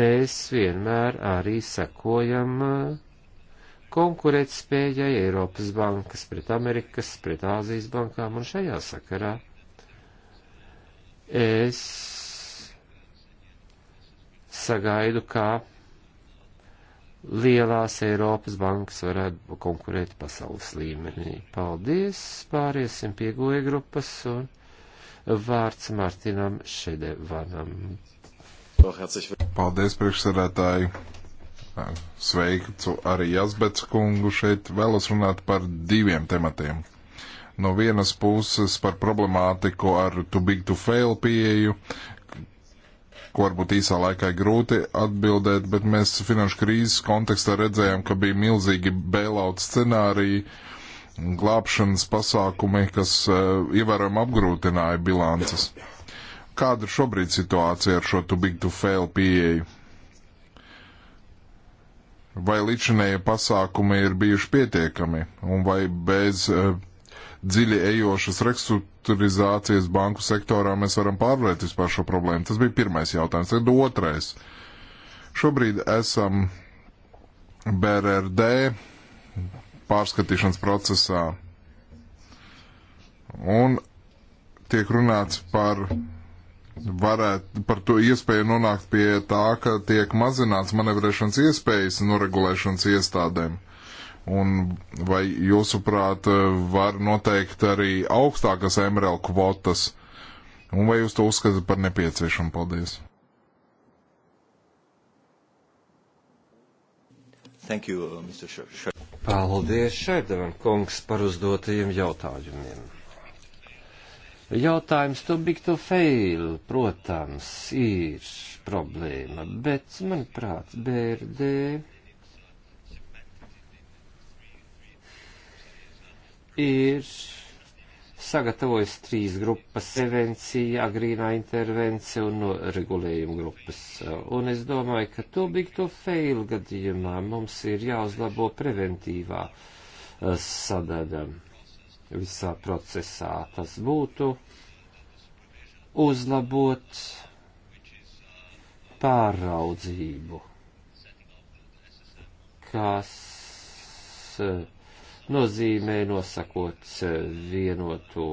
mēs vienmēr arī sekojam uh, konkurētspējai Eiropas bankas pret Amerikas, pret Āzijas bankām, un šajā sakarā es sagaidu, kā lielās Eiropas bankas varētu konkurēt pasaules līmenī. Paldies, pāriesim pie goja grupas un vārds Martinam Šedevanam. Paldies, priekšsarētāji! Sveicu arī Jasbets kungu šeit. Vēlos runāt par diviem tematiem. No vienas puses par problemātiku ar too big to fail pieeju, ko varbūt īsā laikā ir grūti atbildēt, bet mēs finanšu krīzes kontekstā redzējām, ka bija milzīgi bailout scenāriji, glābšanas pasākumi, kas uh, ievērojami apgrūtināja bilances. Kāda ir šobrīd situācija ar šo too big to fail pieeju? vai līdšanējie pasākumi ir bijuši pietiekami un vai bez e, dziļi ejošas restruktūrizācijas banku sektorā mēs varam pārvarēt vispār šo problēmu. Tas bija pirmais jautājums. Tad otrais. Šobrīd esam BRD pārskatīšanas procesā un tiek runāts par varētu par to iespēju nonākt pie tā, ka tiek mazināts manevrēšanas iespējas noregulēšanas iestādēm. Un vai jūsuprāt eh, var noteikt arī augstākas MRL kvotas? Un vai jūs to uzskatāt par nepieciešamu? Paldies! Thank you, uh, Mr. Sh Paldies, Šaidavan kungs, par uzdotajiem jautājumiem. Jautājums to big to fail, protams, ir problēma, bet, manuprāt, BRD ir sagatavojis trīs grupas - prevencija, agrīnā intervencija un no regulējuma grupas. Un es domāju, ka to big to fail gadījumā mums ir jāuzlabo preventīvā eh, sadaļa visā procesā. Tas būtu uzlabot pāraudzību, kas eh, nozīmē nosakot eh, vienoto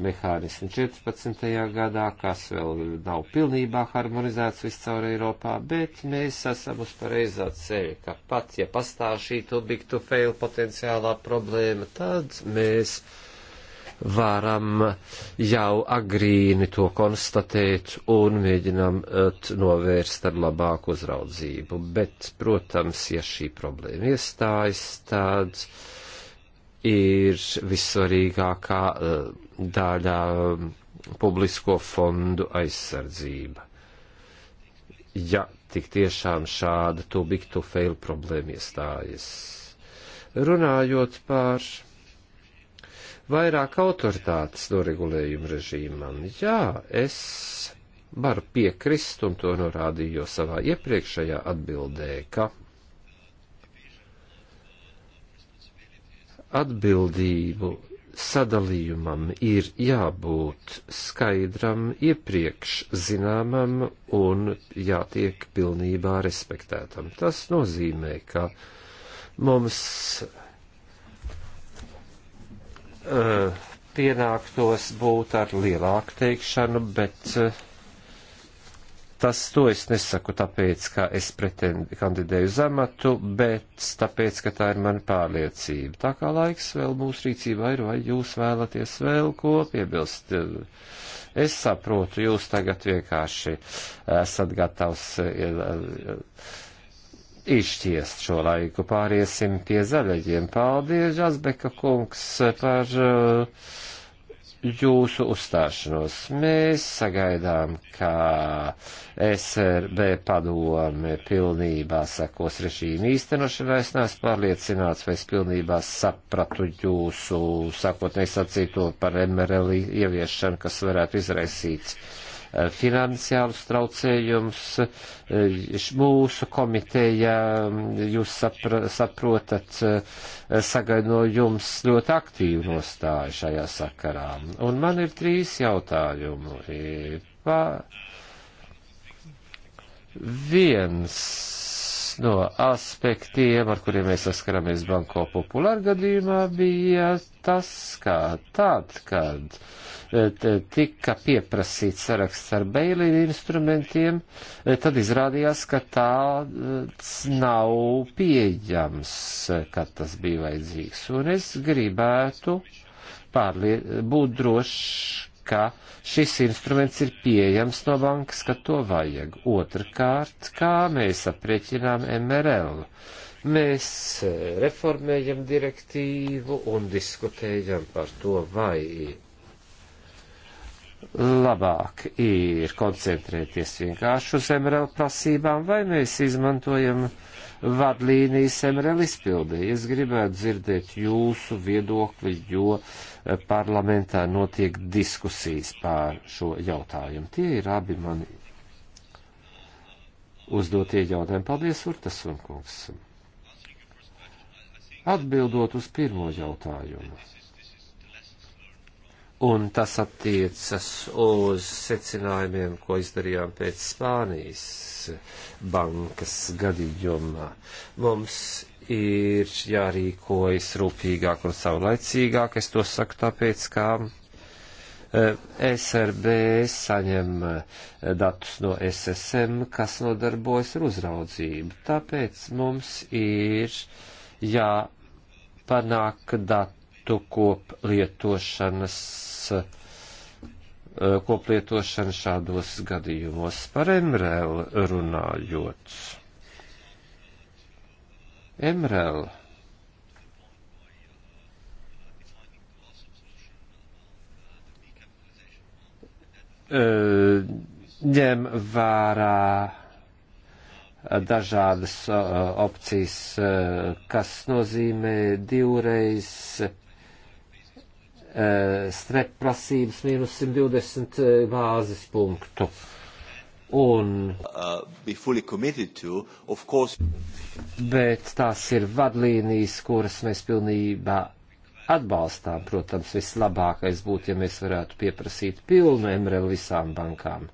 mehānismu 14. gadā, kas vēl nav pilnībā harmonizēts viscaur Eiropā, bet mēs esam uz pareizā ceļa, ka pat ja pastāv šī to big to fail potenciālā problēma, tad mēs varam jau agrīni to konstatēt un mēģinam eh, novērst ar labāku uzraudzību. Bet, protams, ja šī problēma iestājas, tad ir vissvarīgākā uh, daļā um, publisko fondu aizsardzība. Ja tik tiešām šāda to big to fail problēma iestājas. Runājot par vairāk autoritātes noregulējumu režīmam, jā, es varu piekrist, un to norādīju jau savā iepriekšējā atbildē, ka atbildību sadalījumam ir jābūt skaidram, iepriekš zināmam un jātiek pilnībā respektētam. Tas nozīmē, ka mums uh, pienāktos būt ar lielāku teikšanu, bet uh, Tas to es nesaku tāpēc, ka es pretendu kandidēju uz amatu, bet tāpēc, ka tā ir mana pārliecība. Tā kā laiks vēl mūsu rīcībā ir, vai jūs vēlaties vēl ko piebilst? Es saprotu, jūs tagad vienkārši esat gatavs eh, izšķiest šo laiku. Pāriesim pie zaļajiem. Paldies, Žasbeka kungs, par. Uh, jūsu uzstāšanos. Mēs sagaidām, ka SRB padome pilnībā sekos režīmu īstenošanai. Es neesmu pārliecināts, vai es pilnībā sapratu jūsu sākotnēji sacīto par MRL ieviešanu, kas varētu izraisīt uh, finansiālus traucējumus. Eh, mūsu komiteja, mm, jūs sapra, saprotat, eh, sagaida no jums ļoti aktīvu nostāju šajā sakarā. Un man ir trīs jautājumi. Eh, pa... Viens no aspektiem, ar kuriem mēs saskaramies banko populāru gadījumā, bija tas, kā tad, kad e, tika pieprasīts saraksts ar beili instrumentiem, e, tad izrādījās, ka tāds nav pieejams, kad tas bija vajadzīgs. Un es gribētu pārlie būt drošs, ka šis instruments ir pieejams no bankas, ka to vajag. Otrkārt, kā mēs aprieķinām MRL. Mēs eh, reformējam direktīvu un diskutējam par to, vai labāk ir koncentrēties vienkārši uz MRL prasībām, vai mēs izmantojam vadlīnijas MRL izpildē. Es gribētu dzirdēt jūsu viedokli, jo uh, parlamentā notiek diskusijas pār šo jautājumu. Tie ir abi mani uzdotie jautājumi. Paldies, Urtas un kungs. Atbildot uz pirmo jautājumu. Un tas attiecas uz secinājumiem, ko izdarījām pēc Spānijas bankas gadījumā. Mums ir jārīkojas rūpīgāk un saulaicīgāk. Es to saku tāpēc, ka e, SRB saņem e, datus no SSM, kas nodarbojas ar uzraudzību. Tāpēc mums ir jāpanāk datu koplietošanas e, koplietošana šādos gadījumos par MRL runājot. MRL. E, ņem vērā dažādas e, opcijas, e, kas nozīmē divreiz strep prasības mīnus 120 bāzes punktu. Uh, Un, uh, bet tās ir vadlīnijas, kuras mēs pilnībā atbalstām. Protams, vislabākais būtu, ja mēs varētu pieprasīt pilnu MRL visām bankām.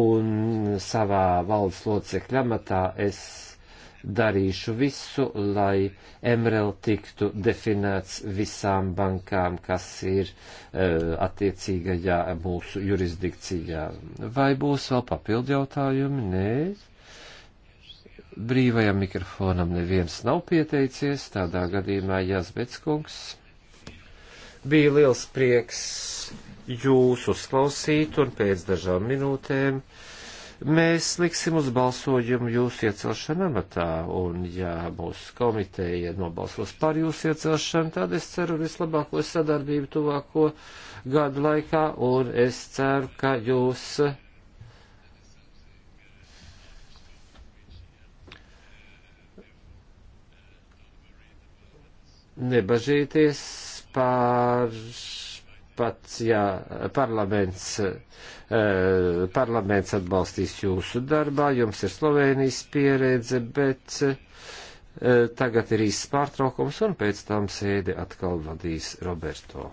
Un savā valdes locekļa amatā es darīšu visu, lai MRL tiktu definēts visām bankām, kas ir uh, attiecīgajā mūsu jurisdikcijā. Vai būs vēl papildu jautājumi? Nē. Brīvajam mikrofonam neviens nav pieteicies, tādā gadījumā Jāzbetskungs. Bija liels prieks jūs uzklausīt un pēc dažām minūtēm. Uh, mēs liksim uz balsojumu jūsu iecelšanu amatā, un ja mūsu komiteja nobalsos par jūsu iecelšanu, tad es ceru vislabāko sadarbību tuvāko gadu laikā, un es ceru, ka jūs nebažīties par pat ja parlaments, eh, parlaments atbalstīs jūsu darbā, jums ir Slovenijas pieredze, bet eh, tagad ir īsts pārtraukums un pēc tam sēdi atkal vadīs Roberto.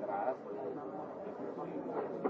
Gracias.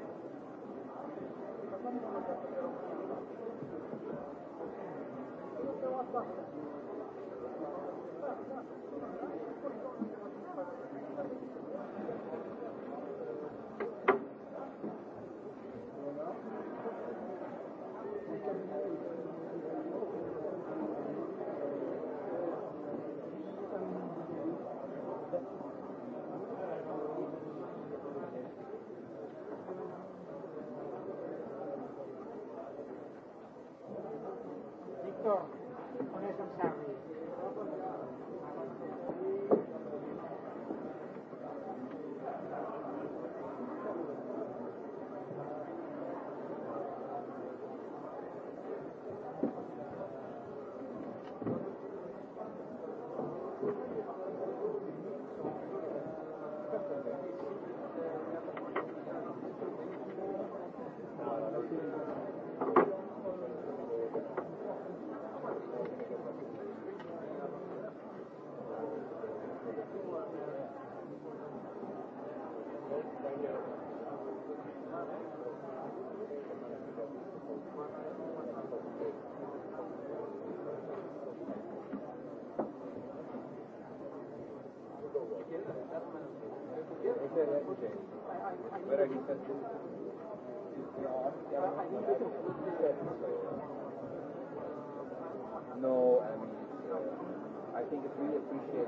really appreciated.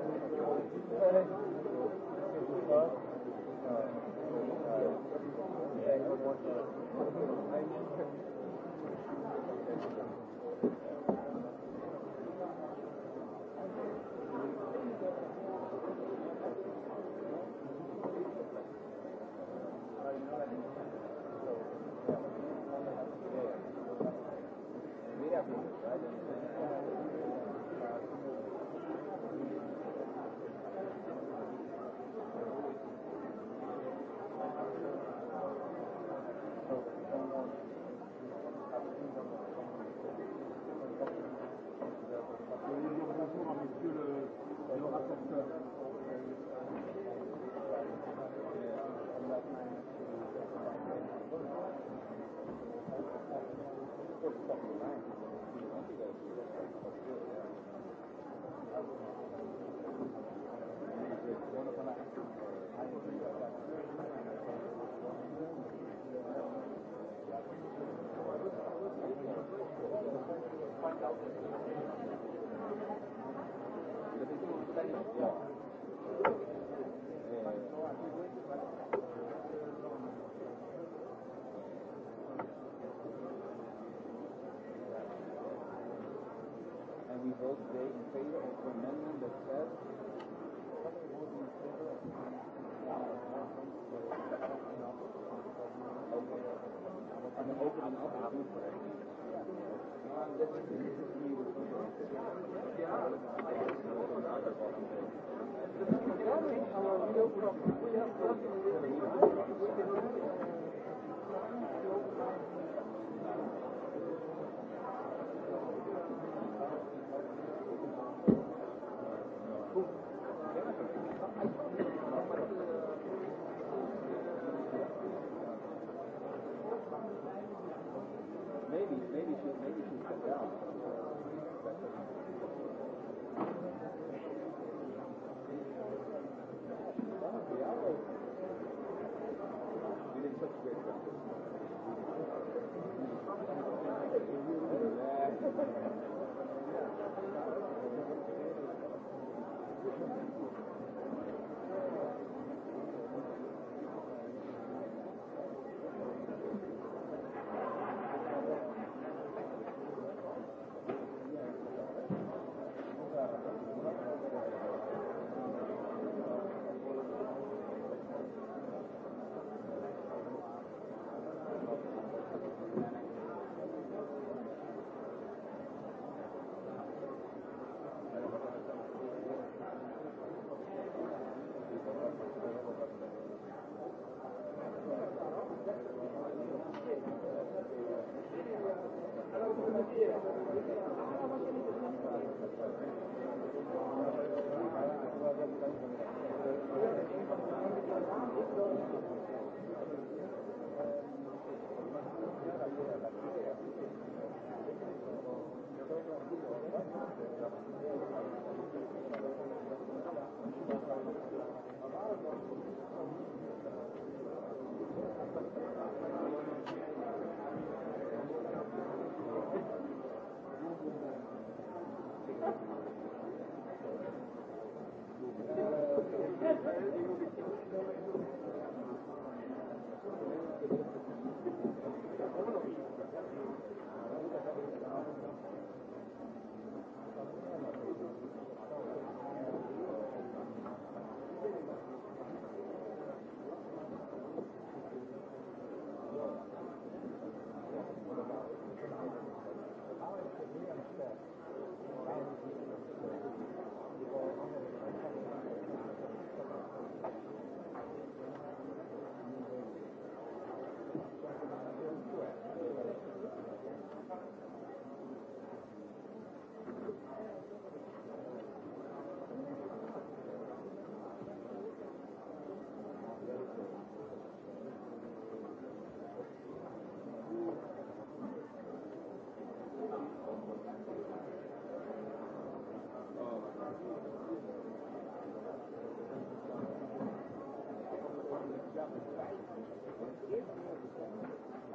Thank you.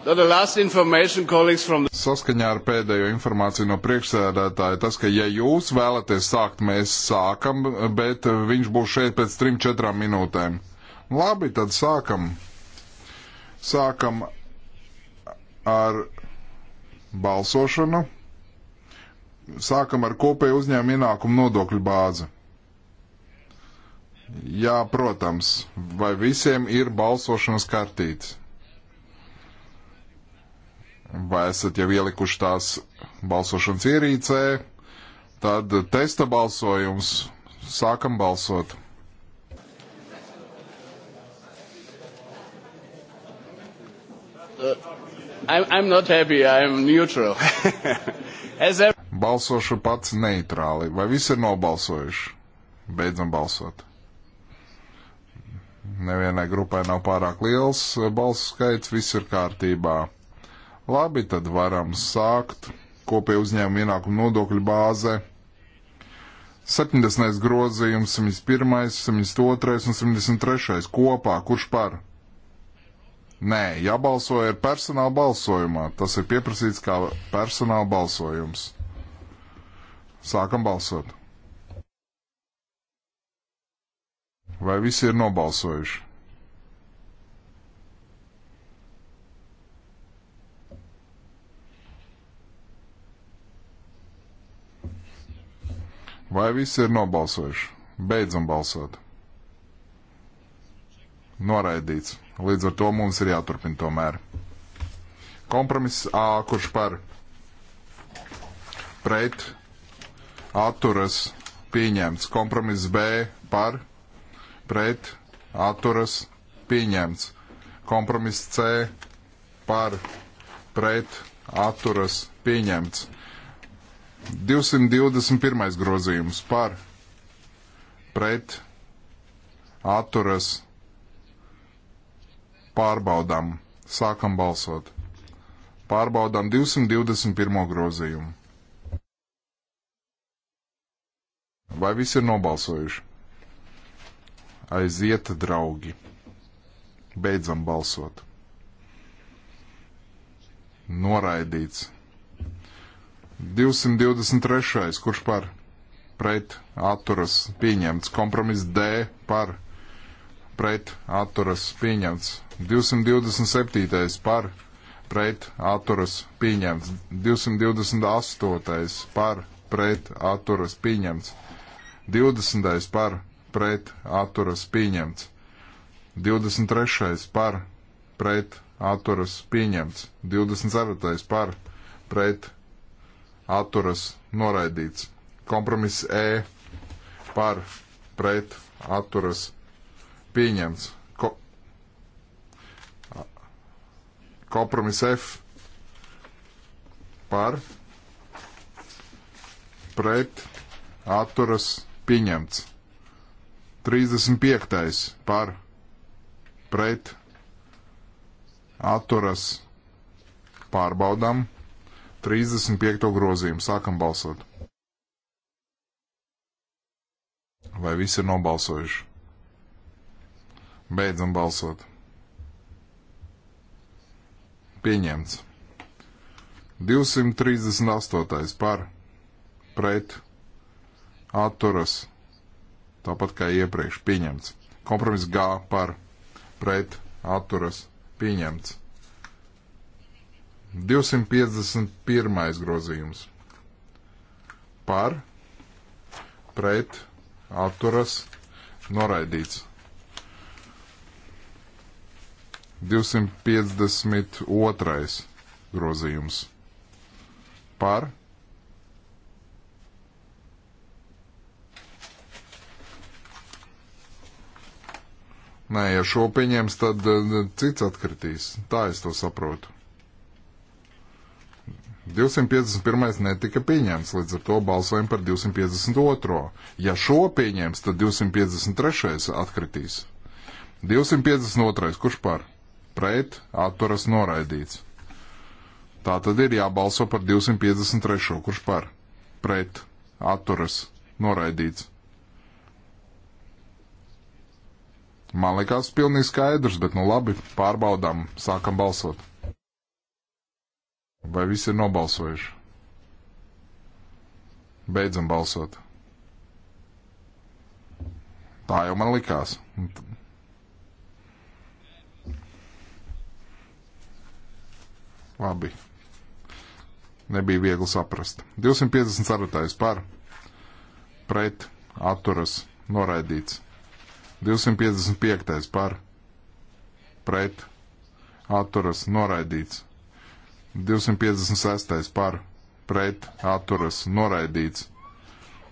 Saskaņā ar pēdējo informāciju no priekšsēdētāja, tas, ka ja jūs vēlaties sākt, mēs sākam, bet viņš būs šeit pēc 3-4 minūtēm. Labi, tad sākam. Sākam ar balsošanu. Sākam ar kopēju uzņēmumu ienākumu nodokļu bāzi. Jā, protams, vai visiem ir balsošanas kartītes? vai esat jau ielikuši tās balsošanas ierīcē, tad testa balsojums. Sākam balsot. Uh, I'm, I'm not happy, I'm neutral. a... Balsošu pats neitrāli. Vai visi ir nobalsojuši? Beidzam balsot. Nevienai grupai nav pārāk liels balsu skaits, viss ir kārtībā. Labi, tad varam sākt kopēju uzņēmumu ienākumu nodokļu bāzē. 70. grozījums, 71., 72. un 73. kopā, kurš par? Nē, jābalso ir personāla balsojumā. Tas ir pieprasīts kā personāla balsojums. Sākam balsot. Vai visi ir nobalsojuši? Vai visi ir nobalsojuši? Beidzam balsot. Noraidīts. Līdz ar to mums ir jāturpina tomēr. Kompromiss A, kurš par pret atturas pieņemts. Kompromiss B par pret atturas pieņemts. Kompromiss C par pret atturas pieņemts 221. grozījums par pret atturas pārbaudām. Sākam balsot. Pārbaudām 221. grozījumu. Vai visi ir nobalsojuši? Aiziet, draugi. Beidzam balsot. Noraidīts. 223. Kurš par? Pret atturas pieņemts. Kompromiss D par. Pret atturas pieņemts. 227. par. Pret atturas pieņemts. 228. par. Pret atturas pieņemts. 20. par. Pret atturas pieņemts. 23. par. Pret atturas pieņemts. 24. par. Pret atturas noraidīts. Kompromiss E par pret atturas pieņemts. Ko kompromiss F par pret atturas pieņemts. 35. par pret atturas pārbaudām. 35. grozījumu. Sākam balsot. Vai visi ir nobalsojuši? Beidzam balsot. Pieņemts. 238. par pret atturas. Tāpat kā iepriekš pieņemts. Kompromiss G par pret atturas pieņemts. 251. grozījums par, pret, atturas, noraidīts. 252. grozījums par, Nē, ja šo pieņems, tad eh, cits atkritīs. Tā es to saprotu. 251. netika pieņemts, līdz ar to balsojam par 252. Ja šo pieņems, tad 253. atkritīs. 252. kurš par? Pret, atturas noraidīts. Tā tad ir jābalso par 253. kurš par? Pret, atturas noraidīts. Man liekas, pilnīgi skaidrs, bet nu labi, pārbaudām, sākam balsot. Vai visi ir nobalsojuši? Beidzam balsot. Tā jau man likās. Labi. Nebija viegli saprast. 254. par, pret, atturas, noraidīts. 255. par, pret, atturas, noraidīts. 256. par pret atturas noraidīts.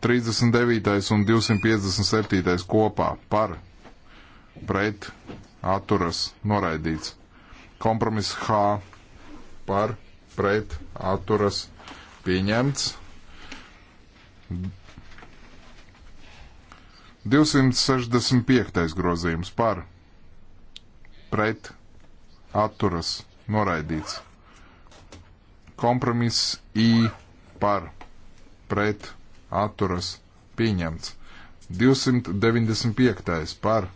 39. un 257. kopā par pret atturas noraidīts. Kompromiss H par pret atturas pieņemts. 265. grozījums par pret atturas noraidīts. Kompromiss I par pret atturas pieņemts. 295. par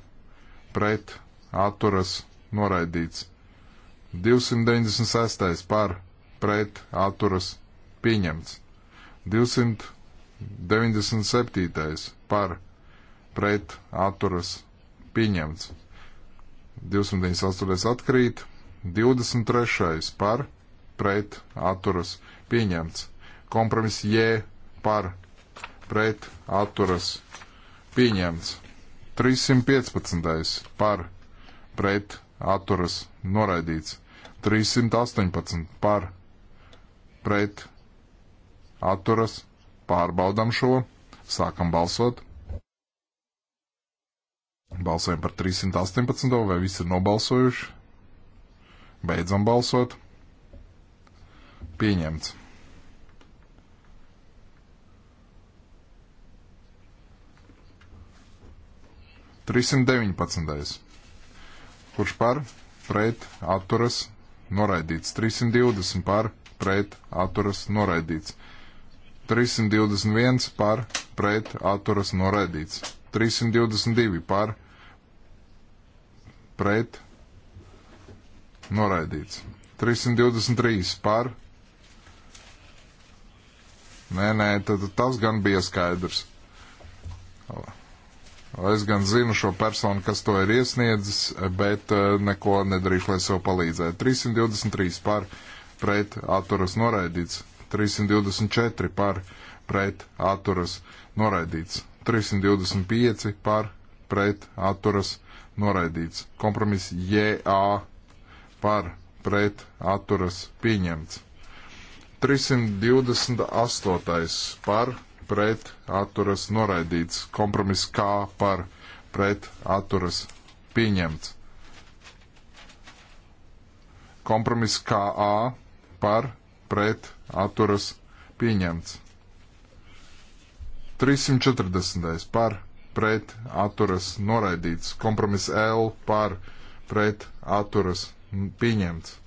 pret atturas noraidīts. 296. par pret atturas pieņemts. 297. par pret atturas pieņemts. 298. atkrīt. 23. par pret pret atturas pieņemts. Kompromiss J par pret atturas pieņemts. 315. par pret atturas noraidīts. 318 par pret atturas pārbaudam šo, sākam balsot. Balsojam par 318, vai visi ir nobalsojuši? Beidzam balsot pieņemts. Trīsimt deviņpadsmitais. Kurš par, pret, atturas, noraidīts. 320 par, pret, atturas, noraidīts. 321 par, pret, atturas, noraidīts. 322 par, pret, noraidīts. 323 par, Nē, nē, tad tas gan bija skaidrs. Es gan zinu šo personu, kas to ir iesniedzis, bet eh, neko nedarīšu, lai sev palīdzētu. 323 par pret atturas noraidīts, 324 par pret atturas noraidīts, 325 par pret atturas noraidīts. Kompromiss JA par pret atturas pieņemts. 328. par pret atturas noraidīts. Kompromiss K par pret atturas pieņemts. Kompromiss KA par pret atturas pieņemts. 340. par pret atturas noraidīts. Kompromiss L par pret atturas pieņemts.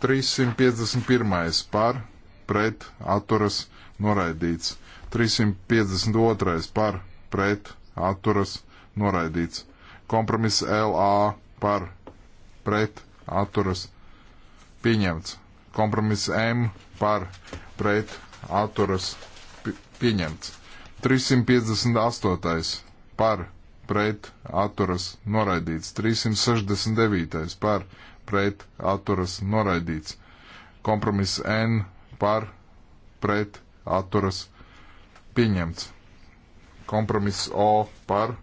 351. par pret atturas noraidīts. 352. par pret atturas noraidīts. Kompromiss LA par pret atturas pieņemts. Kompromiss M par pret atturas pieņemts. 358. par pret atturas noraidīts. 369. par pret pret atturas noraidīts. Kompromiss N par pret atturas pieņemts. Kompromiss O par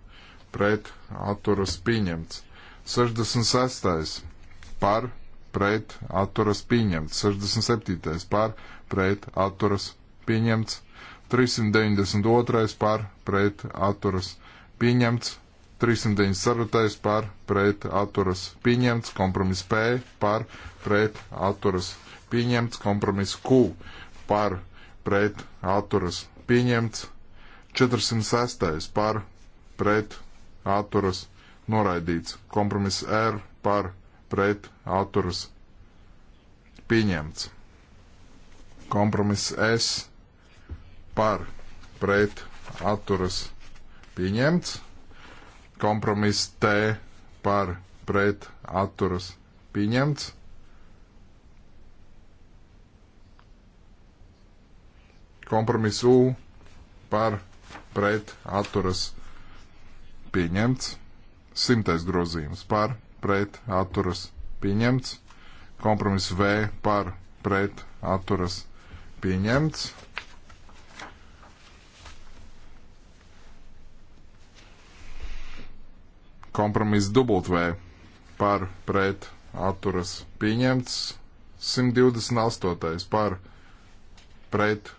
pret atturas pieņemts. 66. par pret atturas pieņemts. 67. par pret atturas pieņemts. 392. par pret atturas pieņemts. 394. par pret atturas pieņemts, kompromiss P par pret atturas pieņemts, kompromiss Q par pret atturas pieņemts, 406. par pret atturas noraidīts, kompromiss R par pret atturas pieņemts, kompromiss S par pret atturas pieņemts Kompromiss T par pret atturas pieņemts. Kompromiss U par pret atturas pieņemts. Simtais grozījums par pret atturas pieņemts. Kompromiss V par pret atturas pieņemts. Kompromiss dubultvē par pret atturas pieņemts. 128. par pret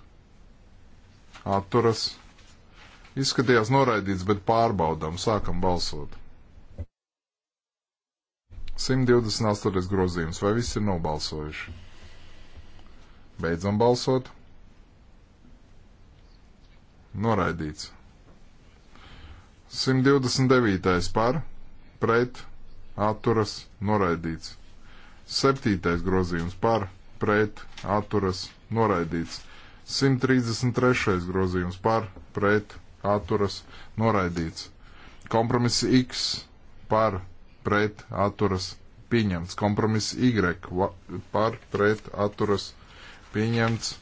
atturas. Izskatījās noraidīts, bet pārbaudām, sākam balsot. 128. grozījums, vai visi ir nobalsojuši? Beidzam balsot. Noraidīts. 129. par, pret, atturas, noraidīts. 7. grozījums par, pret, atturas, noraidīts. 133. grozījums par, pret, atturas, noraidīts. Kompromiss X par, pret, atturas, pieņemts. Kompromiss Y par, pret, atturas, pieņemts.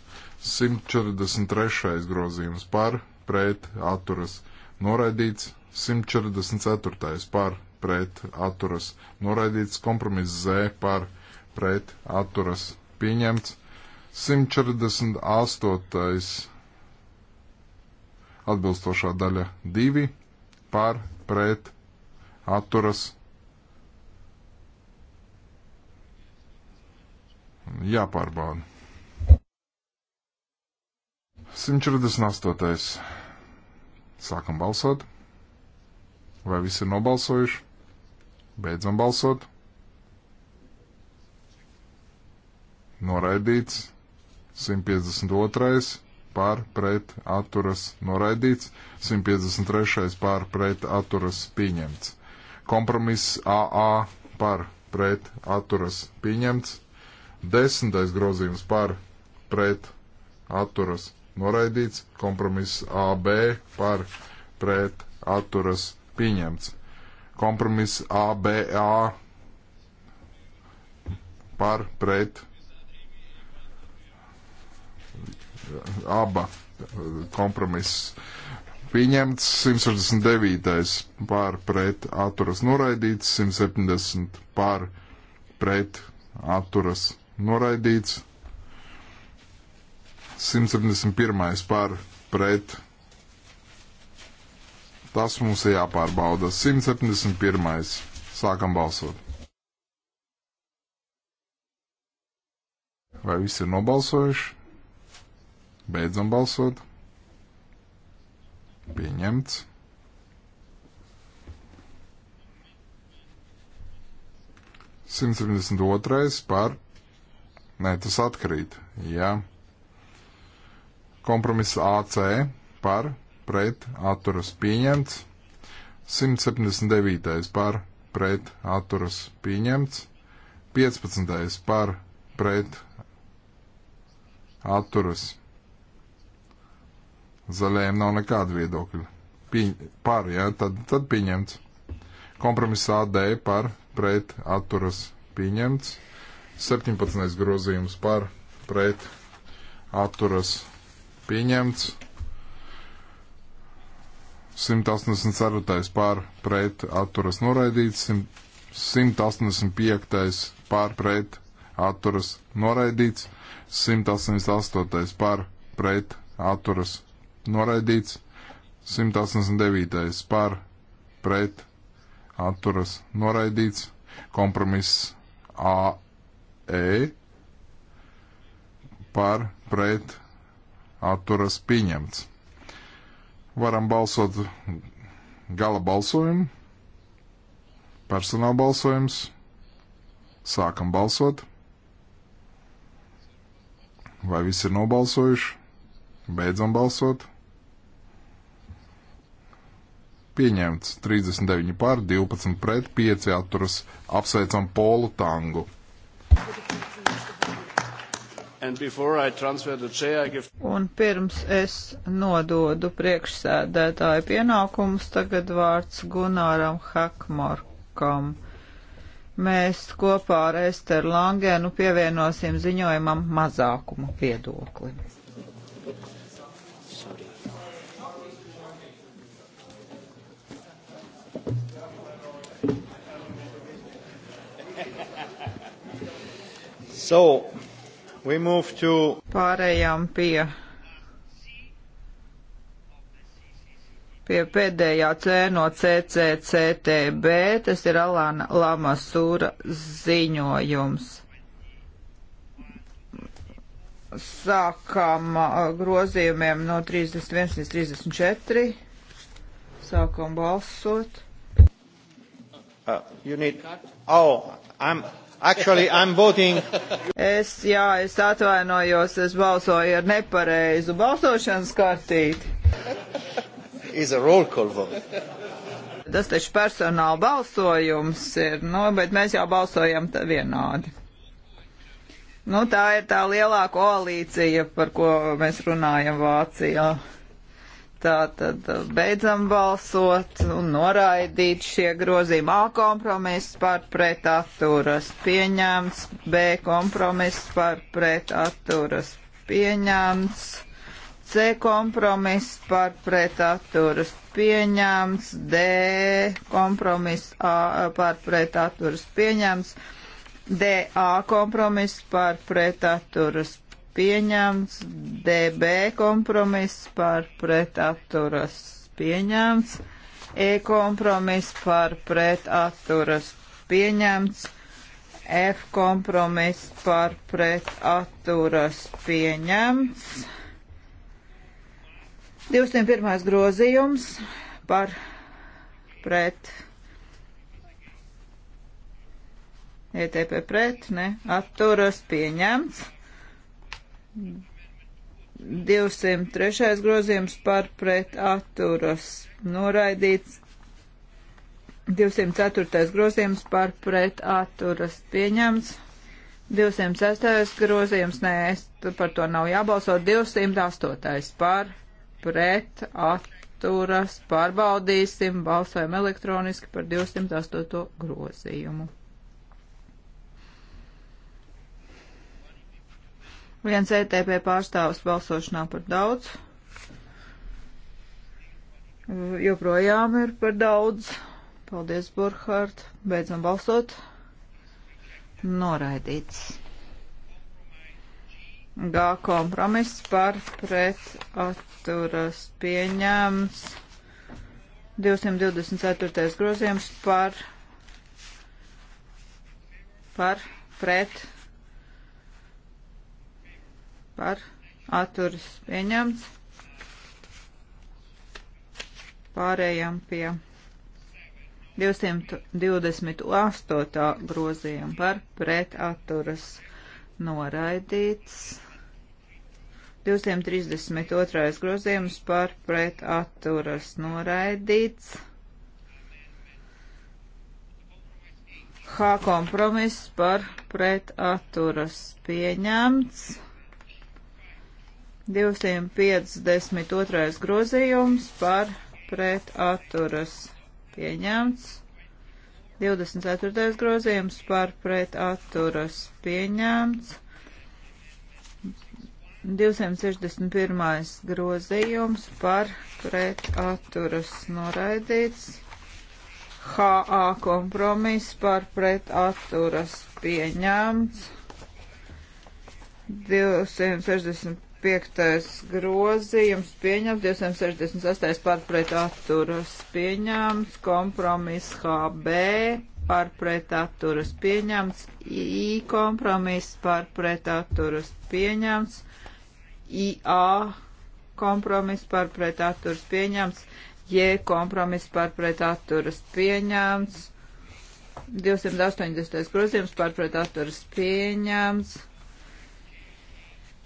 143. grozījums par, pret, atturas, pieņemts noraidīts 144. par pret atturas noraidīts, kompromiss Z par pret atturas pieņemts, 148. atbilstošā daļa 2 par pret atturas. Jāpārbauda. 148. Sākam balsot. Vai visi ir nobalsojuši? Beidzam balsot. Noraidīts. 152. pār pret atturas noraidīts. 153. pār pret atturas pieņemts. Kompromiss AA par pret atturas pieņemts. Desmitais grozījums par pret atturas noraidīts, kompromiss AB par pret atturas pieņemts, kompromiss ABA par pret aba kompromiss pieņemts, 169. par pret atturas noraidīts, 170 par pret atturas noraidīts, 171. par pret. Tas mums ir jāpārbauda. 171. Sākam balsot. Vai visi ir nobalsojuši? Beidzam balsot. Pieņemts. Simts septiņdesmit otrais par. Nē, tas atkrīt. Jā. Ja. Kompromiss AC par pret atturas pieņemts. 179. par pret atturas pieņemts. 15. par pret atturas. Zaļajiem nav nekāda viedokļa. Pieņ, par, jā, ja? tad, tad pieņemts. Kompromiss AD par pret atturas pieņemts. 17. grozījums par pret atturas pieņemts pieņemts. 184. pār pret atturas noraidīts, 185. pār pret atturas noraidīts, 188. pār pret atturas noraidīts, 189. pār pret atturas noraidīts, kompromiss AE par pret atturas pieņemts. Varam balsot gala balsojumu, personāla balsojums, sākam balsot. Vai visi ir nobalsojuši? Beidzam balsot. Pieņemts 39 pār, 12 pret, 5 atturas. Apsveicam Polu Tangu. Give... Un pirms es nododu priekšsēdētāju pienākumus, tagad vārds Gunāram Hakmarkam. Mēs kopā ar Esteru Langēnu pievienosim ziņojumam mazākumu viedokli. So, To... Pārējām pie, pie pēdējā C no CCCTB, tas ir Alana Lamasūra ziņojums sākam uh, grozījumiem no 31 līdz 34. Sākam balsot. Uh, you need... Oh, I'm... Actually, I'm voting. Es, jā, es atvainojos, es balsoju ar nepareizu balsošanas kartīti. Is a roll call vote. Tas taču personāla balsojums ir, nu, bet mēs jau balsojam vienādi. Nu, tā ir tā lielā koalīcija, par ko mēs runājam Vācijā. Tā tad eh, beidzam balsot un noraidīt šie grozījumi. A kompromiss par pretaturas pieņemts, B kompromiss par pretaturas pieņemts, C kompromiss par pretaturas pieņemts, D kompromiss A, eh, par pretaturas pieņemts, DA kompromiss par pretaturas pieņemts, DB kompromiss par pretaturas pieņemts, E kompromiss par pretaturas pieņemts, F kompromiss par pretaturas pieņemts, 201. grozījums par pret ETP pret, ne, atturas pieņemts. 203. grozījums par pret atturas noraidīts. 204. grozījums par pret atturas pieņemts. 206. grozījums, nē, es par to nav jābalso. 208. par pret atturas pārbaudīsim, balsojam elektroniski par 208. grozījumu. Viens ETP pārstāvs balsošanā par daudz. Joprojām ir par daudz. Paldies, Burkhārt. Beidzam balsot. Noraidīts. G kompromiss par pret atturas pieņēmts. 224. grozījums par, par pret par atturas pieņemts. Pārējām pie 228. grozījuma par pretaturas noraidīts. 232. grozījums par pretaturas noraidīts. H kompromiss par pretaturas pieņemts. 252. grozījums par pret atturas pieņemts. 24. grozījums par pret atturas pieņemts. 261. grozījums par pret atturas noraidīts. HA kompromiss par pret atturas pieņemts. 265. 265. grozījums pieņemts, 268. pārpret atturas pieņemts, kompromiss HB pārpret atturas pieņemts, I kompromiss pārpret atturas pieņemts, IA kompromiss pārpret atturas pieņemts, J kompromiss pārpret atturas pieņemts, 280. grozījums pārpret atturas pieņemts.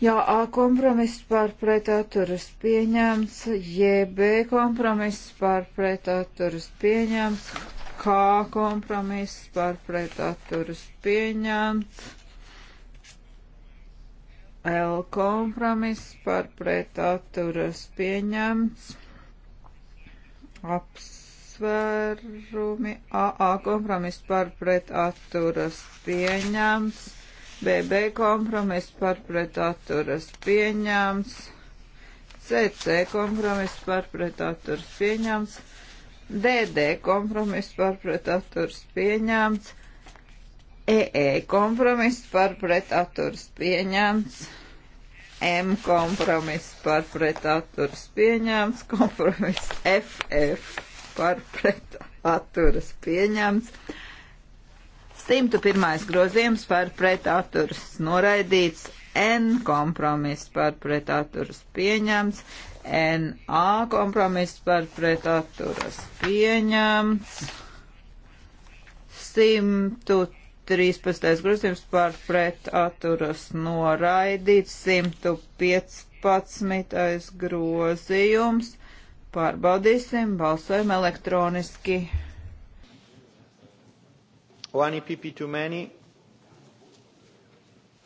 Jā, A kompromiss par pretaturas pieņemts, JB kompromiss par pretaturas pieņemts, K kompromiss par pretaturas pieņemts, L kompromiss par pretaturas pieņemts, apsvērumi AA kompromiss par pretaturas pieņemts. BB kompromiss par pretaturas pieņēmts. CC kompromiss par pretaturas pieņēmts. DD kompromiss par pretaturas pieņēmts. EE kompromiss par pretaturas pieņēmts. M kompromiss par pretaturas pieņēmts, kompromiss FF par pretaturas pieņēmts, 101. grozījums par pretaturas noraidīts, N kompromiss par pretaturas pieņemts, NA kompromiss par pretaturas pieņemts, 113. grozījums par pretaturas noraidīts, 115. grozījums. Pārbaudīsim, balsojam elektroniski. One EPP too many.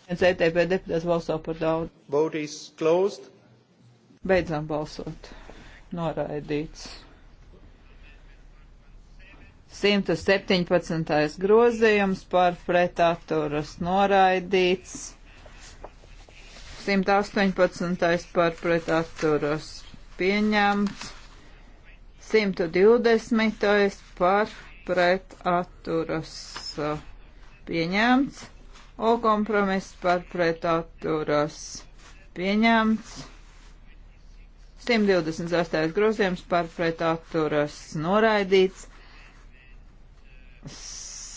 Viens ETP deputāts balso par daudz. Vote is closed. Beidzam balsot. Noraidīts. 117. grozījums par pretaturas noraidīts. 118. par pretaturas pieņemts. 120. par pret atturas uh, pieņemts. O kompromiss par pret atturas pieņemts. 128. grozījums par pret atturas noraidīts.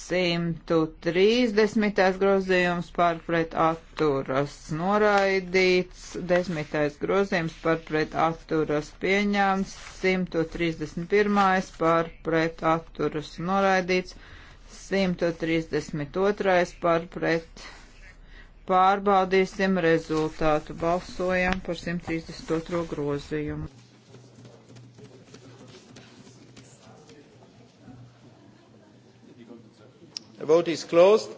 130. grozījums par pret atturas noraidīts, 10. grozījums par pret atturas pieņēmts, 131. par pret atturas noraidīts, 132. par pret pārbaudīsim rezultātu. Balsojam par 132. grozījumu. The vote is closed.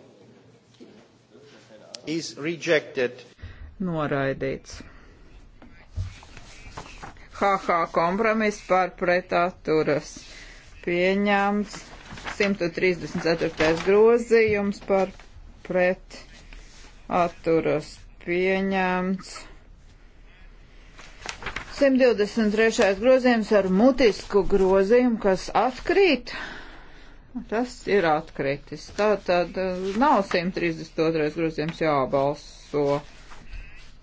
Is rejected. Noraidīts. HH kompromiss par pretaturas pieņemts. 134. grozījums par pretaturas pieņemts. 123. grozījums ar mutisku grozījumu, kas atkrīt. Tas ir atkritis. Tā tad eh, nav 132. grozījums jābalso.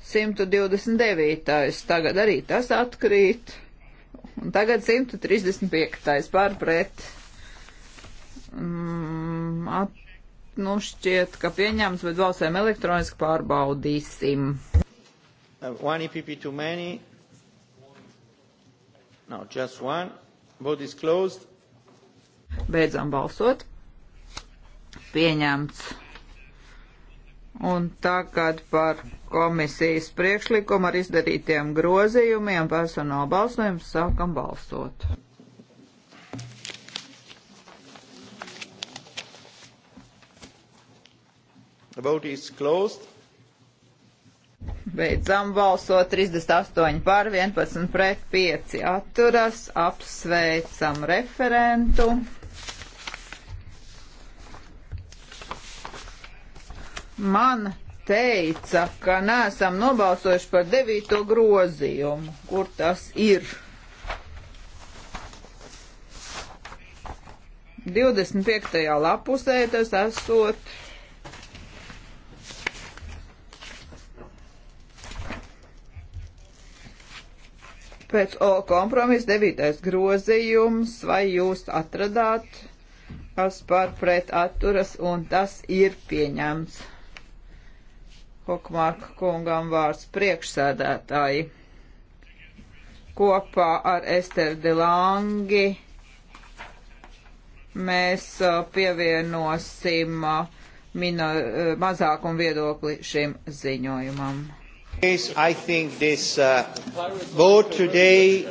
129. tagad arī tas atkrīt. Un tagad 135. pārpret. Mm, at, nu šķiet, ka pieņems, bet balsēm elektroniski pārbaudīsim. Uh, one EPP too many. No, just one. Vote is closed. Beidzam balsot. Pieņemts. Un tagad par komisijas priekšlikumu ar izdarītiem grozījumiem personāla balsojums sākam balsot. The vote is closed. Beidzam balsot 38 pār 11 pret 5 atturas. Apsveicam referentu. man teica, ka neesam nobalsojuši par devīto grozījumu, kur tas ir. 25. lapusē tas esot. Pēc O kompromisa 9. grozījums, vai jūs atradāt, kas par pret atturas, un tas ir pieņemts. Hokmārka kungam vārds priekšsēdētāji. Kopā ar Esteru Dilangi mēs uh, pievienosim uh, mino, uh, mazākumu viedokli šim ziņojumam. Yes, I think this uh, vote today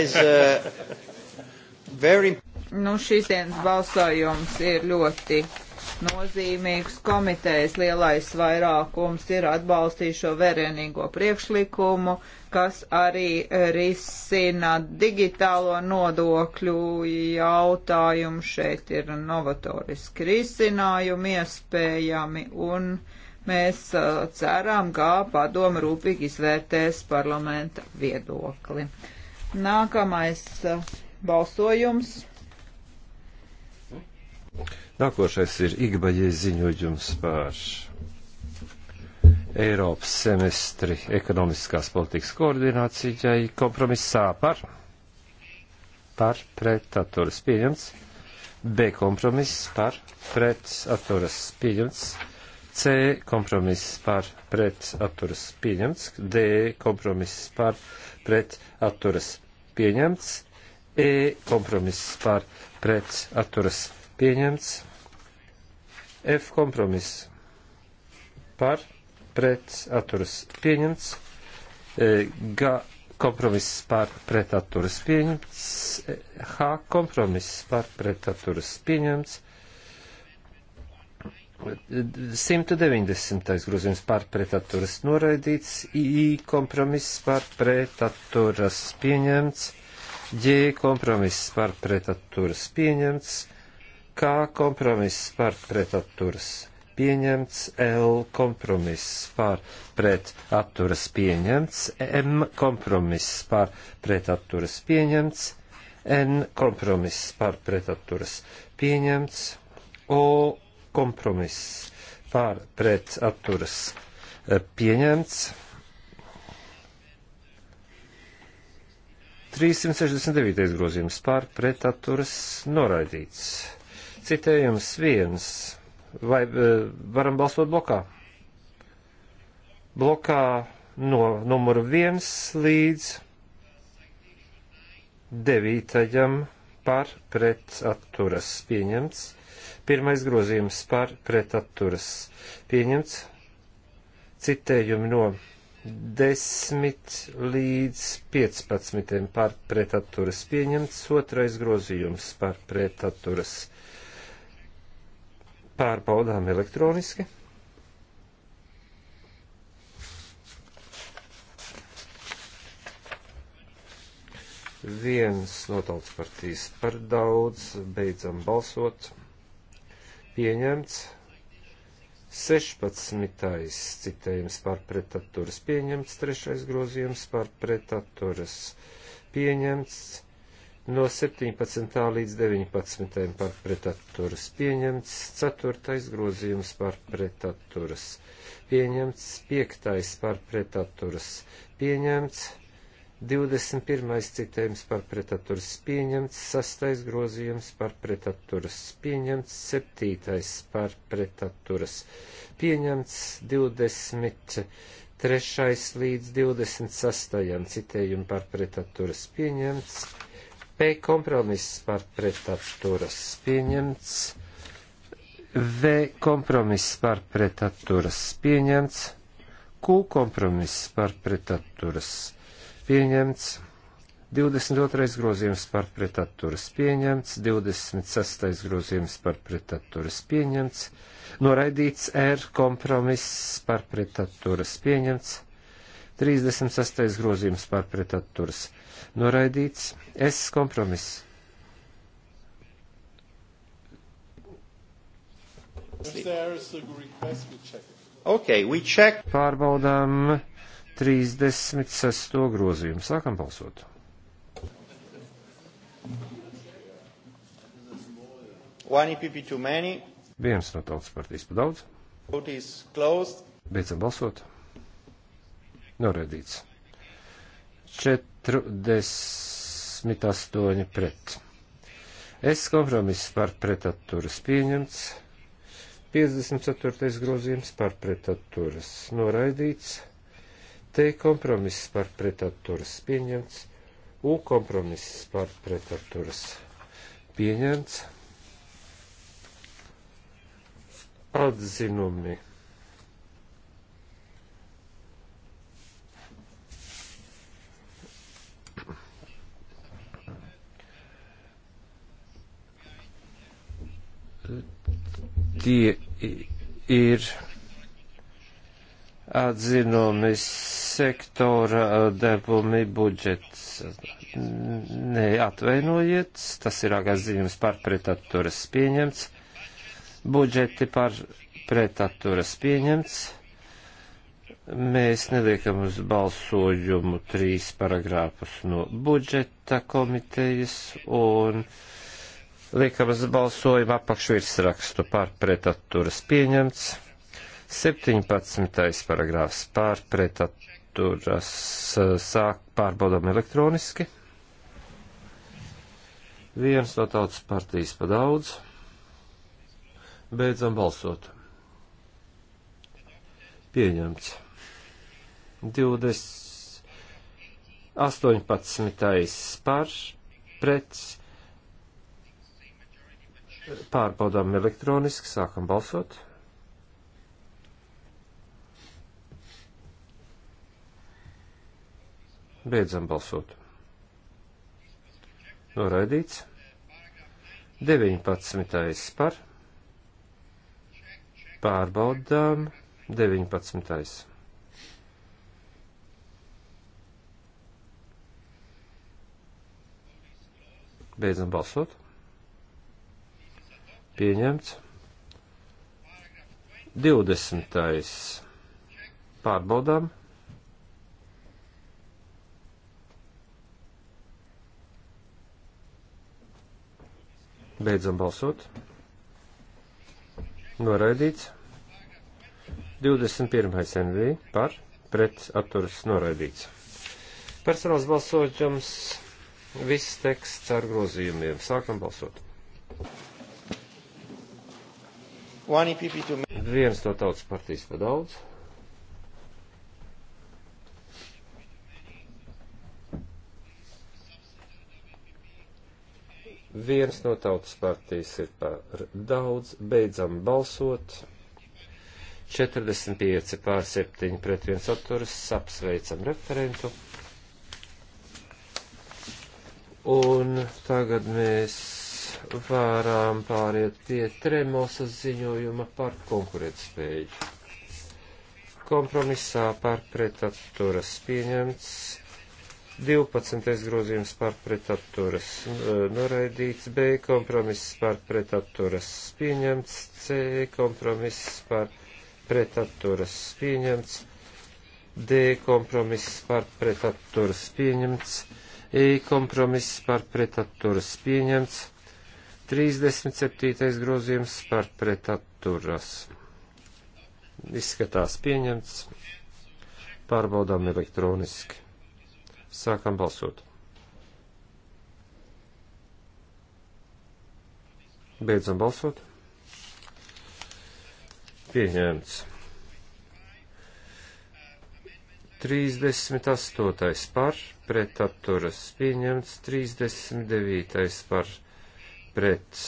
is uh, very. Nu, šīs dienas balsojums ir ļoti nozīmīgs. Komitejas lielais vairākums ir atbalstījis šo vērienīgo priekšlikumu, kas arī risina digitālo nodokļu jautājumu. Šeit ir novatoriski risinājumi iespējami un mēs uh, ceram, ka padoma rūpīgi izvērtēs parlamenta viedokli. Nākamais uh, balsojums. Nākošais ir Igbaļies ziņojums par Eiropas semestri ekonomiskās politikas koordinācijai kompromisā par, par pret atturas pieņemts, B kompromiss par pret atturas pieņemts, C kompromiss par pret atturas pieņemts, D kompromiss par pret atturas pieņemts, E kompromiss par pret atturas pieņemts F kompromiss par pret atturas pieņemts. E, G kompromiss par pretaturas pieņemts, e, H kompromiss par pretaturas pieņemts, 190. grozījums par pretaturas noraidīts, I kompromiss par pretaturas pieņemts, J kompromiss par pretaturas pieņemts, K kompromiss par pretatturas pieņemts, L kompromiss par pretatturas pieņemts, M kompromiss par pretatturas pieņemts, N kompromiss par pretatturas pieņemts, O kompromiss par pretatturas eh, pieņemts. 369. grozījums pār pretaturas noraidīts. Citējums viens. Vai e, varam balsot blokā? Blokā no numuru viens līdz devītajam par pret atturas pieņemts. Pirmais grozījums par pret atturas pieņemts. Citējumi no 10 līdz 15 par pretaturas pieņemts, otrais grozījums par pretaturas pārbaudām elektroniski. Viens no tautas partijas par daudz, beidzam balsot. Pieņemts. 16. citējums par pretaturas pieņemts, 3. grozījums par pretaturas pieņemts, no 17. līdz 19. par pretaturas pieņemts, 4. grozījums par pretaturas pieņemts, 5. par pretaturas pieņemts, 21. citējums par pretaturas pieņemts, 6. grozījums par pretaturas pieņemts, 7. par pretaturas pieņemts, 20. Trešais līdz 26. citējumu par pretaturas pieņemts, P kompromiss par pretaturas pieņemts. V kompromiss par pretaturas pieņemts. Q kompromiss par pretaturas pieņemts. 22. grozījums par pretatturas pieņemts, 26. grozījums par pretatturas pieņemts, noraidīts R kompromiss par pretatturas pieņemts, 36. grozījums par pretatturas noraidīts. Es kompromiss. Okay, we check. Pārbaudām 36. grozījumu. Sākam balsot. One EPP too many. Viens no tautas partijas pa daudz. Vote is closed. Beidzam balsot. Noraidīts. Čet 48 pret. Es kompromiss par pretatturas pieņemts. 54. grozījums par pretatturas noraidīts. T kompromiss par pretatturas pieņemts. U kompromiss par pretatturas pieņemts. Atzinumi tie ir atzinumi sektora debumi budžets. Nē, atvainojiet, tas ir agazījums par pretaturas pieņemts. Budžeti par pretaturas pieņemts. Mēs neliekam uz balsojumu trīs paragrāfus no budžeta komitejas un uh, Liekam uz balsojumu apakšvirsrakstu par pretatturas pieņemts. 17. paragrāfs par pretatturas eh, sāk pārbaudām elektroniski. Viens no tautas partijas pa daudz. Beidzam balsot. Pieņemts. 20. 18. par pret Pārbaudām elektroniski, sākam balsot. Beidzam balsot. Noraidīts. 19. par. Pārbaudām. 19. Beidzam balsot. Pieņemts. 20. Pārbaudām. Beidzam balsot. Noraidīts. 21. NV par pret atturas noraidīts. Personāls balsojums. Viss teksts ar grozījumiem. Sākam balsot. E viens no tautas partijas pa daudz. Viens no tautas partijas ir par daudz. Beidzam balsot. 45 pār 7 pret 1 atturas. Apsveicam referentu. Un tagad mēs varam pāriet pie Tremosas ziņojuma par konkurētspēju. Kompromisā par pretapturas pieņemts, 12. grozījums par pretapturas e, noraidīts, B kompromiss par pretapturas pieņemts, C kompromiss par pretapturas pieņemts, D kompromiss par pretapturas pieņemts, E kompromiss par pretapturas pieņemts. 37. grozījums par pretatturas. Izskatās pieņemts. Pārbaudām elektroniski. Sākam balsot. Beidzam balsot. Pieņemts. 38. par, pretatturas pieņemts, 39. par pret.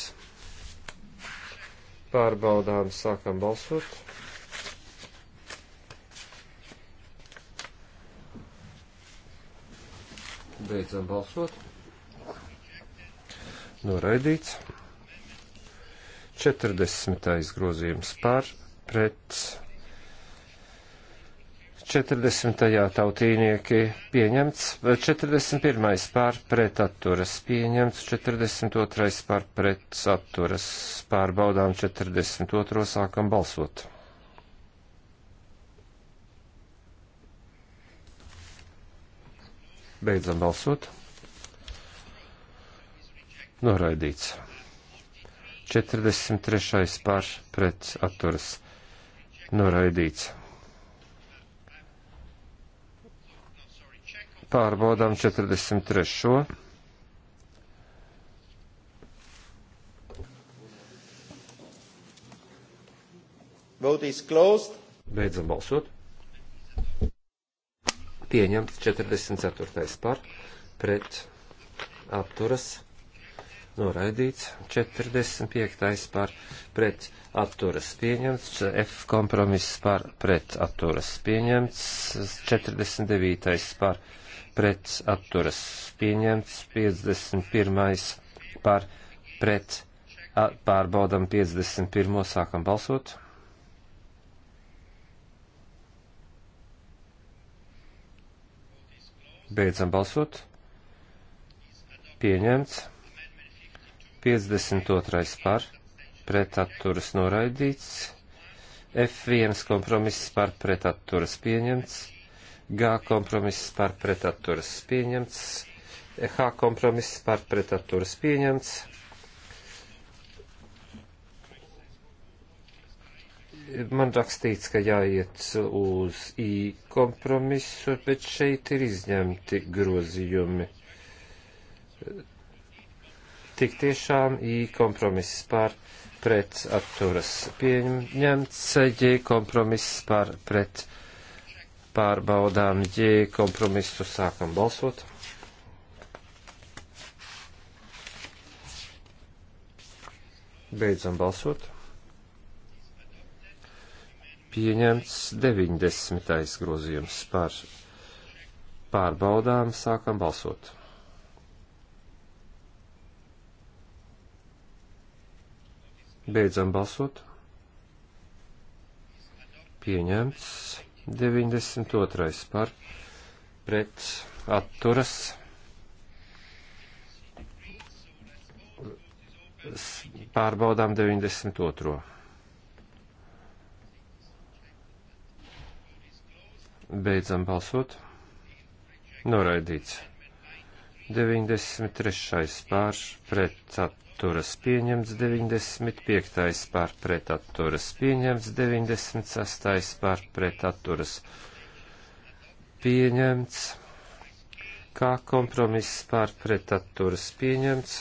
Pārbaudām, sākam balsot. Beidzam balsot. Noraidīts. 40. grozījums par pret 40. tautīnieki pieņemts, 41. pār pretaturas pieņemts, 42. pār pretaturas pārbaudām, 42. sākam balsot. Beidzam balsot. Noraidīts. 43. pār pretaturas noraidīts. pārbaudām 43. Vote is closed. Beidzam balsot. Pieņemts 44. par, pret, atturas, noraidīts 45. par, pret, atturas, pieņemts, F kompromiss par, pret, atturas, pieņemts 49. par, pret, pret atturas pieņemts, 51. par pret pārbaudam 51. sākam balsot. Beidzam balsot. Pieņemts. 52. par pretatturas noraidīts. F1 kompromiss par pretatturas pieņemts. G kompromiss par pretaturas pieņemts. H kompromiss par pretaturas pieņemts. man rakstīts, ka jāiet uz I kompromisu, bet šeit ir izņemti grozījumi. Tik tiešām I kompromiss par pret atturas pieņemts, J kompromiss par pret Pārbaudām, ja kompromisu sākam balsot. Beidzam balsot. Pieņemts 90. grozījums par pārbaudām, sākam balsot. Beidzam balsot. Pieņemts 92. par pret atturas. Pārbaudām 92. Beidzam balsot. Noraidīts. 93. pārš pret atturas atturas pieņemts 95. par pret atturas pieņemts 96. par pret atturas pieņemts. Kā kompromiss par pret atturas pieņemts.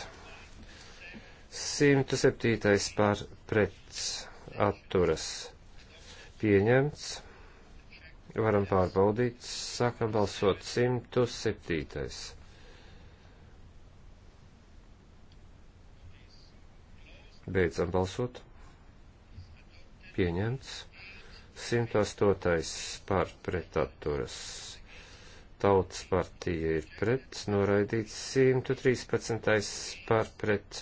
107. par pret atturas pieņemts. Varam pārbaudīt. Sākam balsot 107. Beidzam balsot. Pieņemts. 108. par pretaturas. Tautas partija ir pret, noraidīts 113. par pret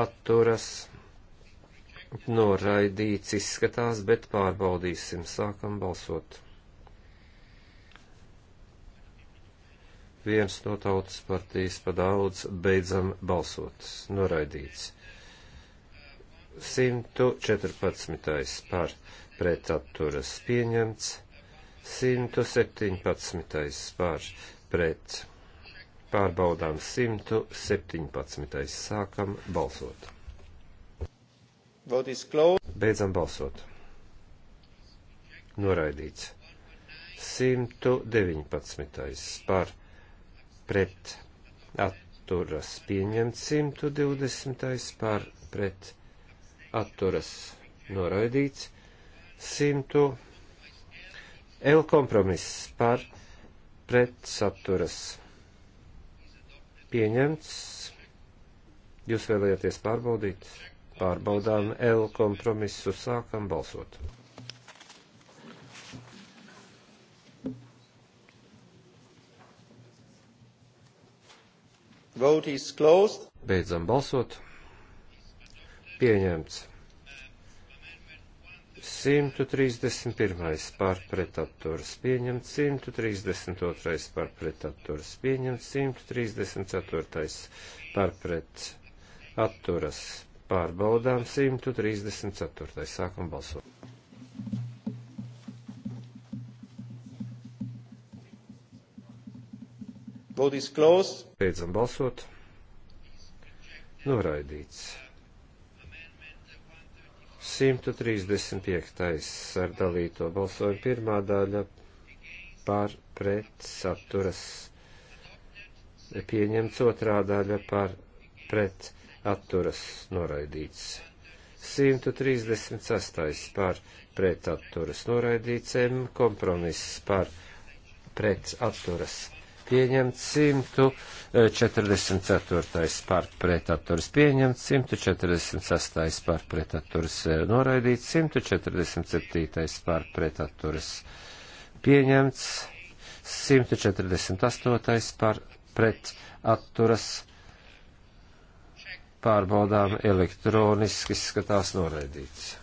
atturas, noraidīts izskatās, bet pārbaudīsim, sākam balsot. viens no tautas partijas pa daudz, beidzam balsot, noraidīts. 114. par pretatturas pieņemts, 117. par pret pārbaudām 117. sākam balsot. Beidzam balsot. Noraidīts. 119. par pret atturas pieņemts, 120. par pret atturas noraidīts. 100 L kompromiss par pretsaturas pieņemts. Jūs vēlējāties pārbaudīt? Pārbaudām L kompromisu, sākam balsot. Vote is closed. Beidzam balsot pieņemts. 131. pārpretaturs pieņemts, 132. pārpretaturs pieņemts, 134. pārpret atturas pārbaudām, 134. sākam balsot. Vote is closed. Beidzam balsot. Noraidīts. 135. ar dalīto balsojumu pirmā daļa par pret saturas pieņemts, otrā daļa par pret atturas noraidīts. 136. par pret atturas noraidīts, M kompromiss par pret atturas noraidīts Eh, pieņemts 144. par pretaturas pieņemts, 146. par pretaturas noraidīts, 147. par pretaturas pieņemts, 148. par pretaturas pārbaudām elektroniski skatās noraidīts.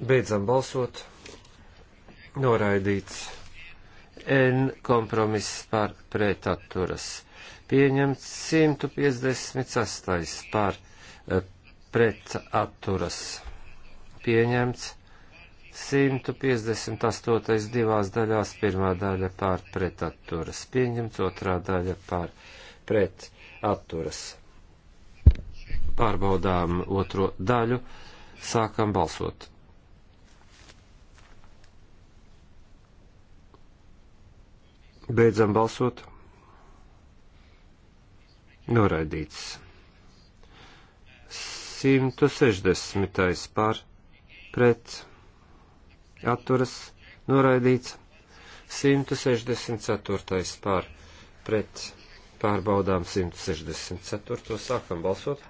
Beidzam balsot noraidīts. N kompromiss par pretaturas pieņemts 158 par eh, pretaturas pieņemts 158 divās daļās pirmā daļa par pretaturas pieņemts otrā daļa par pretaturas pārbaudām otro daļu sākam balsot. Beidzam balsot. Noraidīts. 160. par pret atturas noraidīts. 164. par pret pārbaudām 164. sākam balsot.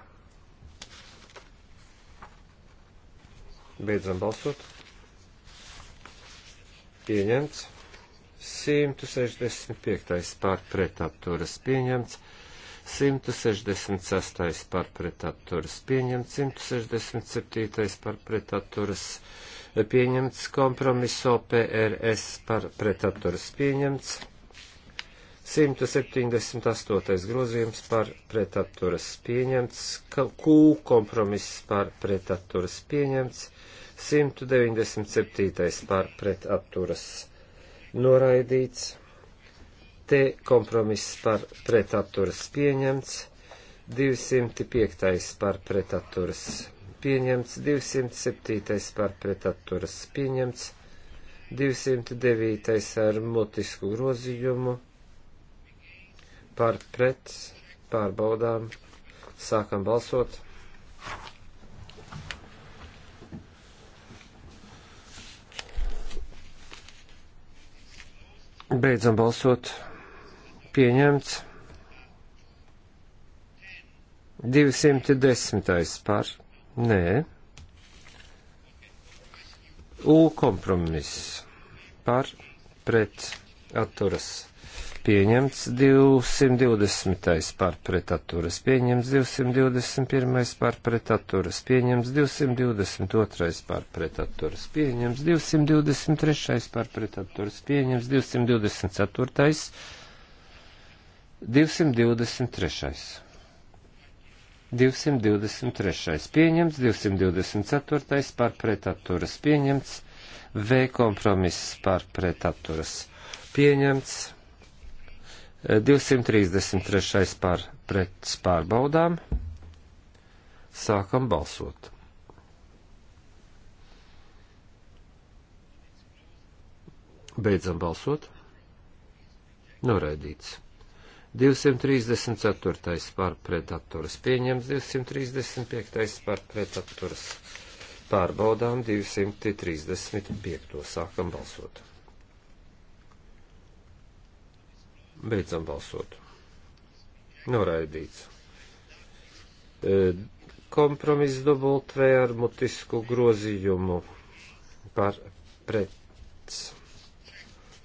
Beidzam balsot. Pieņemts. 165. pārpretapturas pieņemts, 166. pārpretapturas pieņemts, 167. pārpretapturas pieņemts, kompromiso PRS pārpretapturas pieņemts, 178. grozījums pārpretapturas pieņemts, Q kompromiss pārpretapturas pieņemts, 197. pārpretapturas pieņemts noraidīts, T kompromiss par pretaturas pieņemts, 205. par pretaturas pieņemts, 207. par pretaturas pieņemts, 209. ar mutisku grozījumu par pret pārbaudām. Sākam balsot. Beidzam balsot. Pieņemts. 210. par. Nē. U kompromiss par pret atturas pieņemts 220. pārpretaturas, pieņemts 221. pārpretaturas, pieņemts 222. pārpretaturas, pieņemts 223. pārpretaturas, pieņemts 224. 223. 223. pieņemts, 224. pārpretaturas pieņemts, V kompromiss pārpretaturas pieņemts. 233. par pret pārbaudām. Sākam balsot. Beidzam balsot. Noraidīts. 234. par pretaturas pieņems, 235. par pretaturas pārbaudām, 235. sākam balsot. Beidzam balsot. Noraidīts. E, Kompromiss dubultvē ar mutisku grozījumu par pret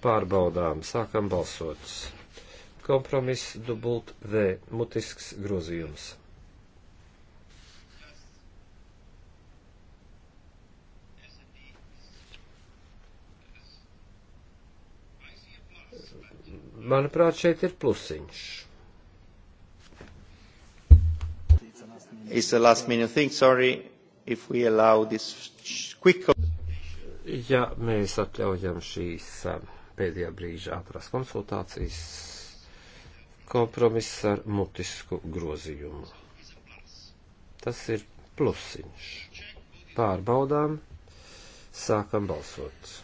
pārbaudām. Sākam balsot. Kompromiss dubultvē mutisks grozījums. manuprāt, šeit ir plusiņš. It's a last minute thing, sorry, if we allow this quick. Ja mēs atļaujam šīs um, pēdējā brīža ātrās konsultācijas, kompromiss ar mutisku grozījumu. Tas ir plusiņš. Pārbaudām, sākam balsot.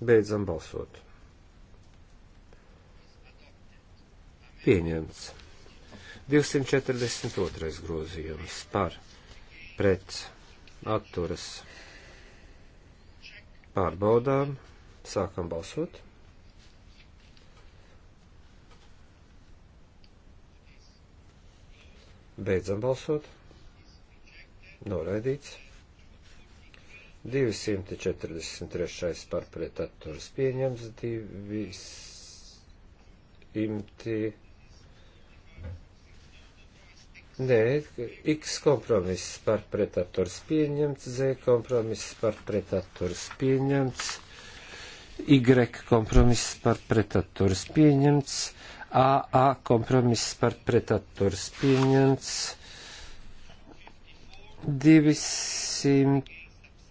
Beidzam balsot. Pieņemts. 242. grozījums par pret atturas pārbaudām. Sākam balsot. Beidzam balsot. Noraidīts. 243. par pretaturs pieņems, 200. Nē, X kompromiss par pretaturs pieņemts, Z kompromiss par pretaturs pieņemts, Y kompromiss par pretaturs pieņemts, AA kompromiss par pretaturs pieņemts, 200.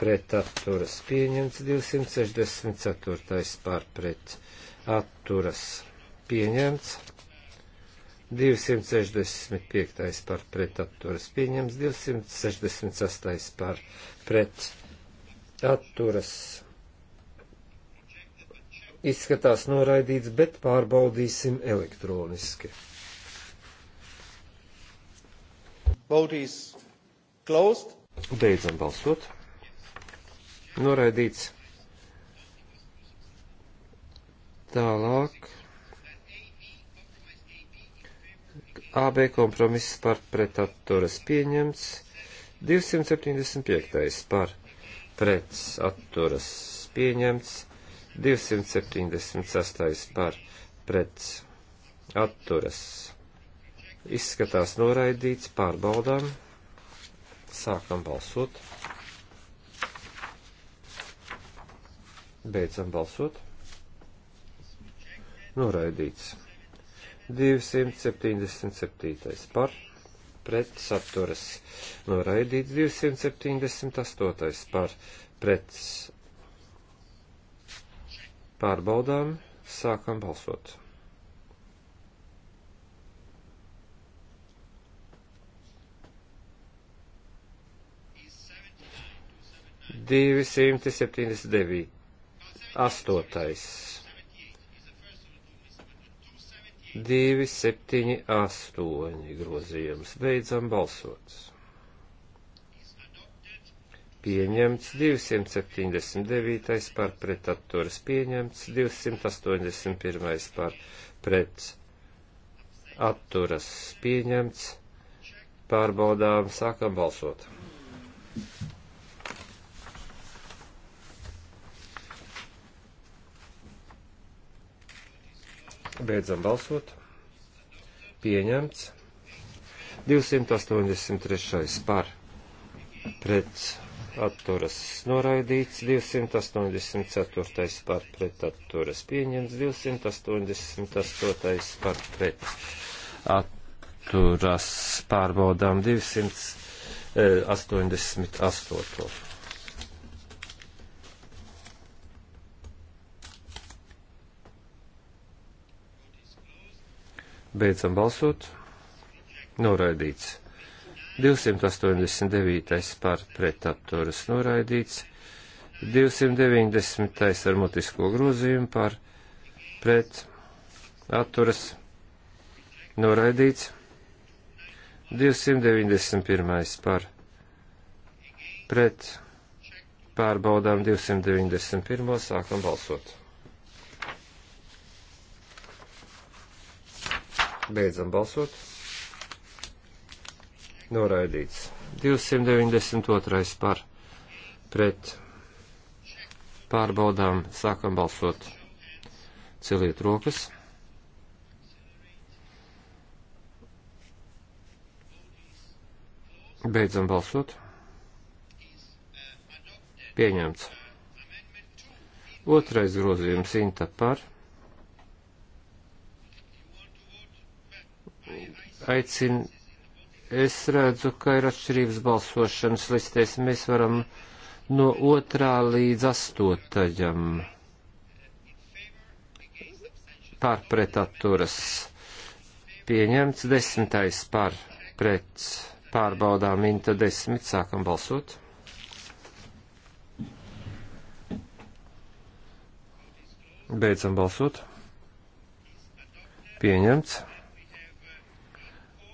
pret atturas pieņemts, 264. par pret atturas pieņemts, 265. par pret atturas pieņemts, 268. par pret atturas izskatās noraidīts, bet pārbaudīsim elektroniski. Vote is closed. Beidzam balsot noraidīts. Tālāk. AB kompromiss par pretatturas pieņemts. 275. par pretatturas pieņemts. 276. par pretatturas. Izskatās noraidīts, pārbaudām. Sākam balsot. Beidzam balsot. Noraidīts. 277. par pretsaturas. Noraidīts 278. par prets. Pārbaudām, sākam balsot. Divi simti septiņdesmit devīti. Astotais. 278 grozījums. Beidzam balsot. Pieņemts 279 par pretatturas pieņemts, 281 par pret atturas pieņemts, pārbaudām, sākam balsot. Beidzam balsot. Pieņemts. 283. par pret atturas noraidīts, 284. par pret atturas pieņemts, 288. par pret atturas pārbaudām 288. Beidzam balsot. Noraidīts. 289. par pretapturas noraidīts. 290. ar mutisko grozījumu par pret atturas noraidīts. 291. par pret pārbaudām 291. sākam balsot. Beidzam balsot. Noraidīts. 292. par pret. Pārbaudām, sākam balsot. Celiet rokas. Beidzam balsot. Pieņemts. Otrais grozījums inta par aicinu. Es redzu, ka ir atšķirības balsošanas listēs. Mēs varam no otrā līdz astotajam pārpretaturas pieņemts. Desmitais pārpret pārbaudām inta desmit. Sākam balsot. Beidzam balsot. Pieņemts.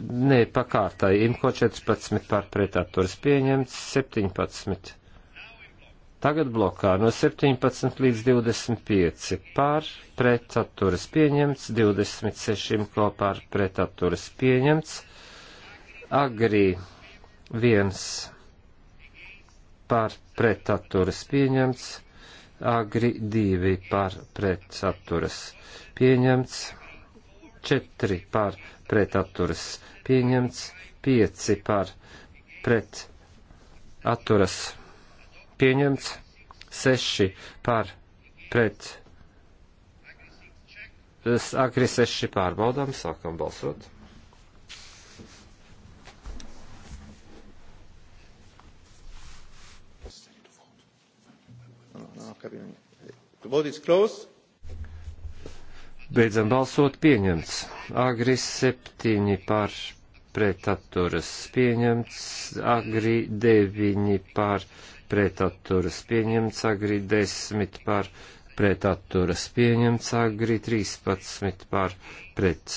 Nē, pakārtai imko 14 par pretaturs pieņemts, 17. Tagad blokā no 17 līdz 25 par pretaturs pieņemts, 26 imko par pretaturs pieņemts, agrī 1 par pretaturs pieņemts, agri 2 par pretaturs pieņemts 4 par pret atturas pieņemts, 5 par pret atturas pieņemts, 6 par pret agri 6 pārbaudām, sākam balsot. The vote is closed. Beidzam balsot pieņemts. Agri 7 par pretaturas pieņemts, agri 9 par pretaturas pieņemts, agri 10 par pretaturas pieņemts, agri 13 par pret.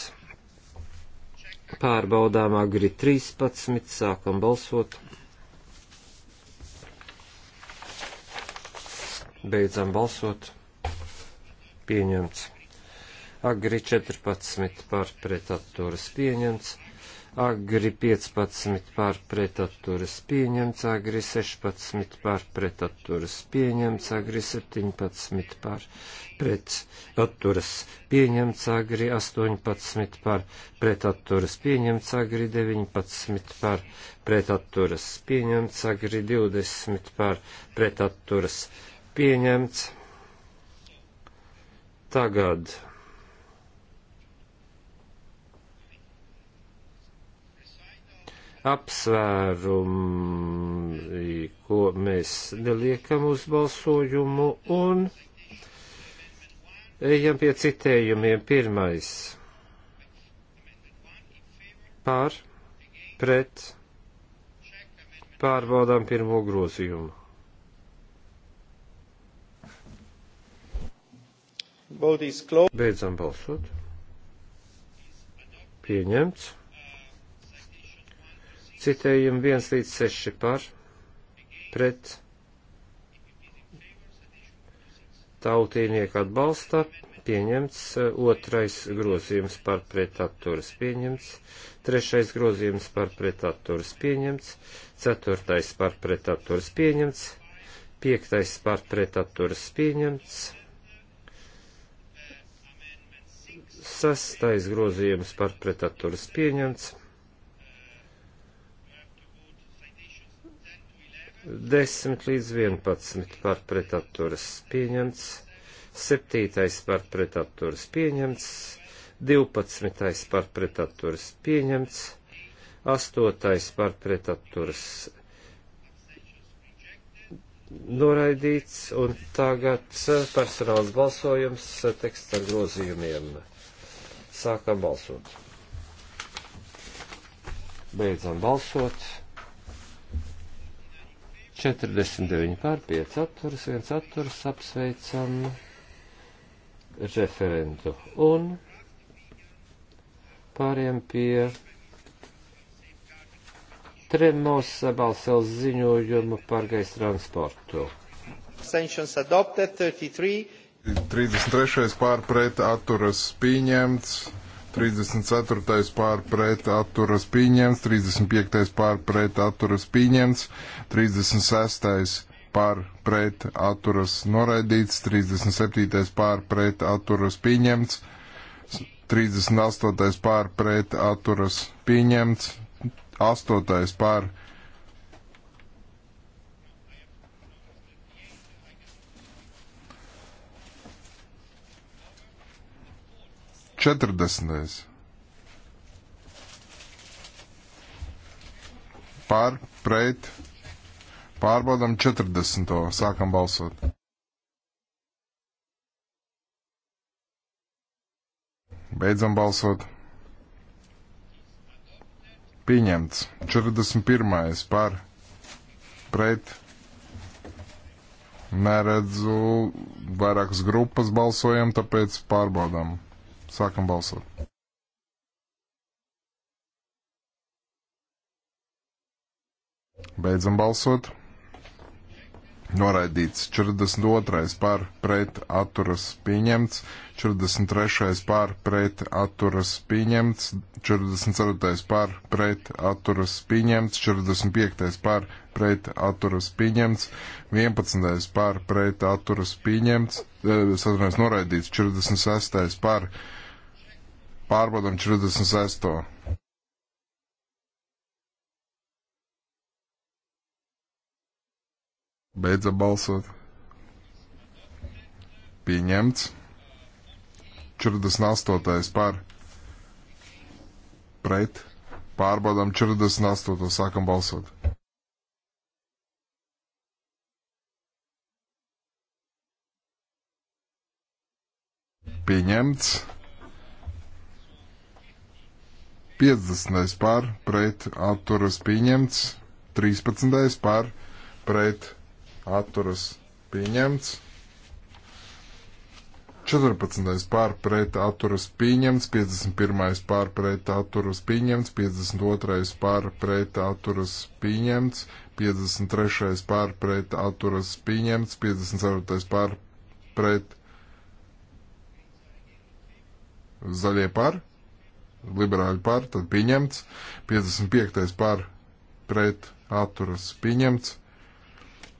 Pārbaudām agri 13, sākam balsot. Beidzam balsot. Pieņemts agri 14 par pretatturas pieņemts, agri 15 par pretatturas pieņemts, agri 16 par pretatturas pieņemts, agri 17 par pretatturas pieņemts, agri 18 par pretatturas pieņemts, agri 19 par pretatturas pieņemts, agri 20 par pretatturas pieņemts. Tagad apsvērumi, ko mēs neliekam uz balsojumu, un ejam pie citējumiem. Pirmais pār, pret, pārbaudām pirmo grozījumu. Beidzam balsot. Pieņemts. Citējumi 1 līdz 6 par, pret, tautīnieku atbalsta, pieņemts, otrais grozījums par pretatturas pieņemts, trešais grozījums par pretatturas pieņemts, ceturtais par pretatturas pieņemts, piektais par pretatturas pieņemts, sastais grozījums par pretatturas pieņemts 10 līdz 11 par pretapturas pieņemts, 7 par pretapturas pieņemts, 12 par pretapturas pieņemts, 8 par pretapturas noraidīts, un tagad personāls balsojums teksts ar grozījumiem. Sākam balsot. Beidzam balsot. 49 pār 5 atturas, 1 atturas apsveicam referentu. Un pāriem pie Tremos balsels ziņojumu par gaisa transportu. 33. pār pret atturas pieņemts. 34. pār pret atturas pieņemts, 35. pār pret atturas pieņemts, 36. pār pret atturas noraidīts, 37. pār pret atturas pieņemts, 38. pār pret atturas pieņemts, 8. pār 40. Par, pret, pārbaudam 40. Sākam balsot. Beidzam balsot. Pieņemts. 41. par pret. Neredzu vairākas grupas balsojam, tāpēc pārbaudām. Sākam balsot. Beidzam balsot. Noraidīts 42. par pret atturas pieņemts, 43. par pret atturas pieņemts, 44. par pret atturas pieņemts, 45. par pret atturas pieņemts, 11. par pret atturas pieņemts, 4. Eh, noraidīts, 46. par pret Pārbaudam 46. Beidzam balsot. Pieņemts. 48. par. Pret. Pārbaudām 48. sākam balsot. Pieņemts. 50. par pret atturas pieņemts, 13. par pret atturas pieņemts, 14. par pret atturas pieņemts, 51. par pret atturas pieņemts, 52. par pret atturas pieņemts, 53. par pret atturas pieņemts, 54. par pret zaļie par pret liberāļu par, tad pieņemts. 55. par, pret, atturas, pieņemts.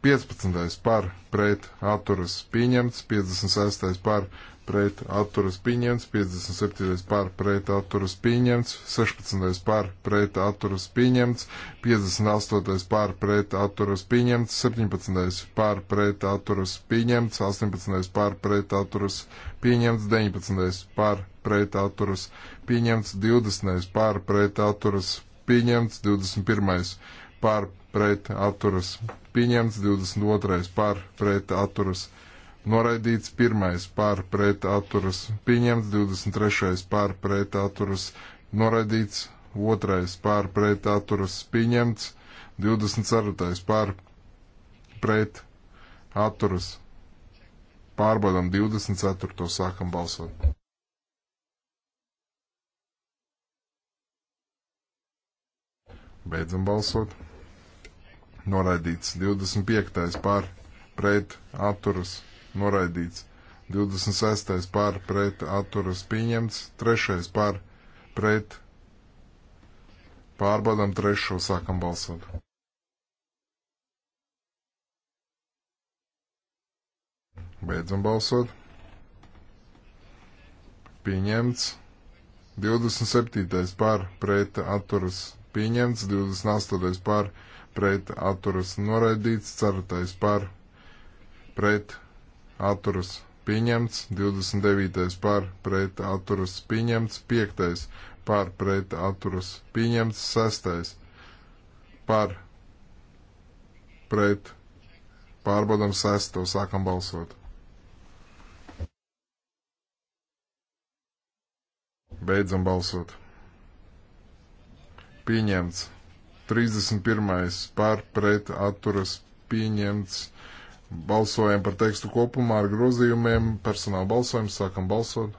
15. par, pret, atturas, pieņemts. 56. par, pret atturas pieņemts, 57. par pret atturas pieņemts, 16. par pret atturas pieņemts, 58. par pret atturas pieņemts, 17. par pret atturas pieņemts, 18. par pret atturas pieņemts, 19. par pret atturas pieņemts, 20. par pret atturas pieņemts, 21. par pret atturas pieņemts, 22. par pret atturas pieņemts Noraidīts pirmais pār pret atturas pieņemts, 23. pār pret atturas noraidīts, otrais pār pret atturas pieņemts, 24. pār pret atturas pārbaudam 24. sākam balsot. Beidzam balsot. Noraidīts 25. pār pret atturas pieņemts noraidīts. 26. pār pret atturas pieņemts, 3. pār pret pārbaudām, 3. sākam balsot. Beidzam balsot. Pieņemts. 27. pār pret atturas pieņemts, 28. pār pret atturas noraidīts, 4. pār pret atturas atturas pieņemts, 29. par pret atturas pieņemts, 5. par pret atturas pieņemts, 6. par pret pārbaudam 6. sākam balsot. Beidzam balsot. Pieņemts. 31. par pret atturas pieņemts. Balsojam par tekstu kopumā ar grozījumiem. Personāla balsojums. Sākam balsot.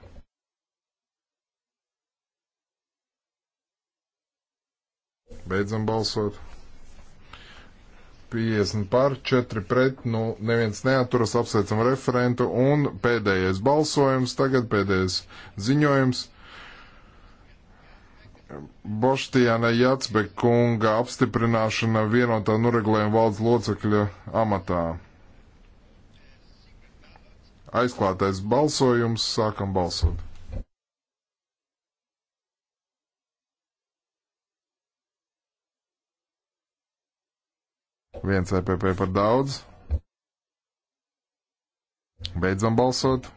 Beidzam balsot. 50 par, 4 pret, nu neviens neaturas, apsveicam referentu un pēdējais balsojums, tagad pēdējais ziņojums. Boštijāna Jacbekunga apstiprināšana vienotā noregulējuma valdes locekļa amatā aizklātais balsojums. Sākam balsot. Viens EPP par daudz. Beidzam balsot.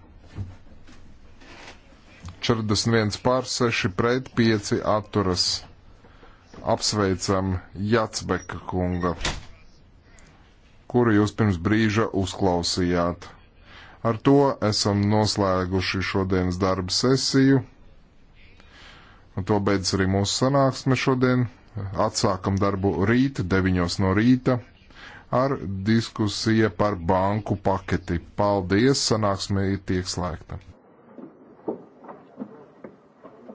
41 pār 6 pret 5 atturas. Apsveicam Jacbeka kunga, kuru jūs pirms brīža uzklausījāt. Ar to esam noslēguši šodienas darba sesiju. Un to beidz arī mūsu sanāksme šodien. Atsākam darbu rīt, 9 no rīta, ar diskusiju par banku paketi. Paldies, sanāksme tiek slēgta.